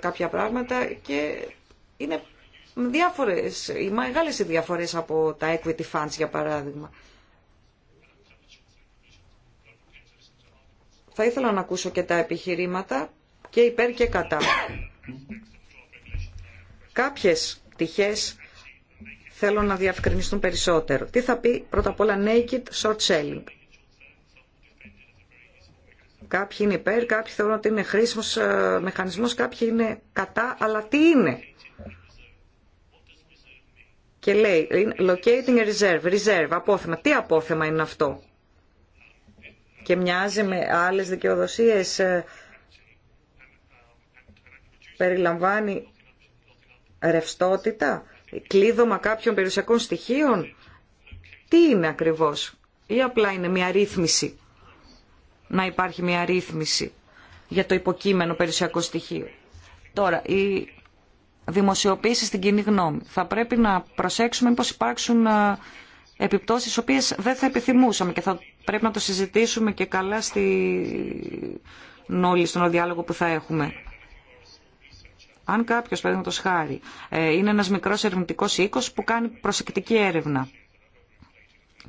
κάποια πράγματα και είναι διάφορες, οι μεγάλες οι διαφορές από τα equity funds για παράδειγμα. Θα ήθελα να ακούσω και τα επιχειρήματα και υπέρ και κατά. Κάποιες τυχές θέλω να διευκρινιστούν περισσότερο. Τι θα πει πρώτα απ' όλα naked short selling. Κάποιοι είναι υπέρ, κάποιοι θεωρούν ότι είναι χρήσιμος ε, κάποιοι είναι κατά, αλλά τι είναι. Και λέει, locating a reserve, reserve, απόθεμα. Τι απόθεμα είναι αυτό. Και μοιάζει με άλλες δικαιοδοσίες, ε, περιλαμβάνει ρευστότητα, κλείδωμα κάποιων περιουσιακών στοιχείων. Τι είναι ακριβώς ή απλά είναι μια ρύθμιση, να υπάρχει μια ρύθμιση για το υποκείμενο περιουσιακό στοιχείο. Τώρα, η δημοσιοποίηση στην κοινή γνώμη. Θα πρέπει να προσέξουμε πως υπάρξουν επιπτώσεις οποίες δεν θα επιθυμούσαμε και θα πρέπει να το συζητήσουμε και καλά στην όλη, στον διάλογο που θα έχουμε. Αν κάποιο, παραδείγματο χάρη, ε, είναι ένα μικρό ερευνητικό οίκο που κάνει προσεκτική έρευνα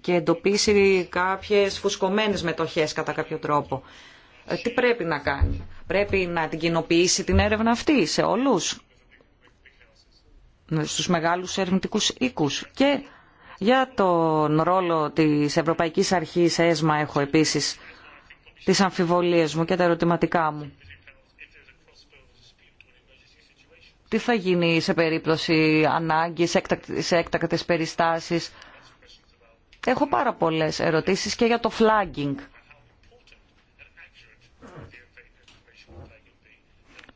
και εντοπίσει κάποιε φουσκωμένε μετοχέ κατά κάποιο τρόπο, ε, τι πρέπει να κάνει, Πρέπει να την κοινοποιήσει την έρευνα αυτή σε όλου, ε, στου μεγάλου ερευνητικού οίκου. Και για τον ρόλο τη Ευρωπαϊκή Αρχή ΕΣΜΑ έχω επίση τις αμφιβολίες μου και τα ερωτηματικά μου. τι θα γίνει σε περίπτωση ανάγκης, σε έκτακτες περιστάσεις. Έχω πάρα πολλές ερωτήσεις και για το flagging.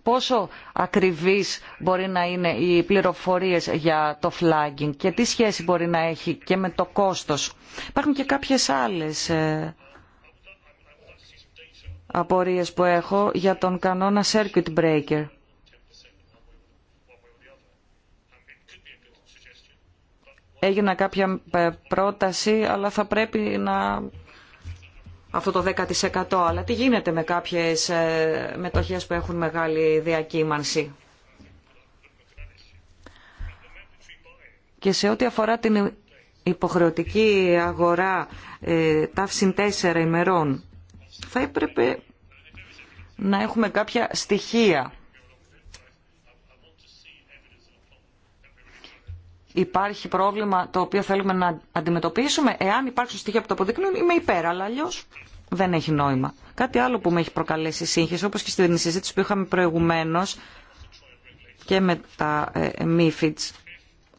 Πόσο ακριβείς μπορεί να είναι οι πληροφορίες για το flagging και τι σχέση μπορεί να έχει και με το κόστος. Υπάρχουν και κάποιες άλλες ε, απορίες που έχω για τον κανόνα circuit breaker. Έγινα κάποια ε, πρόταση, αλλά θα πρέπει να αυτό το 10%. Αλλά τι γίνεται με κάποιες ε, μετοχές που έχουν μεγάλη διακύμανση. Και σε ό,τι αφορά την υποχρεωτική αγορά ε, ταύσιν ημερών, θα έπρεπε να έχουμε κάποια στοιχεία υπάρχει πρόβλημα το οποίο θέλουμε να αντιμετωπίσουμε. Εάν υπάρξουν στοιχεία που το αποδεικνύουν, είμαι υπέρ, αλλά αλλιώ δεν έχει νόημα. Κάτι άλλο που με έχει προκαλέσει σύγχυση, όπω και στην συζήτηση που είχαμε προηγουμένω και με τα ε, MIFIDs,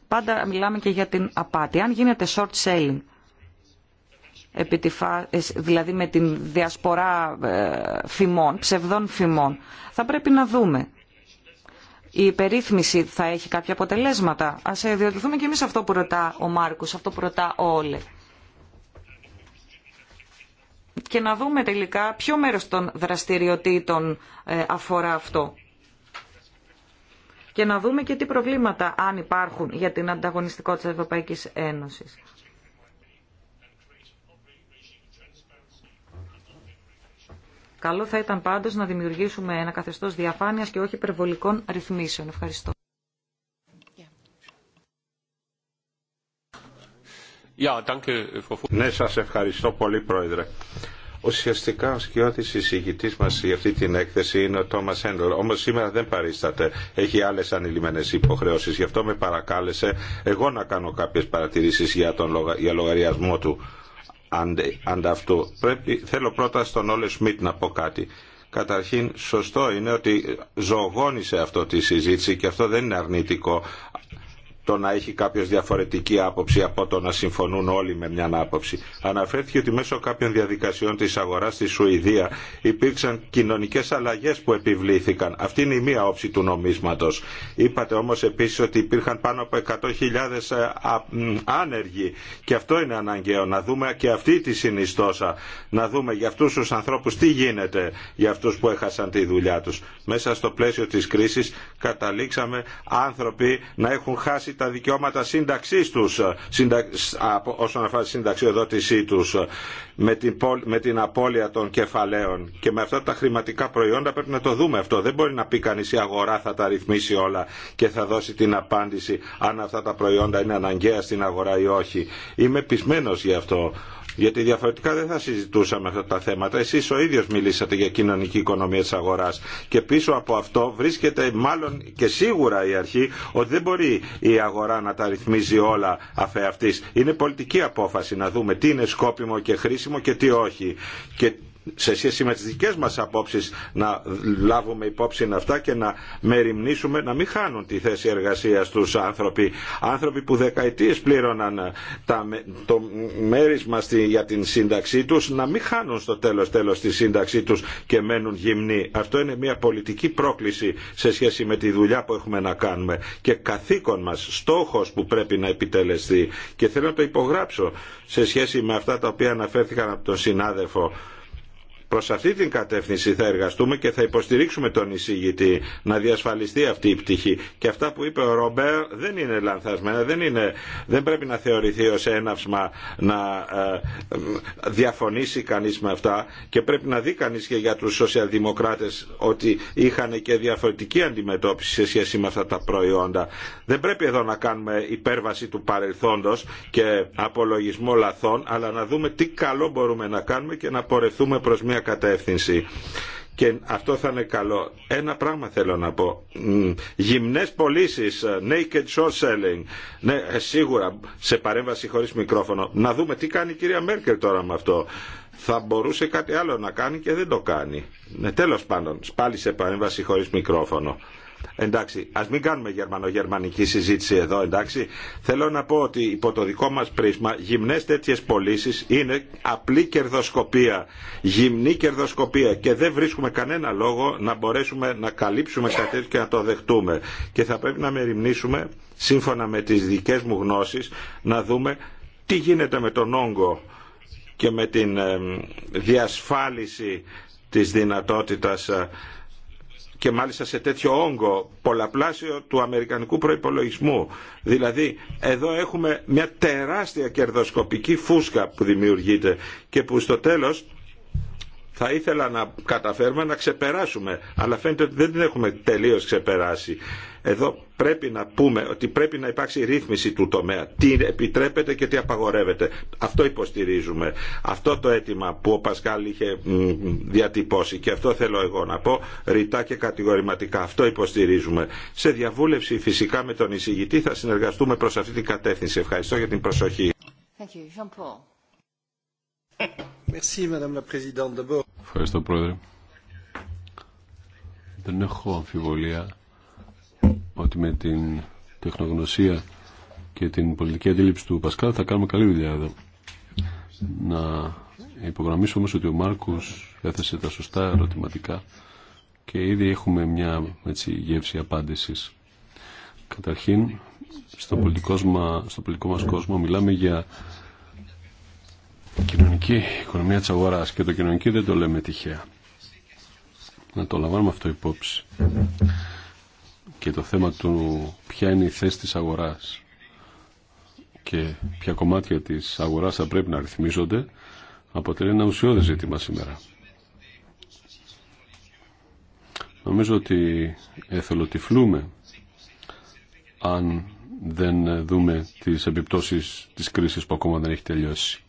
πάντα μιλάμε και για την απάτη. Αν γίνεται short selling, ε, δηλαδή με την διασπορά ε, φημών, ψευδών φημών, θα πρέπει να δούμε η υπερρύθμιση θα έχει κάποια αποτελέσματα. Ας ε, διατηρηθούμε και εμείς αυτό που ρωτά ο Μάρκο, αυτό που ρωτά ο Όλε. Και να δούμε τελικά ποιο μέρος των δραστηριοτήτων ε, αφορά αυτό. Και να δούμε και τι προβλήματα, αν υπάρχουν, για την ανταγωνιστικότητα της Ευρωπαϊκής Ένωσης. Καλό θα ήταν πάντως να δημιουργήσουμε ένα καθεστώς διαφάνειας και όχι υπερβολικών ρυθμίσεων. Ευχαριστώ. Ναι, σας ευχαριστώ πολύ, Πρόεδρε. Ουσιαστικά ο σκιώδη εισηγητή μα για αυτή την έκθεση είναι ο Τόμα Έντλ. Όμω σήμερα δεν παρίσταται. Έχει άλλε ανηλυμένε υποχρεώσει. Γι' αυτό με παρακάλεσε εγώ να κάνω κάποιε παρατηρήσει για, τον, για λογαριασμό του ανταυτού. Πρέπει, θέλω πρώτα στον Όλε Σμιτ να πω κάτι. Καταρχήν σωστό είναι ότι ζωγόνησε αυτό τη συζήτηση και αυτό δεν είναι αρνητικό το να έχει κάποιο διαφορετική άποψη από το να συμφωνούν όλοι με μια άποψη. Αναφέρθηκε ότι μέσω κάποιων διαδικασιών τη αγορά στη Σουηδία υπήρξαν κοινωνικέ αλλαγέ που επιβλήθηκαν. Αυτή είναι η μία όψη του νομίσματο. Είπατε όμω επίση ότι υπήρχαν πάνω από 100.000 ε, άνεργοι και αυτό είναι αναγκαίο. Να δούμε και αυτή τη συνιστόσα. Να δούμε για αυτού του ανθρώπου τι γίνεται για αυτού που έχασαν τη δουλειά του. Μέσα στο πλαίσιο τη κρίση καταλήξαμε άνθρωποι να έχουν χάσει τα δικαιώματα σύνταξή του, όσον αφορά τη συνταξιοδότησή τους με την, με την απώλεια των κεφαλαίων και με αυτά τα χρηματικά προϊόντα πρέπει να το δούμε αυτό. Δεν μπορεί να πει κανεί η αγορά θα τα ρυθμίσει όλα και θα δώσει την απάντηση αν αυτά τα προϊόντα είναι αναγκαία στην αγορά ή όχι. Είμαι πεισμένο γι' αυτό γιατί διαφορετικά δεν θα συζητούσαμε αυτά τα θέματα. Εσείς ο ίδιος μιλήσατε για κοινωνική οικονομία της αγοράς και πίσω από αυτό βρίσκεται μάλλον και σίγουρα η αρχή ότι δεν μπορεί η αγορά να τα ρυθμίζει όλα αφεαυτής. Είναι πολιτική απόφαση να δούμε τι είναι σκόπιμο και χρήσιμο και τι όχι. Και σε σχέση με τις δικές μας απόψεις να λάβουμε υπόψη αυτά και να μεριμνήσουμε να μην χάνουν τη θέση εργασία του άνθρωποι. Άνθρωποι που δεκαετίες πλήρωναν τα, το μέρισμα στη, για την σύνταξή τους να μην χάνουν στο τέλος τέλος τη σύνταξή τους και μένουν γυμνοί. Αυτό είναι μια πολιτική πρόκληση σε σχέση με τη δουλειά που έχουμε να κάνουμε και καθήκον μας, στόχος που πρέπει να επιτελεστεί και θέλω να το υπογράψω σε σχέση με αυτά τα οποία αναφέρθηκαν από τον συνάδελφο Προς αυτή την κατεύθυνση θα εργαστούμε και θα υποστηρίξουμε τον εισηγητή να διασφαλιστεί αυτή η πτυχή. Και αυτά που είπε ο Ρομπέρ δεν είναι λανθασμένα, δεν, είναι, δεν πρέπει να θεωρηθεί ως έναυσμα να ε, διαφωνήσει κανείς με αυτά και πρέπει να δει κανείς και για τους σοσιαλδημοκράτες ότι είχαν και διαφορετική αντιμετώπιση σε σχέση με αυτά τα προϊόντα. Δεν πρέπει εδώ να κάνουμε υπέρβαση του παρελθόντος και απολογισμό λαθών, αλλά να δούμε τι καλό μπορούμε να κάνουμε και να πορευτούμε προς μια κατεύθυνση και αυτό θα είναι καλό. Ένα πράγμα θέλω να πω. Γυμνές πωλήσει, ε, naked short selling. Ναι, ε, σίγουρα σε παρέμβαση χωρίς μικρόφωνο. Να δούμε τι κάνει η κυρία Μέρκελ τώρα με αυτό θα μπορούσε κάτι άλλο να κάνει και δεν το κάνει. Ναι, τέλος πάντων, πάλι σε παρέμβαση χωρίς μικρόφωνο. Εντάξει, α μην κάνουμε γερμανογερμανική συζήτηση εδώ, εντάξει. Θέλω να πω ότι υπό το δικό μα πρίσμα γυμνέ τέτοιε πωλήσει είναι απλή κερδοσκοπία. Γυμνή κερδοσκοπία. Και δεν βρίσκουμε κανένα λόγο να μπορέσουμε να καλύψουμε κάτι και να το δεχτούμε. Και θα πρέπει να μεριμνήσουμε, σύμφωνα με τι δικέ μου γνώσει, να δούμε τι γίνεται με τον όγκο και με την διασφάλιση της δυνατότητας ε, και μάλιστα σε τέτοιο όγκο πολλαπλάσιο του αμερικανικού προϋπολογισμού. Δηλαδή εδώ έχουμε μια τεράστια κερδοσκοπική φούσκα που δημιουργείται και που στο τέλος θα ήθελα να καταφέρουμε να ξεπεράσουμε, αλλά φαίνεται ότι δεν την έχουμε τελείως ξεπεράσει. Εδώ πρέπει να πούμε ότι πρέπει να υπάρξει ρύθμιση του τομέα. Τι επιτρέπεται και τι απαγορεύεται. Αυτό υποστηρίζουμε. Αυτό το αίτημα που ο Πασκάλ είχε διατυπώσει και αυτό θέλω εγώ να πω ρητά και κατηγορηματικά. Αυτό υποστηρίζουμε. Σε διαβούλευση φυσικά με τον εισηγητή θα συνεργαστούμε προς αυτή την κατεύθυνση. Ευχαριστώ για την προσοχή. Thank you. Ευχαριστώ, Πρόεδρε. Δεν έχω αμφιβολία ότι με την τεχνογνωσία και την πολιτική αντίληψη του Πασκάλ θα κάνουμε καλή δουλειά εδώ. Να υπογραμμίσω όμως ότι ο Μάρκος έθεσε τα σωστά ερωτηματικά και ήδη έχουμε μια έτσι, γεύση απάντησης. Καταρχήν, στο, πολιτικό, στο πολιτικό μας κόσμο μιλάμε για κοινωνική οικονομία της αγοράς και το κοινωνική δεν το λέμε τυχαία. Να το λαμβάνουμε αυτό υπόψη. Και το θέμα του ποια είναι η θέση της αγοράς και ποια κομμάτια της αγοράς θα πρέπει να ρυθμίζονται αποτελεί ένα ουσιώδη ζήτημα σήμερα. Νομίζω ότι εθελοτυφλούμε αν δεν δούμε τις επιπτώσεις της κρίσης που ακόμα δεν έχει τελειώσει.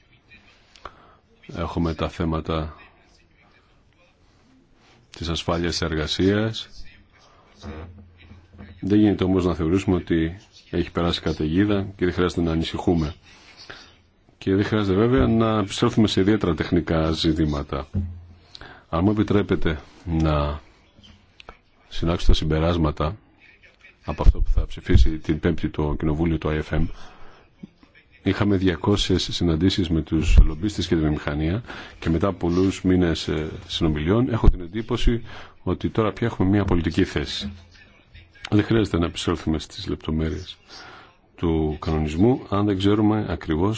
Έχουμε τα θέματα της ασφάλειας εργασίας. Δεν γίνεται όμως να θεωρήσουμε ότι έχει περάσει καταιγίδα και δεν χρειάζεται να ανησυχούμε. Και δεν χρειάζεται βέβαια να επιστρέφουμε σε ιδιαίτερα τεχνικά ζητήματα. Αν μου επιτρέπετε να συνάξω τα συμπεράσματα από αυτό που θα ψηφίσει την Πέμπτη το Κοινοβούλιο του IFM, Είχαμε 200 συναντήσει με του λομπίστε και τη μηχανία και μετά πολλού μήνε ε, συνομιλιών έχω την εντύπωση ότι τώρα πια έχουμε μια πολιτική θέση. Δεν χρειάζεται να επισέλθουμε στις λεπτομέρειε του κανονισμού αν δεν ξέρουμε ακριβώ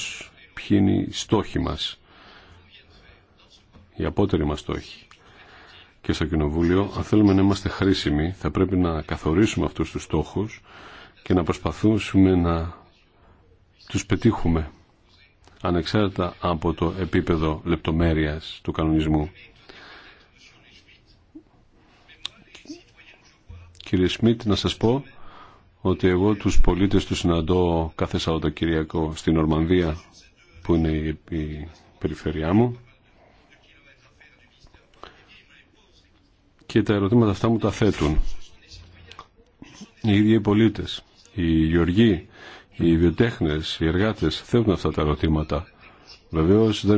ποιοι είναι οι στόχοι μα. Οι απότεροι μας στόχοι. Και στο Κοινοβούλιο, αν θέλουμε να είμαστε χρήσιμοι, θα πρέπει να καθορίσουμε αυτού του στόχου και να προσπαθούμε να τους πετύχουμε ανεξάρτητα από το επίπεδο λεπτομέρειας του κανονισμού. Κύριε Σμιτ, να σας πω ότι εγώ τους πολίτες του συναντώ κάθε Κυριακό στην Ορμανδία που είναι η περιφερειά μου και τα ερωτήματα αυτά μου τα θέτουν οι ίδιοι οι πολίτες οι γεωργοί οι βιοτέχνε, οι εργάτε θέλουν αυτά τα ερωτήματα. Βεβαίω δεν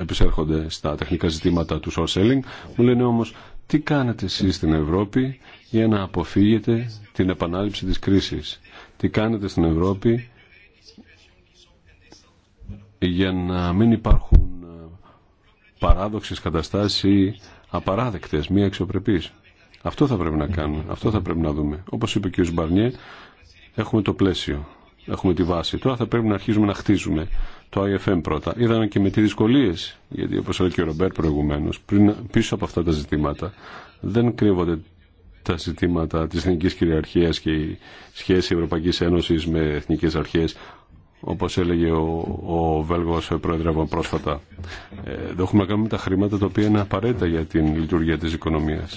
επισέρχονται στα τεχνικά ζητήματα του short selling. Μου λένε όμω, τι κάνετε εσεί στην Ευρώπη για να αποφύγετε την επανάληψη τη κρίση. Τι κάνετε στην Ευρώπη για να μην υπάρχουν ε, παράδοξες καταστάσεις ή απαράδεκτες, μη αξιοπρεπείς. Αυτό θα πρέπει να κάνουμε, αυτό θα πρέπει να δούμε. Όπως είπε και ο Σμπαρνιέ, έχουμε το πλαίσιο έχουμε τη βάση. Τώρα θα πρέπει να αρχίζουμε να χτίζουμε το IFM πρώτα. Είδαμε και με τι δυσκολίε, γιατί όπω έλεγε και ο Ρομπέρ προηγουμένω, πίσω από αυτά τα ζητήματα δεν κρύβονται τα ζητήματα τη εθνική κυριαρχία και η σχέση Ευρωπαϊκή Ένωση με εθνικέ αρχέ, όπω έλεγε ο, ο Βέλγο Πρόεδρευμα πρόσφατα. Ε, έχουμε να κάνουμε τα χρήματα τα οποία είναι απαραίτητα για την λειτουργία τη οικονομία.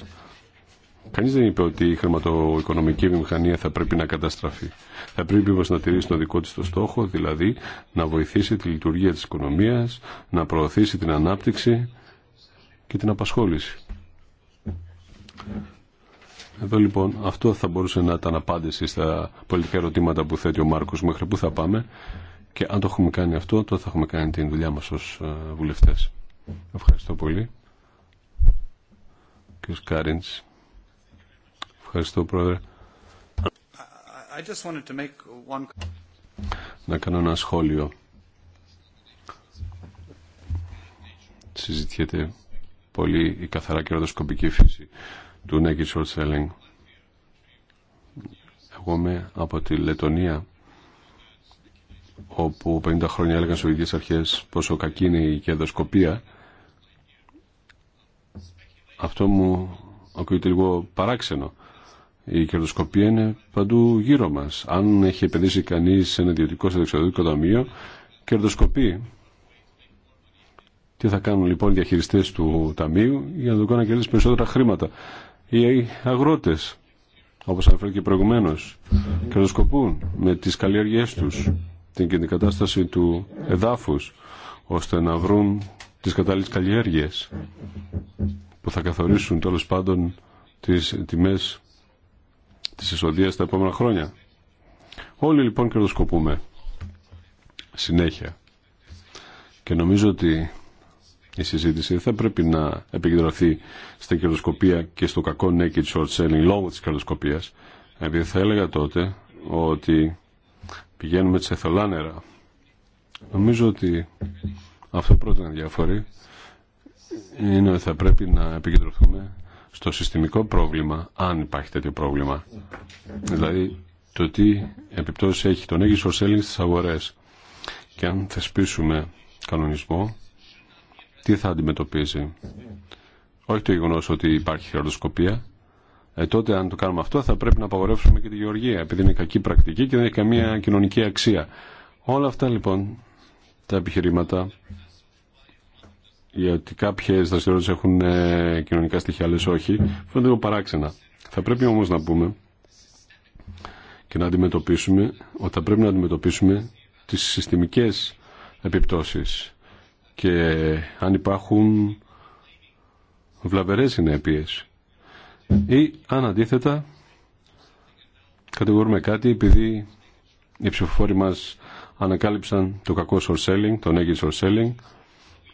Κανεί δεν είπε ότι η χρηματοοικονομική βιομηχανία θα πρέπει να καταστραφεί. Θα πρέπει όμω να τηρήσει τον δικό τη το στόχο, δηλαδή να βοηθήσει τη λειτουργία τη οικονομία, να προωθήσει την ανάπτυξη και την απασχόληση. Εδώ λοιπόν αυτό θα μπορούσε να ήταν απάντηση στα πολιτικά ερωτήματα που θέτει ο Μάρκος μέχρι που θα πάμε και αν το έχουμε κάνει αυτό τότε θα έχουμε κάνει την δουλειά μας ως ε, βουλευτές. Ευχαριστώ πολύ. Κύριος Κάριντς. Ευχαριστώ, Πρόεδρε. Να κάνω ένα σχόλιο. Συζητιέται πολύ η καθαρά κερδοσκοπική φύση του Νέκη Short Selling. Εγώ είμαι από τη Λετωνία όπου 50 χρόνια έλεγαν στις αρχές πόσο κακή είναι η κερδοσκοπία αυτό μου ακούγεται λίγο παράξενο η κερδοσκοπία είναι παντού γύρω μας. Αν έχει επενδύσει κανεί σε ένα ιδιωτικό σε ταμείο, κερδοσκοπεί. Τι θα κάνουν λοιπόν οι διαχειριστέ του ταμείου για να το κάνουν να κερδίσουν περισσότερα χρήματα. Οι αγρότες, όπως αναφέρθηκε προηγουμένω, προηγουμένως, κερδοσκοπούν με τις καλλιέργειέ τους την κατάσταση του εδάφου ώστε να βρουν τι κατάλληλε καλλιέργειες που θα καθορίσουν τέλο πάντων τι τιμέ. Τη εισοδία τα επόμενα χρόνια. Όλοι λοιπόν κερδοσκοπούμε συνέχεια. Και νομίζω ότι η συζήτηση θα πρέπει να επικεντρωθεί στην κερδοσκοπία και στο κακό naked short selling λόγω τη κερδοσκοπία, επειδή θα έλεγα τότε ότι πηγαίνουμε σε νερά. Νομίζω ότι αυτό πρώτον είναι διάφοροι είναι ότι θα πρέπει να επικεντρωθούμε στο συστημικό πρόβλημα, αν υπάρχει τέτοιο πρόβλημα. Δηλαδή, το τι επιπτώσει έχει τον έγκυο selling στις αγορές. Και αν θεσπίσουμε κανονισμό, τι θα αντιμετωπίζει. Όχι το γεγονό ότι υπάρχει χειροδοσκοπία. Ε, τότε, αν το κάνουμε αυτό, θα πρέπει να απαγορεύσουμε και τη γεωργία, επειδή είναι κακή πρακτική και δεν έχει καμία κοινωνική αξία. Όλα αυτά λοιπόν τα επιχειρήματα γιατί κάποιε δραστηριότητε έχουν ε, κοινωνικά στοιχεία, άλλε όχι, φαίνονται λίγο παράξενα. Θα πρέπει όμω να πούμε και να αντιμετωπίσουμε, θα πρέπει να αντιμετωπίσουμε τις συστημικές επιπτώσεις και αν υπάρχουν βλαβερές συνέπειες ή αν αντίθετα κατηγορούμε κάτι επειδή οι ψηφοφόροι μας ανακάλυψαν το κακό short selling, τον negative short selling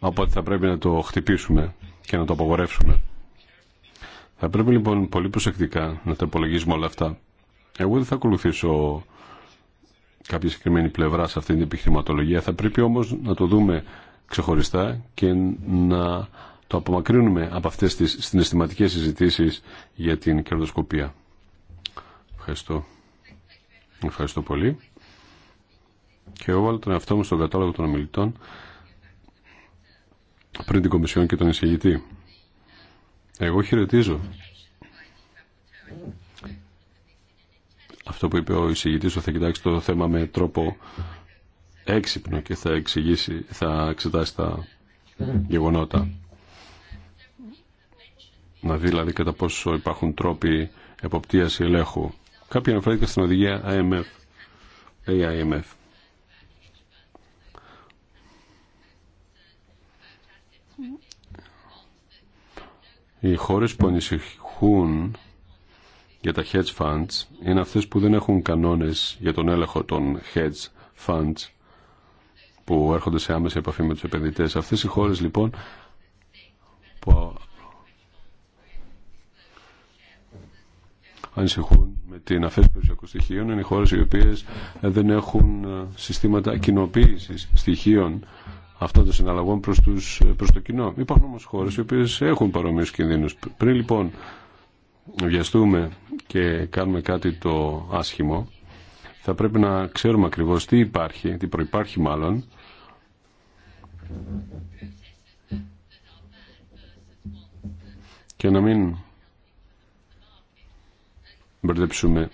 Οπότε θα πρέπει να το χτυπήσουμε και να το απογορεύσουμε. Θα πρέπει λοιπόν πολύ προσεκτικά να τα υπολογίζουμε όλα αυτά. Εγώ δεν θα ακολουθήσω κάποια συγκεκριμένη πλευρά σε αυτή την επιχειρηματολογία. Θα πρέπει όμως να το δούμε ξεχωριστά και να το απομακρύνουμε από αυτές τις συναισθηματικές συζητήσεις για την κερδοσκοπία. Ευχαριστώ. Ευχαριστώ πολύ. Και εγώ βάλω τον εαυτό μου στον κατάλογο των ομιλητών πριν την Κομισιόν και τον εισηγητή. Εγώ χαιρετίζω αυτό που είπε ο εισηγητή ότι θα κοιτάξει το θέμα με τρόπο έξυπνο και θα, εξηγήσει, θα εξετάσει τα γεγονότα. Να δει δηλαδή κατά πόσο υπάρχουν τρόποι εποπτείας ή ελέγχου. Κάποιοι αναφέρθηκαν στην οδηγία AMF, AIMF. Οι χώρες που ανησυχούν για τα hedge funds είναι αυτές που δεν έχουν κανόνες για τον έλεγχο των hedge funds που έρχονται σε άμεση επαφή με τους επενδυτές. Αυτές οι χώρες λοιπόν που ανησυχούν με την αφαίρεση περιουσιακών στοιχείων είναι οι χώρες οι οποίες δεν έχουν συστήματα κοινοποίηση στοιχείων αυτών των συναλλαγών προς, τους, προς το κοινό. Υπάρχουν όμως χώρες οι οποίες έχουν παρόμοιους κινδύνους. Πριν λοιπόν βιαστούμε και κάνουμε κάτι το άσχημο, θα πρέπει να ξέρουμε ακριβώς τι υπάρχει, τι προϋπάρχει μάλλον, και να μην μπερδέψουμε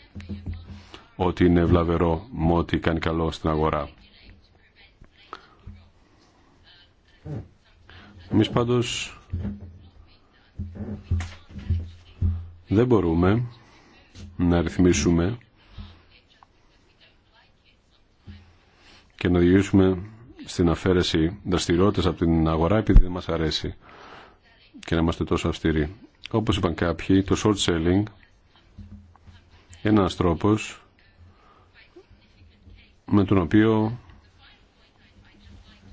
ότι είναι βλαβερό με ό,τι κάνει καλό στην αγορά. Εμείς πάντως δεν μπορούμε να ρυθμίσουμε και να διηγήσουμε στην αφαίρεση δραστηριότητες από την αγορά επειδή δεν μας αρέσει και να είμαστε τόσο αυστηροί. Όπως είπαν κάποιοι, το short selling είναι ένας τρόπος με τον οποίο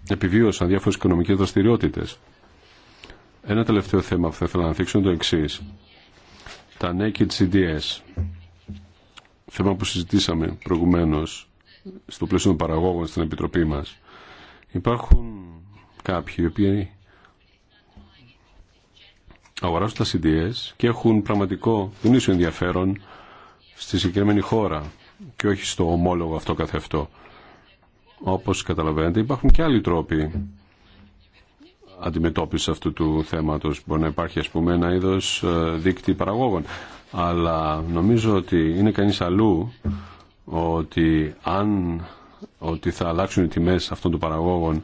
επιβίωσαν διάφορες οικονομικές δραστηριότητες. Ένα τελευταίο θέμα που θα ήθελα να θίξω είναι το εξή. Τα naked CDS. Θέμα που συζητήσαμε προηγουμένω στο πλαίσιο των παραγόγων στην Επιτροπή μα. Υπάρχουν κάποιοι οι οποίοι αγοράζουν τα CDS και έχουν πραγματικό γνήσιο ενδιαφέρον στη συγκεκριμένη χώρα και όχι στο ομόλογο αυτό καθευτό. Όπως καταλαβαίνετε υπάρχουν και άλλοι τρόποι αντιμετώπιση αυτού του θέματος. Μπορεί να υπάρχει ας πούμε ένα είδος ε, δίκτυ παραγόγων. Αλλά νομίζω ότι είναι κανείς αλλού ότι αν ότι θα αλλάξουν οι τιμές αυτών των παραγόγων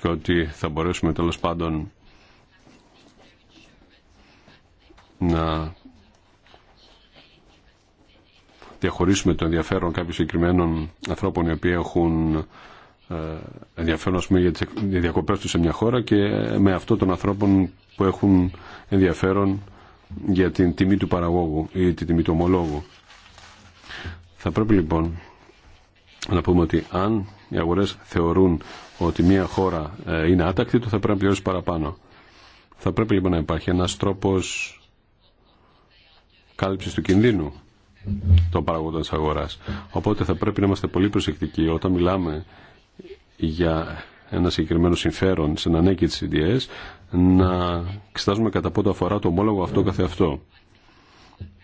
και ότι θα μπορέσουμε τέλος πάντων να διαχωρίσουμε το ενδιαφέρον κάποιων συγκεκριμένων ανθρώπων οι οποίοι έχουν ε, ενδιαφέρον ας πούμε, για τις διακοπές τους σε μια χώρα και με αυτό των ανθρώπων που έχουν ενδιαφέρον για την τιμή του παραγόγου ή την τιμή του ομολόγου. Θα πρέπει λοιπόν να πούμε ότι αν οι αγορές θεωρούν ότι μια χώρα ε, είναι άτακτη, το θα πρέπει να πληρώσει παραπάνω. Θα πρέπει λοιπόν να υπάρχει ένας τρόπος κάλυψης του κινδύνου των παραγόντων της αγοράς. Οπότε θα πρέπει να είμαστε πολύ προσεκτικοί όταν μιλάμε για ένα συγκεκριμένο συμφέρον στην ανέκη της CDS να εξετάζουμε κατά πότε αφορά το ομόλογο αυτό καθεαυτό.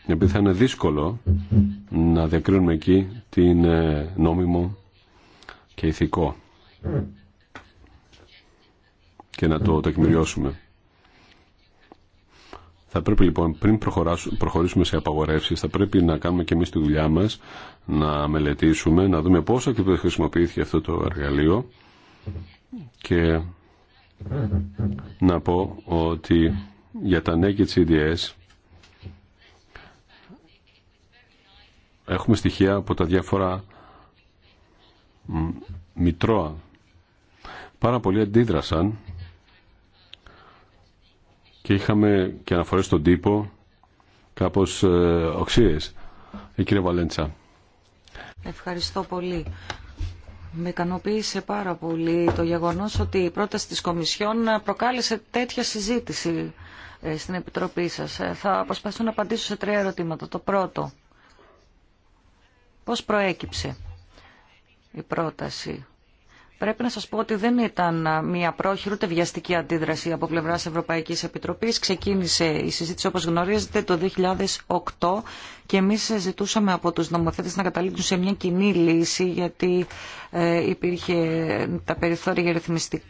Επειδή θα είναι δύσκολο να διακρίνουμε εκεί τι είναι νόμιμο και ηθικό και να το τεκμηριώσουμε. Θα πρέπει λοιπόν πριν προχωρήσουμε σε απαγορεύσει, θα πρέπει να κάνουμε και εμεί τη δουλειά μα, να μελετήσουμε, να δούμε πόσο και χρησιμοποιήθηκε αυτό το εργαλείο και να πω ότι για τα naked CDS έχουμε στοιχεία από τα διάφορα μητρώα. Πάρα πολλοί αντίδρασαν και είχαμε και αναφορές στον τύπο κάπως ε, οξύες. Η ε, κυρία Βαλέντσα. Ευχαριστώ πολύ. Με ικανοποίησε πάρα πολύ το γεγονός ότι η πρόταση της Κομισιόν προκάλεσε τέτοια συζήτηση ε, στην Επιτροπή σας. Ε, θα προσπαθήσω να απαντήσω σε τρία ερωτήματα. Το πρώτο, πώς προέκυψε η πρόταση. Πρέπει να σας πω ότι δεν ήταν μια πρόχειρη ούτε βιαστική αντίδραση από πλευράς Ευρωπαϊκής Επιτροπής. Ξεκίνησε η συζήτηση όπως γνωρίζετε το 2008 και εμείς ζητούσαμε από τους νομοθέτες να καταλήξουν σε μια κοινή λύση γιατί ε, υπήρχε τα περιθώρια για ρυθμιστικά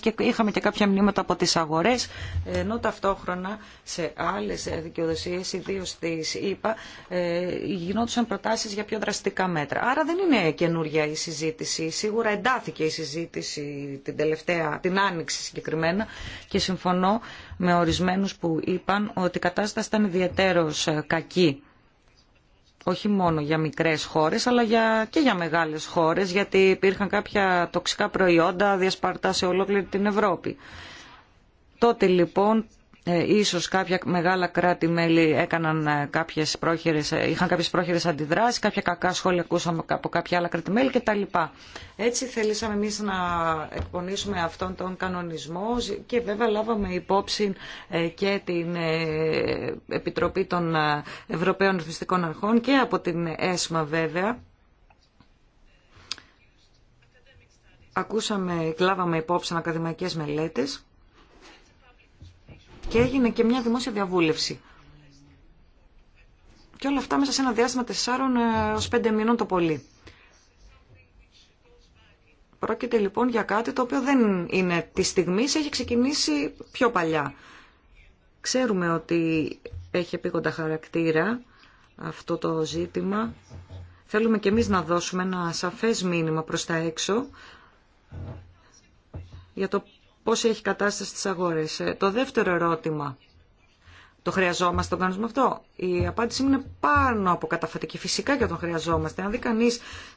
και είχαμε και κάποια μνήματα από τις αγορές ενώ ταυτόχρονα σε άλλες ε, δικαιοδοσίες ιδίως της ΕΠΑ ε, γινόντουσαν προτάσεις για πιο δραστικά μέτρα. Άρα δεν είναι καινούρια η συζήτηση. Σίγουρα εντάθηκε η συζήτηση την τελευταία, την άνοιξη συγκεκριμένα και συμφωνώ με ορισμένους που είπαν ότι η κατάσταση ήταν ιδιαίτερος ε, κακή όχι μόνο για μικρές χώρες αλλά και για μεγάλες χώρες γιατί υπήρχαν κάποια τοξικά προϊόντα διασπαρτά σε ολόκληρη την Ευρώπη. Τότε λοιπόν ε, ίσως κάποια μεγάλα κράτη-μέλη έκαναν ε, κάποιες ε, είχαν κάποιες πρόχειρες αντιδράσεις, κάποια κακά σχόλια ακούσαμε από κάποια άλλα κράτη-μέλη κτλ. Έτσι θελήσαμε εμείς να εκπονήσουμε αυτόν τον κανονισμό και βέβαια λάβαμε υπόψη και την Επιτροπή των Ευρωπαίων Ρυθμιστικών Αρχών και από την ΕΣΜΑ βέβαια. Ακούσαμε, υπόψη ακαδημαϊκές μελέτες και έγινε και μια δημόσια διαβούλευση. Και όλα αυτά μέσα σε ένα διάστημα τεσσάρων ε, έως πέντε μηνών το πολύ. Πρόκειται λοιπόν για κάτι το οποίο δεν είναι τη στιγμή, έχει ξεκινήσει πιο παλιά. Ξέρουμε ότι έχει επίγοντα χαρακτήρα αυτό το ζήτημα. Θέλουμε και εμείς να δώσουμε ένα σαφές μήνυμα προς τα έξω για το πώς έχει κατάσταση στις αγορές. Ε, το δεύτερο ερώτημα, το χρειαζόμαστε τον κανονισμό αυτό. Η απάντηση είναι πάνω από καταφατική. Φυσικά και τον χρειαζόμαστε. Αν δει κανεί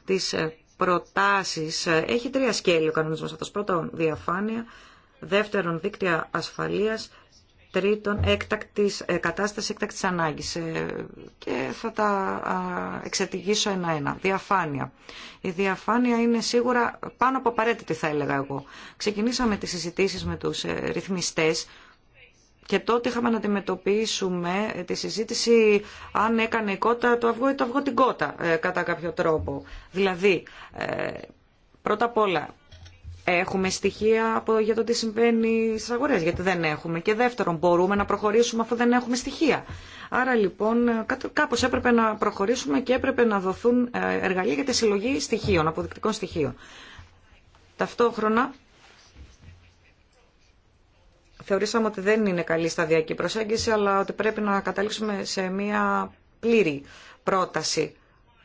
τις ε, προτάσεις, ε, έχει τρία σκέλη ο κανονισμός αυτός. Πρώτον, διαφάνεια. Δεύτερον, δίκτυα ασφαλείας. Τρίτον, έκτακτης, ε, κατάσταση έκτακτης ανάγκης ε, και θα τα εξετηγήσω ένα-ένα. Διαφάνεια. Η διαφάνεια είναι σίγουρα πάνω από απαραίτητη θα έλεγα εγώ. Ξεκινήσαμε τι συζητήσει με τους ε, ρυθμιστές και τότε είχαμε να αντιμετωπίσουμε τη συζήτηση αν έκανε η κότα το αυγό ή το αυγό την κότα κατά κάποιο τρόπο. Δηλαδή, πρώτα απ' όλα Έχουμε στοιχεία για το τι συμβαίνει στι αγορέ, γιατί δεν έχουμε. Και δεύτερον, μπορούμε να προχωρήσουμε αφού δεν έχουμε στοιχεία. Άρα λοιπόν κάπω έπρεπε να προχωρήσουμε και έπρεπε να δοθούν ε, εργαλεία για τη συλλογή στοιχείων, αποδεικτικών στοιχείων. Ταυτόχρονα θεωρήσαμε ότι δεν είναι καλή σταδιακή προσέγγιση, αλλά ότι πρέπει να καταλήξουμε σε μια πλήρη πρόταση.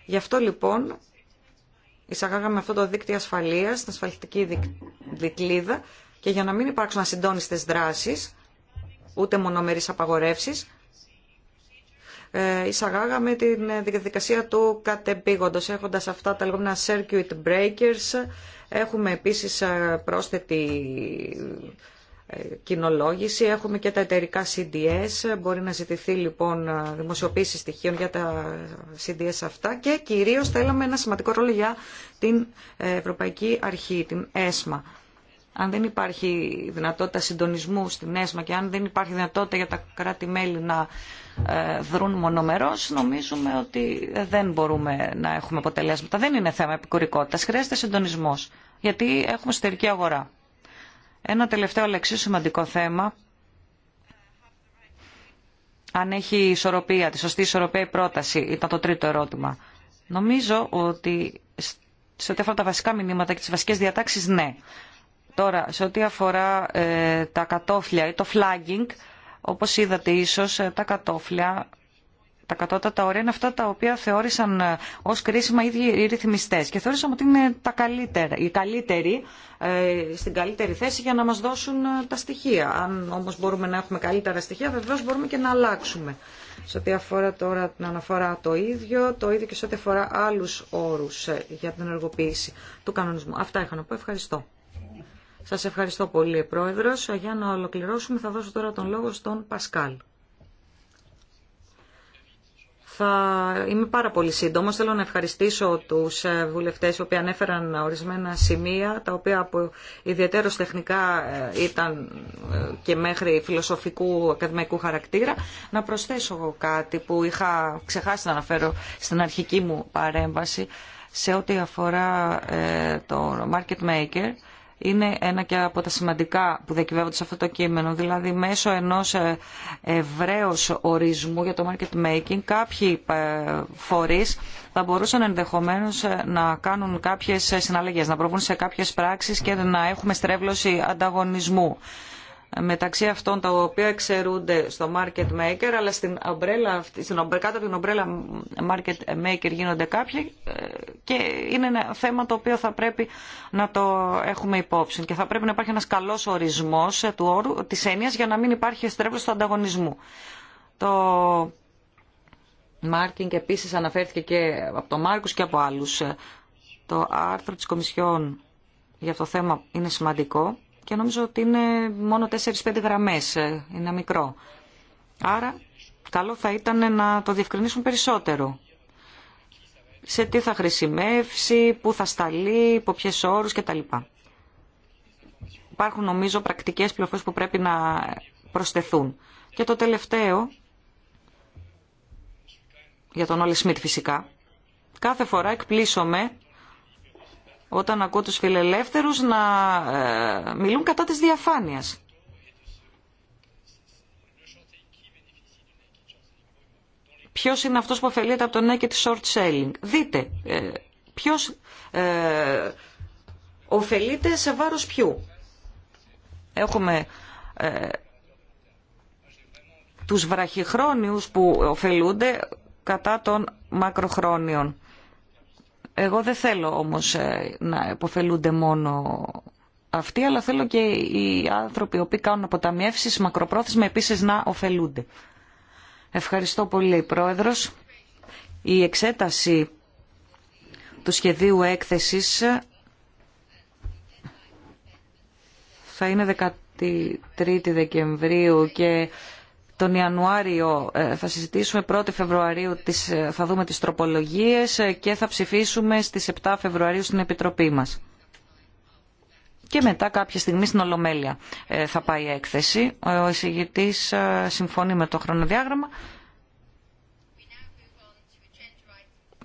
Γι' αυτό λοιπόν Εισαγάγαμε αυτό το δίκτυο ασφαλείας, την ασφαλιστική δικλίδα και για να μην υπάρξουν ασυντόνιστες δράσεις, ούτε μονομερείς απαγορεύσεις, ε, εισαγάγαμε την ε, διαδικασία του κατεμπήγοντος έχοντας αυτά τα λεγόμενα circuit breakers έχουμε επίσης ε, πρόσθετη κοινολόγηση. Έχουμε και τα εταιρικά CDS. Μπορεί να ζητηθεί λοιπόν δημοσιοποίηση στοιχείων για τα CDS αυτά και κυρίως θέλαμε ένα σημαντικό ρόλο για την Ευρωπαϊκή Αρχή, την ΕΣΜΑ. Αν δεν υπάρχει δυνατότητα συντονισμού στην ΕΣΜΑ και αν δεν υπάρχει δυνατότητα για τα κράτη-μέλη να ε, δρουν μονομερώς, νομίζουμε ότι δεν μπορούμε να έχουμε αποτελέσματα. Δεν είναι θέμα επικουρικότητας. Χρειάζεται συντονισμός, γιατί έχουμε εσωτερική αγορά. Ένα τελευταίο αλλά εξίσου σημαντικό θέμα. Αν έχει ισορροπία, τη σωστή ισορροπία η πρόταση, ήταν το τρίτο ερώτημα. Νομίζω ότι σε ό,τι αφορά τα βασικά μηνύματα και τις βασικές διατάξεις, ναι. Τώρα, σε ό,τι αφορά ε, τα κατόφλια ή το flagging, όπως είδατε ίσως, ε, τα κατόφλια τα κατώτατα όρια είναι αυτά τα οποία θεώρησαν ε, ω κρίσιμα οι ίδιοι οι ρυθμιστέ και θεώρησαν ότι είναι τα καλύτερα, οι καλύτεροι ε, στην καλύτερη θέση για να μα δώσουν ε, τα στοιχεία. Αν όμω μπορούμε να έχουμε καλύτερα στοιχεία, βεβαίω μπορούμε και να αλλάξουμε. Σε ό,τι αφορά τώρα την αναφορά το ίδιο, το ίδιο και σε ό,τι αφορά άλλου όρου για την ενεργοποίηση του κανονισμού. Αυτά είχα να πω. Ευχαριστώ. Σας ευχαριστώ πολύ, Πρόεδρος. Για να ολοκληρώσουμε θα δώσω τώρα τον λόγο στον Πασκάλ. Θα είμαι πάρα πολύ σύντομος. Θέλω να ευχαριστήσω τους ε, βουλευτές οι οποίοι ανέφεραν ορισμένα σημεία, τα οποία από ιδιαίτερο τεχνικά ε, ήταν ε, και μέχρι φιλοσοφικού ακαδημαϊκού χαρακτήρα. Να προσθέσω κάτι που είχα ξεχάσει να αναφέρω στην αρχική μου παρέμβαση σε ό,τι αφορά το market maker είναι ένα και από τα σημαντικά που διακυβεύονται σε αυτό το κείμενο. Δηλαδή, μέσω ενός ε, ευρέως ορισμού για το market making, κάποιοι ε, φορείς θα μπορούσαν ενδεχομένως ε, να κάνουν κάποιες συναλλαγές, να προβούν σε κάποιες πράξεις και να έχουμε στρέβλωση ανταγωνισμού μεταξύ αυτών τα οποία εξαιρούνται στο market maker, αλλά στην ομπρέλα, στην ομπρέλα, κάτω από την ομπρέλα market maker γίνονται κάποιοι ε, και είναι ένα θέμα το οποίο θα πρέπει να το έχουμε υπόψη και θα πρέπει να υπάρχει ένας καλός ορισμός του όρου, της έννοιας για να μην υπάρχει εστρέβλος του ανταγωνισμού. Το marketing επίσης αναφέρθηκε και από τον Μάρκους και από άλλους. Το άρθρο της Κομισιόν για αυτό το θέμα είναι σημαντικό και νομίζω ότι είναι μόνο 4-5 γραμμές, ε, είναι μικρό. Άρα καλό θα ήταν να το διευκρινίσουν περισσότερο. Σε τι θα χρησιμεύσει, πού θα σταλεί, υπό ποιες όρους κτλ. Υπάρχουν νομίζω πρακτικές πληροφορίες που πρέπει να προσθεθούν. Και το τελευταίο, για τον Όλε Σμιτ φυσικά, κάθε φορά εκπλήσωμαι όταν ακούω τους φιλελεύθερους να ε, μιλούν κατά της διαφάνειας. Ποιος είναι αυτός που ωφελείται από το naked ναι short selling. Δείτε ε, ποιος ε, ωφελείται σε βάρος ποιου. Έχουμε ε, τους βραχυχρόνιους που ωφελούνται κατά των μακροχρόνιων. Εγώ δεν θέλω όμως ε, να υποφελούνται μόνο αυτοί, αλλά θέλω και οι άνθρωποι οι οποίοι κάνουν αποταμιεύσεις μακροπρόθεσμα επίσης να ωφελούνται. Ευχαριστώ πολύ, Πρόεδρος. Η εξέταση του σχεδίου έκθεσης θα είναι 13 Δεκεμβρίου και τον Ιανουάριο ε, θα συζητήσουμε, 1η Φεβρουαρίου ε, θα δούμε τις τροπολογίες ε, και θα ψηφίσουμε στις 7 Φεβρουαρίου στην Επιτροπή μας. Και μετά κάποια στιγμή στην Ολομέλεια θα πάει η έκθεση. Ο εισηγητής συμφωνεί με το χρονοδιάγραμμα.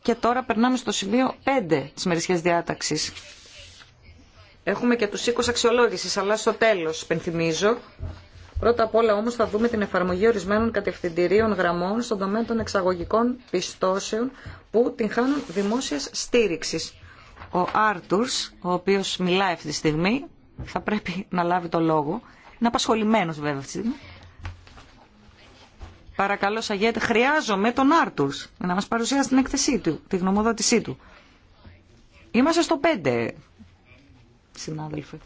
Και τώρα περνάμε στο σημείο 5 της μερισιάς διάταξης. Έχουμε και τους 20 αξιολόγησης, αλλά στο τέλος, πενθυμίζω, Πρώτα απ' όλα όμως θα δούμε την εφαρμογή ορισμένων κατευθυντηρίων γραμμών στον τομέα των εξαγωγικών πιστώσεων που την χάνουν δημόσιας στήριξης. Ο Άρτουρς, ο οποίος μιλάει αυτή τη στιγμή, θα πρέπει να λάβει το λόγο. Είναι απασχολημένος βέβαια αυτή τη στιγμή. Παρακαλώ σαγέτη χρειάζομαι τον Άρτουρς να μας παρουσιάσει την έκθεσή του, τη γνωμοδότησή του. Είμαστε στο 5, συνάδελφοι.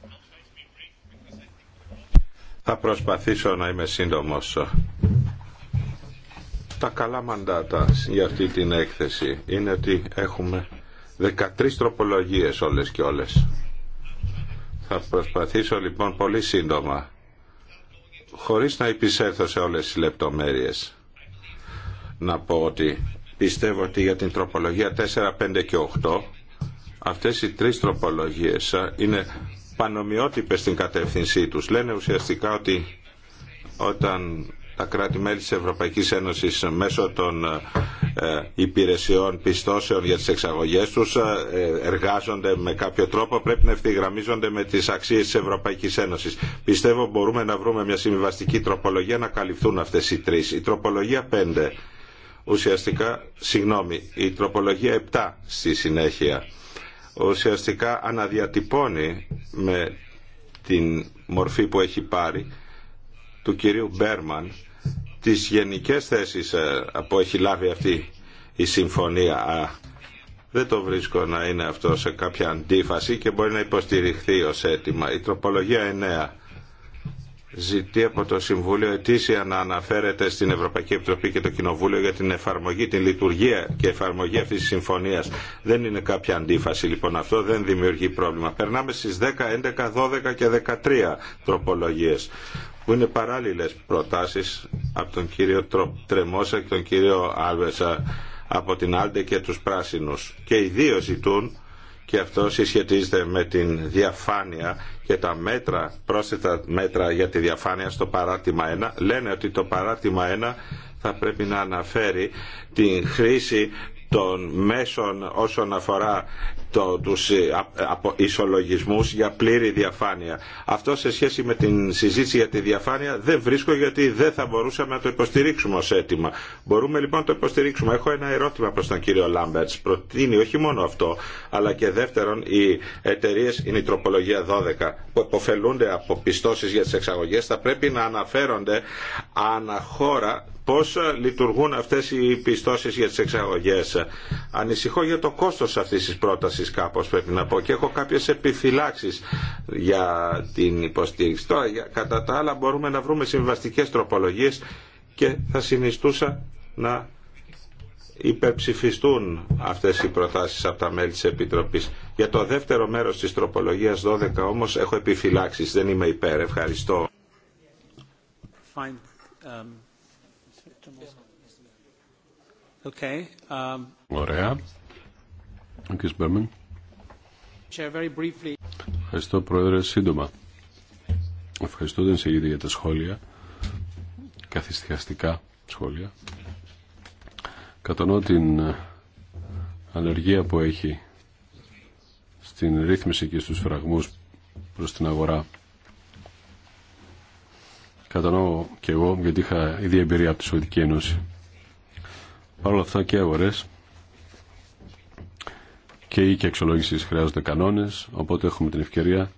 Θα προσπαθήσω να είμαι σύντομος. Τα καλά μαντάτα για αυτή την έκθεση είναι ότι έχουμε 13 τροπολογίες όλες και όλες. Θα προσπαθήσω λοιπόν πολύ σύντομα, χωρίς να επισέλθω σε όλες τις λεπτομέρειες, να πω ότι πιστεύω ότι για την τροπολογία 4, 5 και 8 αυτές οι τρεις τροπολογίες είναι πανομοιότυπες στην κατεύθυνσή τους. Λένε ουσιαστικά ότι όταν τα κράτη-μέλη της Ευρωπαϊκής Ένωσης μέσω των ε, υπηρεσιών πιστώσεων για τις εξαγωγές τους ε, εργάζονται με κάποιο τρόπο πρέπει να ευθυγραμμίζονται με τις αξίες της Ευρωπαϊκής Ένωσης. Πιστεύω μπορούμε να βρούμε μια συμβιβαστική τροπολογία να καλυφθούν αυτές οι τρεις. Η τροπολογία 5, ουσιαστικά, συγγνώμη, η τροπολογία 7 στη συνέχεια ουσιαστικά αναδιατυπώνει με την μορφή που έχει πάρει του κυρίου Μπέρμαν τις γενικές θέσεις ε, που έχει λάβει αυτή η συμφωνία. Δεν το βρίσκω να είναι αυτό σε κάποια αντίφαση και μπορεί να υποστηριχθεί ως αίτημα. Η τροπολογία ζητεί από το Συμβούλιο ετήσια να αναφέρεται στην Ευρωπαϊκή Επιτροπή και το Κοινοβούλιο για την εφαρμογή, την λειτουργία και εφαρμογή αυτή τη συμφωνία. Δεν είναι κάποια αντίφαση λοιπόν αυτό, δεν δημιουργεί πρόβλημα. Περνάμε στι 10, 11, 12 και 13 τροπολογίε που είναι παράλληλε προτάσει από τον κύριο Τρεμόσα και τον κύριο Άλβεσα από την Άλντε και τους Πράσινους. Και οι δύο ζητούν και αυτό συσχετίζεται με την διαφάνεια και τα μέτρα, πρόσθετα μέτρα για τη διαφάνεια στο παράτημα 1 λένε ότι το παράτημα 1 θα πρέπει να αναφέρει την χρήση των μέσων όσον αφορά το, τους ε, ε, ισολογισμούς για πλήρη διαφάνεια. Αυτό σε σχέση με την συζήτηση για τη διαφάνεια δεν βρίσκω γιατί δεν θα μπορούσαμε να το υποστηρίξουμε ως αίτημα. Μπορούμε λοιπόν να το υποστηρίξουμε. Έχω ένα ερώτημα προς τον κύριο Λάμπερτς. Προτείνει όχι μόνο αυτό, αλλά και δεύτερον οι εταιρείε είναι η τροπολογία 12 που υποφελούνται από πιστώσεις για τις εξαγωγές θα πρέπει να αναφέρονται αναχώρα πώς λειτουργούν αυτές οι πιστώσεις για τις εξαγωγές. Ανησυχώ για το κόστος αυτής της πρότασης κάπως πρέπει να πω και έχω κάποιες επιφυλάξεις για την υποστήριξη. Τώρα, κατά τα άλλα μπορούμε να βρούμε συμβαστικές τροπολογίες και θα συνιστούσα να υπερψηφιστούν αυτές οι προτάσεις από τα μέλη της Επιτροπής. Για το δεύτερο μέρος της τροπολογίας 12 όμως έχω επιφυλάξεις, δεν είμαι υπέρ. Ευχαριστώ. Fine. Um... Um, Ωραία. Ευχαριστώ, Πρόεδρε. Σύντομα. Ευχαριστώ την εισηγητή για τα σχόλια. καθυστιαστικά σχόλια. Κατανοώ την ανεργία που έχει στην ρύθμιση και στους φραγμούς προς την αγορά. Κατανοώ και εγώ γιατί είχα ίδια εμπειρία από τη Σοβιτική Ένωση όλα αυτά και αγορέ. και η και αξιολόγηση χρειάζονται κανόνες, οπότε έχουμε την ευκαιρία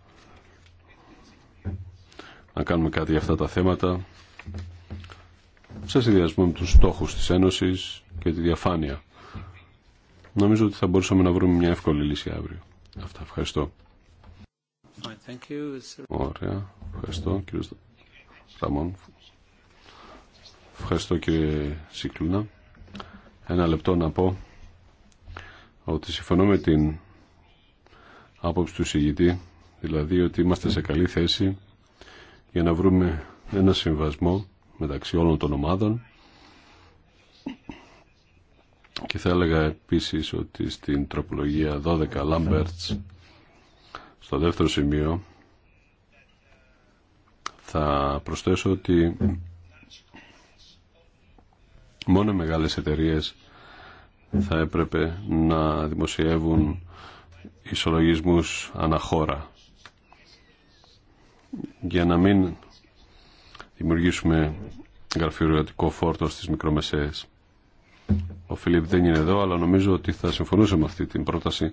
να κάνουμε κάτι για αυτά τα θέματα σε συνδυασμό με τους στόχους της Ένωσης και τη διαφάνεια. Νομίζω ότι θα μπορούσαμε να βρούμε μια εύκολη λύση αύριο. Αυτά. Ευχαριστώ. Ωραία. Ευχαριστώ κύριε Σταμόν. Ευχαριστώ κύριε Σικλούνα ένα λεπτό να πω ότι συμφωνώ με την άποψη του συγητή, δηλαδή ότι είμαστε σε καλή θέση για να βρούμε ένα συμβασμό μεταξύ όλων των ομάδων και θα έλεγα επίσης ότι στην τροπολογία 12 Lamberts στο δεύτερο σημείο θα προσθέσω ότι μόνο μεγάλες εταιρείες θα έπρεπε να δημοσιεύουν ισολογισμούς αναχώρα για να μην δημιουργήσουμε γραφειοκρατικό φόρτο στις μικρομεσαίες. Ο Φίλιπ δεν είναι εδώ, αλλά νομίζω ότι θα συμφωνούσε με αυτή την πρόταση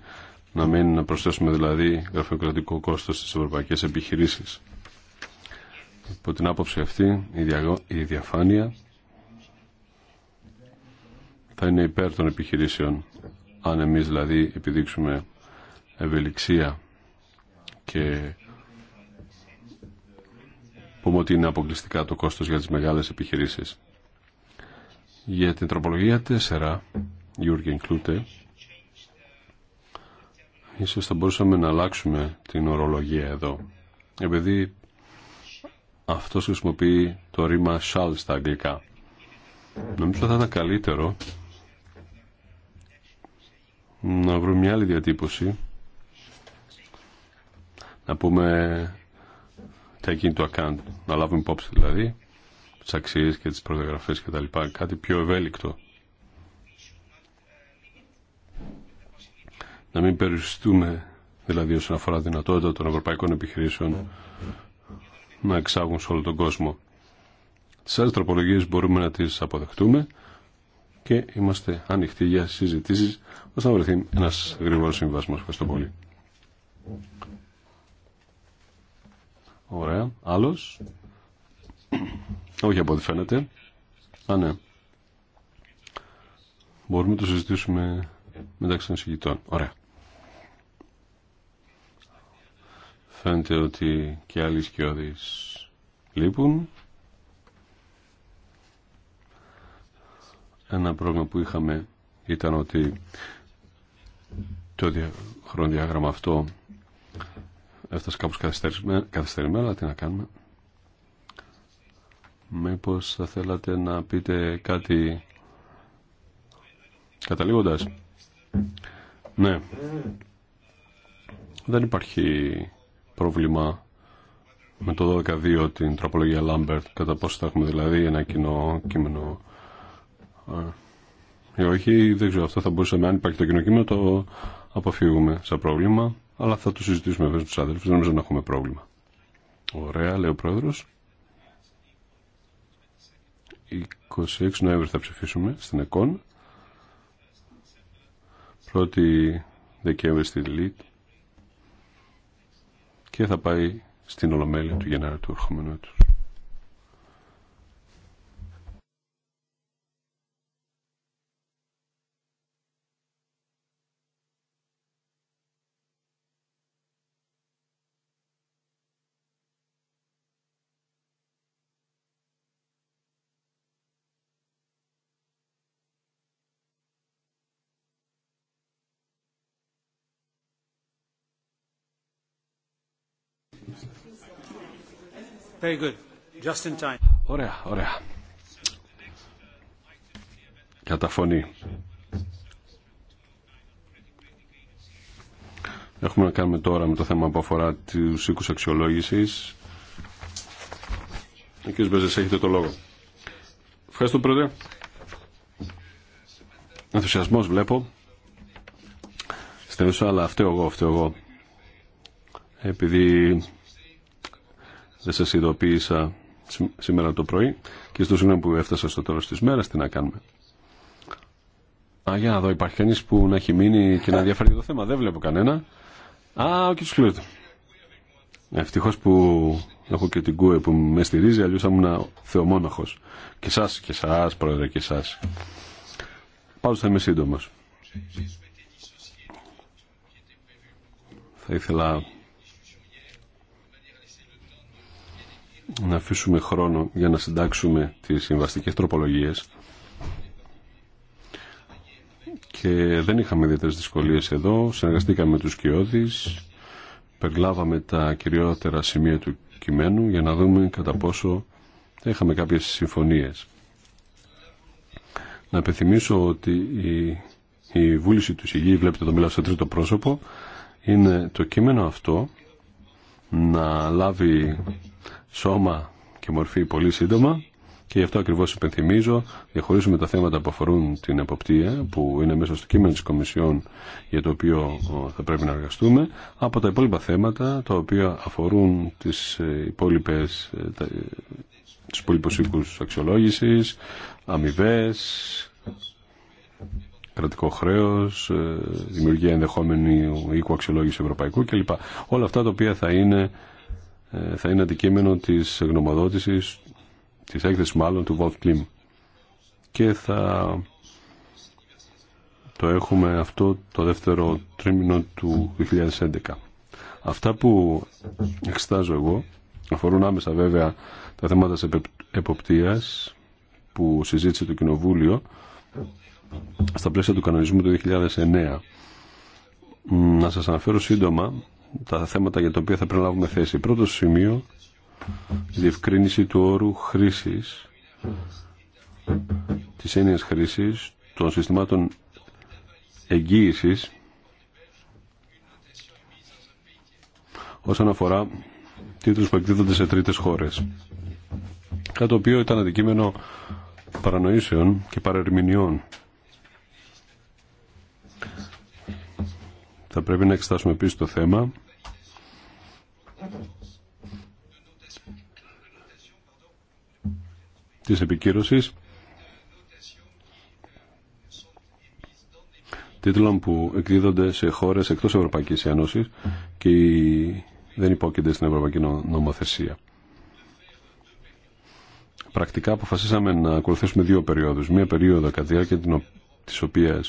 να μην προσθέσουμε δηλαδή γραφειοκρατικό κόστος στις ευρωπαϊκές επιχειρήσεις. Από την άποψη αυτή η διαφάνεια θα είναι υπέρ των επιχειρήσεων αν εμείς δηλαδή επιδείξουμε ευελιξία και πούμε ότι είναι αποκλειστικά το κόστος για τις μεγάλες επιχειρήσεις. Για την τροπολογία 4, Γιούργεν Κλούτε, ίσως θα μπορούσαμε να αλλάξουμε την ορολογία εδώ. Επειδή αυτός χρησιμοποιεί το ρήμα shall στα αγγλικά. Νομίζω θα ήταν καλύτερο να βρούμε μια άλλη διατύπωση να πούμε taking into account, να λάβουμε υπόψη δηλαδή τις αξίες και τις προδιαγραφές και τα λοιπά, κάτι πιο ευέλικτο. Να μην περιοριστούμε δηλαδή όσον αφορά δυνατότητα των ευρωπαϊκών επιχειρήσεων να εξάγουν σε όλο τον κόσμο. Τις άλλες τροπολογίες μπορούμε να τις αποδεχτούμε και είμαστε ανοιχτοί για συζητήσεις ώστε να βρεθεί ένας γρήγορος συμβάσμος. Ευχαριστώ πολύ. Ωραία. Άλλος. Όχι από ό,τι φαίνεται. Α, ναι. Μπορούμε να το συζητήσουμε μεταξύ των συγκητών. Ωραία. Φαίνεται ότι και άλλοι σκιώδεις λείπουν. Ένα πρόβλημα που είχαμε ήταν ότι το χρονοδιάγραμμα αυτό έφτασε κάπως καθυστερημένο, αλλά τι να κάνουμε. Μήπως θα θέλατε να πείτε κάτι καταλήγοντας. Ναι. Δεν υπάρχει πρόβλημα με το 12-2 την τροπολογία Λάμπερτ. κατά πόσο θα έχουμε δηλαδή ένα κοινό κείμενο ή ε, όχι, δεν ξέρω, αυτό θα μπορούσαμε, αν υπάρχει το κοινό το αποφύγουμε σαν πρόβλημα, αλλά θα το συζητήσουμε βέβαια τους αδέλφους, δεν νομίζω να έχουμε πρόβλημα. Ωραία, λέει ο πρόεδρος. 26 Νοέμβρη θα ψηφίσουμε στην ΕΚΟΝ. 1η Δεκέμβρη στη ΛΙΤ και θα πάει στην Ολομέλεια του Γενάρη του ερχόμενου Ωραία, ωραία. Καταφωνεί. Έχουμε να κάνουμε τώρα με το θέμα που αφορά τους οίκους αξιολόγησης. Ο κ. Μπέζες, έχετε το λόγο. Ευχαριστώ, Πρόεδρε. Ενθουσιασμός βλέπω. Στην αλλά Αυτό εγώ, αυτό εγώ. Επειδή δεν σα ειδοποίησα σήμερα το πρωί και στο συγγνώμη που έφτασα στο τέλος της μέρας, τι να κάνουμε. Α, για να δω, υπάρχει κανεί που να έχει μείνει και να διαφέρει το θέμα. Δεν βλέπω κανένα. Α, ο κ. Ευτυχώς που έχω και την κούε που με στηρίζει, αλλιώς θα ήμουν θεομόναχος. Και εσά, και εσάς, πρόεδρε, και εσά Πάντω θα είμαι σύντομο. Θα ήθελα να αφήσουμε χρόνο για να συντάξουμε τις συμβαστικές τροπολογίες και δεν είχαμε ιδιαίτερε δυσκολίες εδώ. Συνεργαστήκαμε με τους κοιόδης, περιλάβαμε τα κυριότερα σημεία του κειμένου για να δούμε κατά πόσο είχαμε κάποιες συμφωνίες. Να επιθυμίσω ότι η, η βούληση του Σιγή, βλέπετε το μιλάω στο τρίτο πρόσωπο, είναι το κείμενο αυτό να λάβει σώμα και μορφή πολύ σύντομα και γι' αυτό ακριβώ υπενθυμίζω διαχωρίζουμε τα θέματα που αφορούν την εποπτεία που είναι μέσα στο κείμενο τη Κομισιόν για το οποίο ε, θα πρέπει να εργαστούμε από τα υπόλοιπα θέματα τα οποία αφορούν τι υπόλοιπε τις ε, ε, υπόλοιπους οίκους αξιολόγησης, αμοιβέ, κρατικό χρέος, δημιουργία ενδεχόμενη οίκου αξιολόγηση ευρωπαϊκού κλπ. Όλα αυτά τα οποία θα είναι ε, θα είναι αντικείμενο της γνωμοδότησης, της έκθεσης μάλλον του Βολτ Κλίμ. Και θα το έχουμε αυτό το δεύτερο τρίμηνο του 2011. Αυτά που εξετάζω εγώ αφορούν άμεσα βέβαια τα θέματα της εποπτείας που συζήτησε το Κοινοβούλιο στα πλαίσια του κανονισμού του 2009. Να σας αναφέρω σύντομα τα θέματα για τα οποία θα πρέπει να λάβουμε θέση. Πρώτο σημείο, διευκρίνηση του όρου χρήσης, της έννοιας χρήσης των συστημάτων εγγύησης όσον αφορά τίτλους που εκδίδονται σε τρίτες χώρες. Κάτι το οποίο ήταν αντικείμενο παρανοήσεων και παρερμηνιών Θα πρέπει να εξετάσουμε επίση το θέμα Τη επικύρωση. τίτλων που εκδίδονται σε χώρε εκτός Ευρωπαϊκής Ένωση και δεν υπόκεινται στην Ευρωπαϊκή Νομοθεσία. Πρακτικά αποφασίσαμε να ακολουθήσουμε δύο περίοδους. Μία περίοδο κατά τη διάρκεια τη οποία.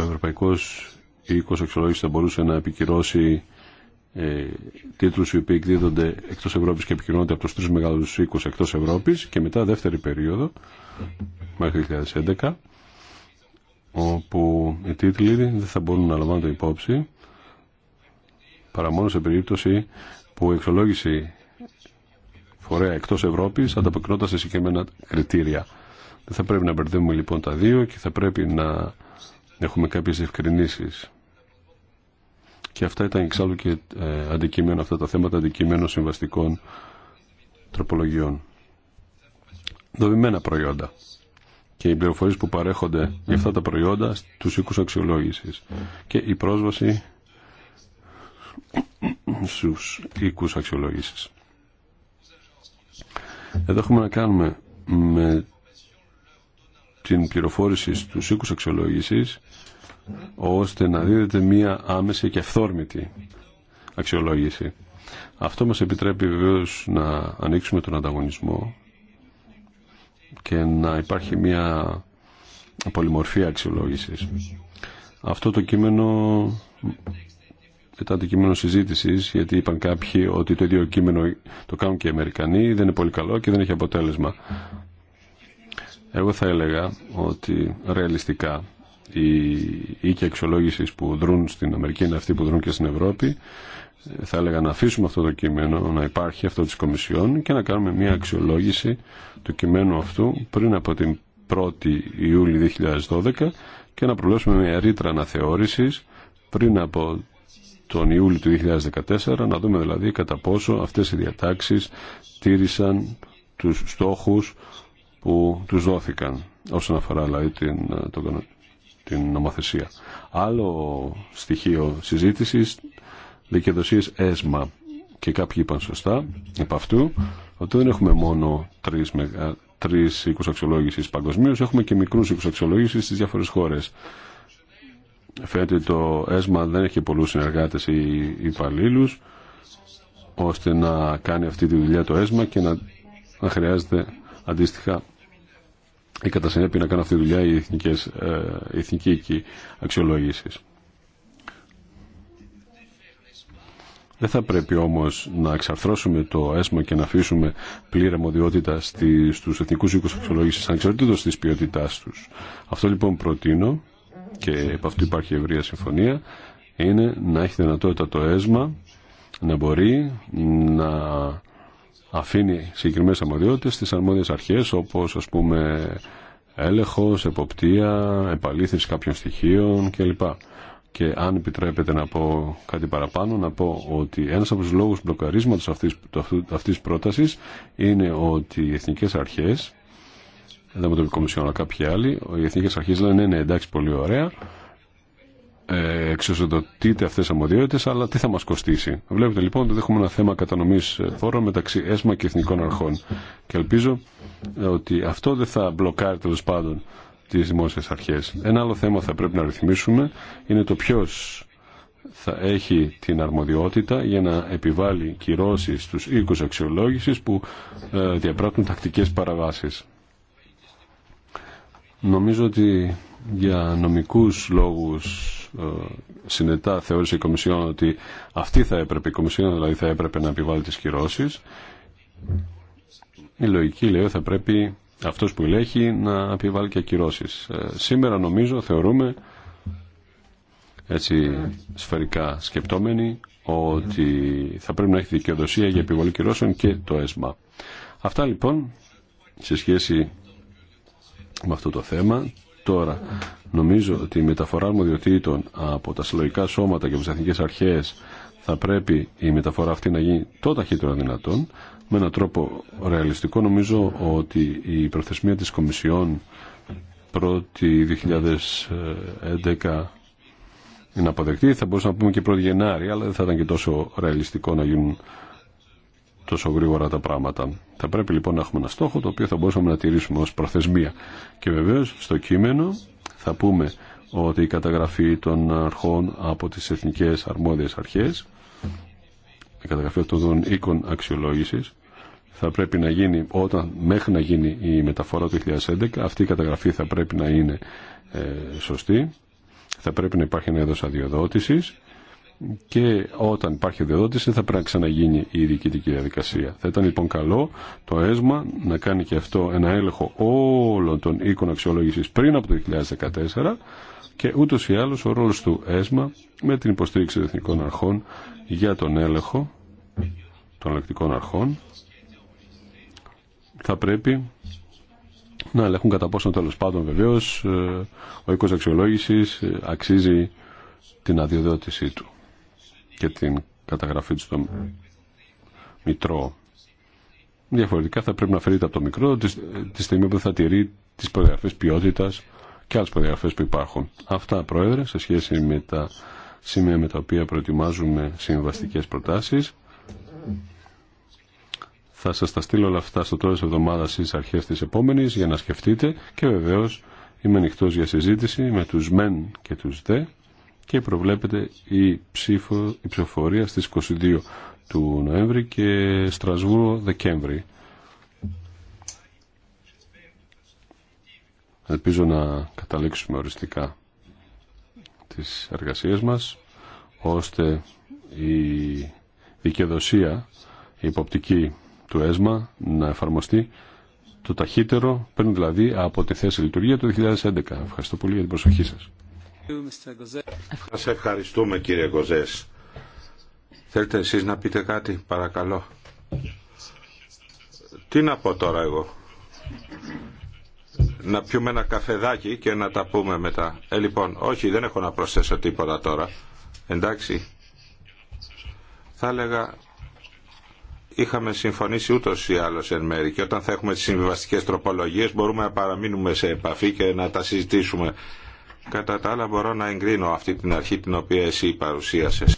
ο Ευρωπαϊκός Οίκος εξολόγηση θα μπορούσε να επικυρώσει ε, τίτλους οι οποίοι εκδίδονται εκτός Ευρώπης και επικυρώνονται από τους τρεις μεγάλους οίκους εκτός Ευρώπης και μετά δεύτερη περίοδο μέχρι 2011 όπου οι τίτλοι δεν θα μπορούν να λαμβάνονται υπόψη παρά μόνο σε περίπτωση που η εξολόγηση φορέα εκτός Ευρώπης ανταποκρινόταν σε συγκεκριμένα κριτήρια. Δεν θα πρέπει να μπερδεύουμε λοιπόν τα δύο και θα πρέπει να έχουμε κάποιες ευκρινήσεις. Και αυτά ήταν εξάλλου και ε, αντικείμενο, αυτά τα θέματα αντικείμενο συμβαστικών τροπολογιών. Δομημένα προϊόντα και οι πληροφορίες που παρέχονται για αυτά τα προϊόντα στους οίκους αξιολόγησης και η πρόσβαση στους οίκους αξιολόγησης. Εδώ έχουμε να κάνουμε με την πληροφόρηση στους οίκους αξιολόγησης ώστε να δίδεται μία άμεση και αυθόρμητη αξιολόγηση. Αυτό μας επιτρέπει βεβαίω να ανοίξουμε τον ανταγωνισμό και να υπάρχει μία πολυμορφία αξιολόγησης. Αυτό το κείμενο ήταν το κείμενο συζήτησης γιατί είπαν κάποιοι ότι το ίδιο κείμενο το κάνουν και οι Αμερικανοί, δεν είναι πολύ καλό και δεν έχει αποτέλεσμα. Εγώ θα έλεγα ότι ρεαλιστικά οι οίκοι αξιολόγηση που δρούν στην Αμερική είναι αυτοί που δρούν και στην Ευρώπη. Θα έλεγα να αφήσουμε αυτό το κείμενο να υπάρχει αυτό της Κομισιόν και να κάνουμε μια αξιολόγηση του κειμένου αυτού πριν από την 1η Ιούλη 2012 και να προβλέψουμε μια ρήτρα αναθεώρηση πριν από τον Ιούλιο του 2014 να δούμε δηλαδή κατά πόσο αυτές οι διατάξεις τήρησαν τους στόχους που τους δόθηκαν όσον αφορά δηλαδή την, τον, την νομοθεσία. Άλλο στοιχείο συζήτησης, δικαιοδοσίες ΕΣΜΑ και κάποιοι είπαν σωστά επ' αυτού ότι δεν έχουμε μόνο τρεις, τρεις οίκους παγκοσμίω, έχουμε και μικρούς οίκους αξιολόγηση στις διάφορες χώρες. Φαίνεται ότι το ΕΣΜΑ δεν έχει πολλούς συνεργάτες ή υπαλλήλου ώστε να κάνει αυτή τη δουλειά το ΕΣΜΑ και να, να χρειάζεται αντίστοιχα ή κατά συνέπεια να κάνουν αυτή τη δουλειά οι, εθνικές, ε, εθνικοί οίκοι Δεν θα πρέπει όμως να εξαρθρώσουμε το έσμα και να αφήσουμε πλήρη αρμοδιότητα στους εθνικούς οίκους αξιολόγησης ανεξαρτήτως της ποιότητάς τους. Αυτό λοιπόν προτείνω και από αυτού υπάρχει ευρεία συμφωνία είναι να έχει δυνατότητα το έσμα να μπορεί να αφήνει συγκεκριμένε αρμοδιότητε στις αρμόδιες αρχές όπως ας πούμε έλεγχος, εποπτεία, επαλήθευση κάποιων στοιχείων κλπ. Και αν επιτρέπετε να πω κάτι παραπάνω, να πω ότι ένας από τους λόγους μπλοκαρίσματος αυτής, τη πρόταση πρότασης είναι ότι οι εθνικές αρχές, δεν με το πει αλλά κάποιοι άλλοι, οι εθνικές αρχές λένε ναι, ναι, εντάξει, πολύ ωραία, ε, εξουσιοδοτείται αυτέ τι αρμοδιότητε, αλλά τι θα μα κοστίσει. Βλέπετε λοιπόν ότι έχουμε ένα θέμα κατανομή ε, φόρων μεταξύ ΕΣΜΑ και εθνικών αρχών. Και ελπίζω ε, ότι αυτό δεν θα μπλοκάρει τέλο πάντων τι δημόσιε αρχέ. Ένα άλλο θέμα θα πρέπει να ρυθμίσουμε είναι το ποιο θα έχει την αρμοδιότητα για να επιβάλλει κυρώσει στους οίκους αξιολόγησης που διαπράττουν τακτικές παραβάσεις. Νομίζω ότι για νομικούς λόγους ε, συνετά θεώρησε η Κομισιόν ότι αυτή θα έπρεπε, η Κομισιόν δηλαδή θα έπρεπε να επιβάλλει τις κυρώσεις, η λογική λέει θα πρέπει αυτός που ελέγχει να επιβάλλει και κυρώσεις. Ε, σήμερα νομίζω θεωρούμε έτσι σφαιρικά σκεπτόμενοι ότι θα πρέπει να έχει δικαιοδοσία για επιβολή κυρώσεων και το ΕΣΜΑ. Αυτά λοιπόν σε σχέση με αυτό το θέμα Τώρα, νομίζω ότι η μεταφορά αρμοδιοτήτων από τα συλλογικά σώματα και από τι εθνικέ αρχέ θα πρέπει η μεταφορά αυτή να γίνει το ταχύτερο δυνατόν. Με έναν τρόπο ρεαλιστικό νομίζω ότι η προθεσμία της Κομισιόν 1η 2011 είναι αποδεκτή. Θα μπορούσαμε να πούμε και 1η Γενάρη, αλλά δεν θα ήταν και τόσο ρεαλιστικό να γίνουν τόσο γρήγορα τα πράγματα. Θα πρέπει λοιπόν να έχουμε ένα στόχο το οποίο θα μπορούσαμε να τηρήσουμε ως προθεσμία. Και βεβαίως στο κείμενο θα πούμε ότι η καταγραφή των αρχών από τις εθνικές αρμόδιες αρχές, η καταγραφή των οίκων αξιολόγησης, θα πρέπει να γίνει όταν, μέχρι να γίνει η μεταφορά του 2011, αυτή η καταγραφή θα πρέπει να είναι ε, σωστή, θα πρέπει να υπάρχει ένα έδος αδειοδότησης και όταν υπάρχει αδειοδότηση θα πρέπει να ξαναγίνει η διοικητική διαδικασία. Θα ήταν λοιπόν καλό το ΕΣΜΑ να κάνει και αυτό ένα έλεγχο όλων των οίκων αξιολόγηση πριν από το 2014 και ούτως ή άλλως ο ρόλος του ΕΣΜΑ με την υποστήριξη των εθνικών αρχών για τον έλεγχο των ελεκτικών αρχών θα πρέπει να ελέγχουν κατά πόσο τέλο πάντων βεβαίω ε, ο οίκος αξιολόγησης ε, αξίζει την αδειοδότησή του και την καταγραφή του στο μητρό. Διαφορετικά θα πρέπει να φερείται από το μικρό τη στιγμή που θα τηρεί τις προδιαγραφέ ποιότητα και άλλε προδιαγραφέ που υπάρχουν. Αυτά, Πρόεδρε, σε σχέση με τα σημεία με τα οποία προετοιμάζουμε συμβαστικέ προτάσει. Θα σα τα στείλω όλα αυτά στο τέλο εβδομάδα ή στι αρχέ τη επόμενη για να σκεφτείτε και βεβαίω είμαι ανοιχτό για συζήτηση με του μεν και του δε και προβλέπεται η, ψήφο, η ψηφοφορία στις 22 του Νοέμβρη και Στρασβούρο Δεκέμβρη. Ελπίζω να καταλήξουμε οριστικά τις εργασίες μας ώστε η δικαιοδοσία η υποπτική του ΕΣΜΑ να εφαρμοστεί το ταχύτερο πριν δηλαδή από τη θέση λειτουργία του 2011. Ευχαριστώ πολύ για την προσοχή σας. Σας ευχαριστούμε κύριε Γκοζές. Θέλετε εσείς να πείτε κάτι, παρακαλώ. Τι να πω τώρα εγώ. Να πιούμε ένα καφεδάκι και να τα πούμε μετά. Ε, λοιπόν, όχι, δεν έχω να προσθέσω τίποτα τώρα. Εντάξει. Θα έλεγα, είχαμε συμφωνήσει ούτω ή άλλω εν μέρη και όταν θα έχουμε τι συμβιβαστικέ τροπολογίε μπορούμε να παραμείνουμε σε επαφή και να τα συζητήσουμε. Κατά τα άλλα μπορώ να εγκρίνω αυτή την αρχή την οποία εσύ παρουσίασες.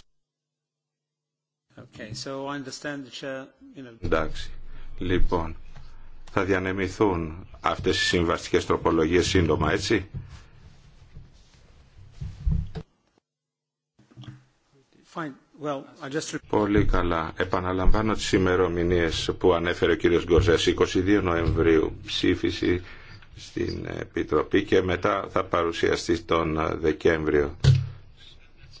Okay, so I understand you know... Εντάξει. Λοιπόν, θα διανεμηθούν αυτές οι συμβαστικές τροπολογίες σύντομα, έτσι. Fine. Well, I just... Πολύ καλά. Επαναλαμβάνω τις ημερομηνίες που ανέφερε ο κύριος Γκορζές 22 Νοεμβρίου ψήφιση στην Επιτροπή και μετά θα παρουσιαστεί τον Δεκέμβριο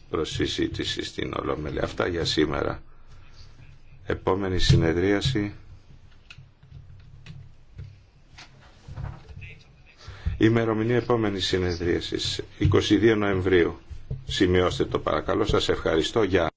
προ συζήτηση στην Ολομέλεια. Αυτά για σήμερα. Επόμενη συνεδρίαση. Η ημερομηνία επόμενη συνεδρίασης, 22 Νοεμβρίου. Σημειώστε το παρακαλώ. Σας ευχαριστώ. Γεια.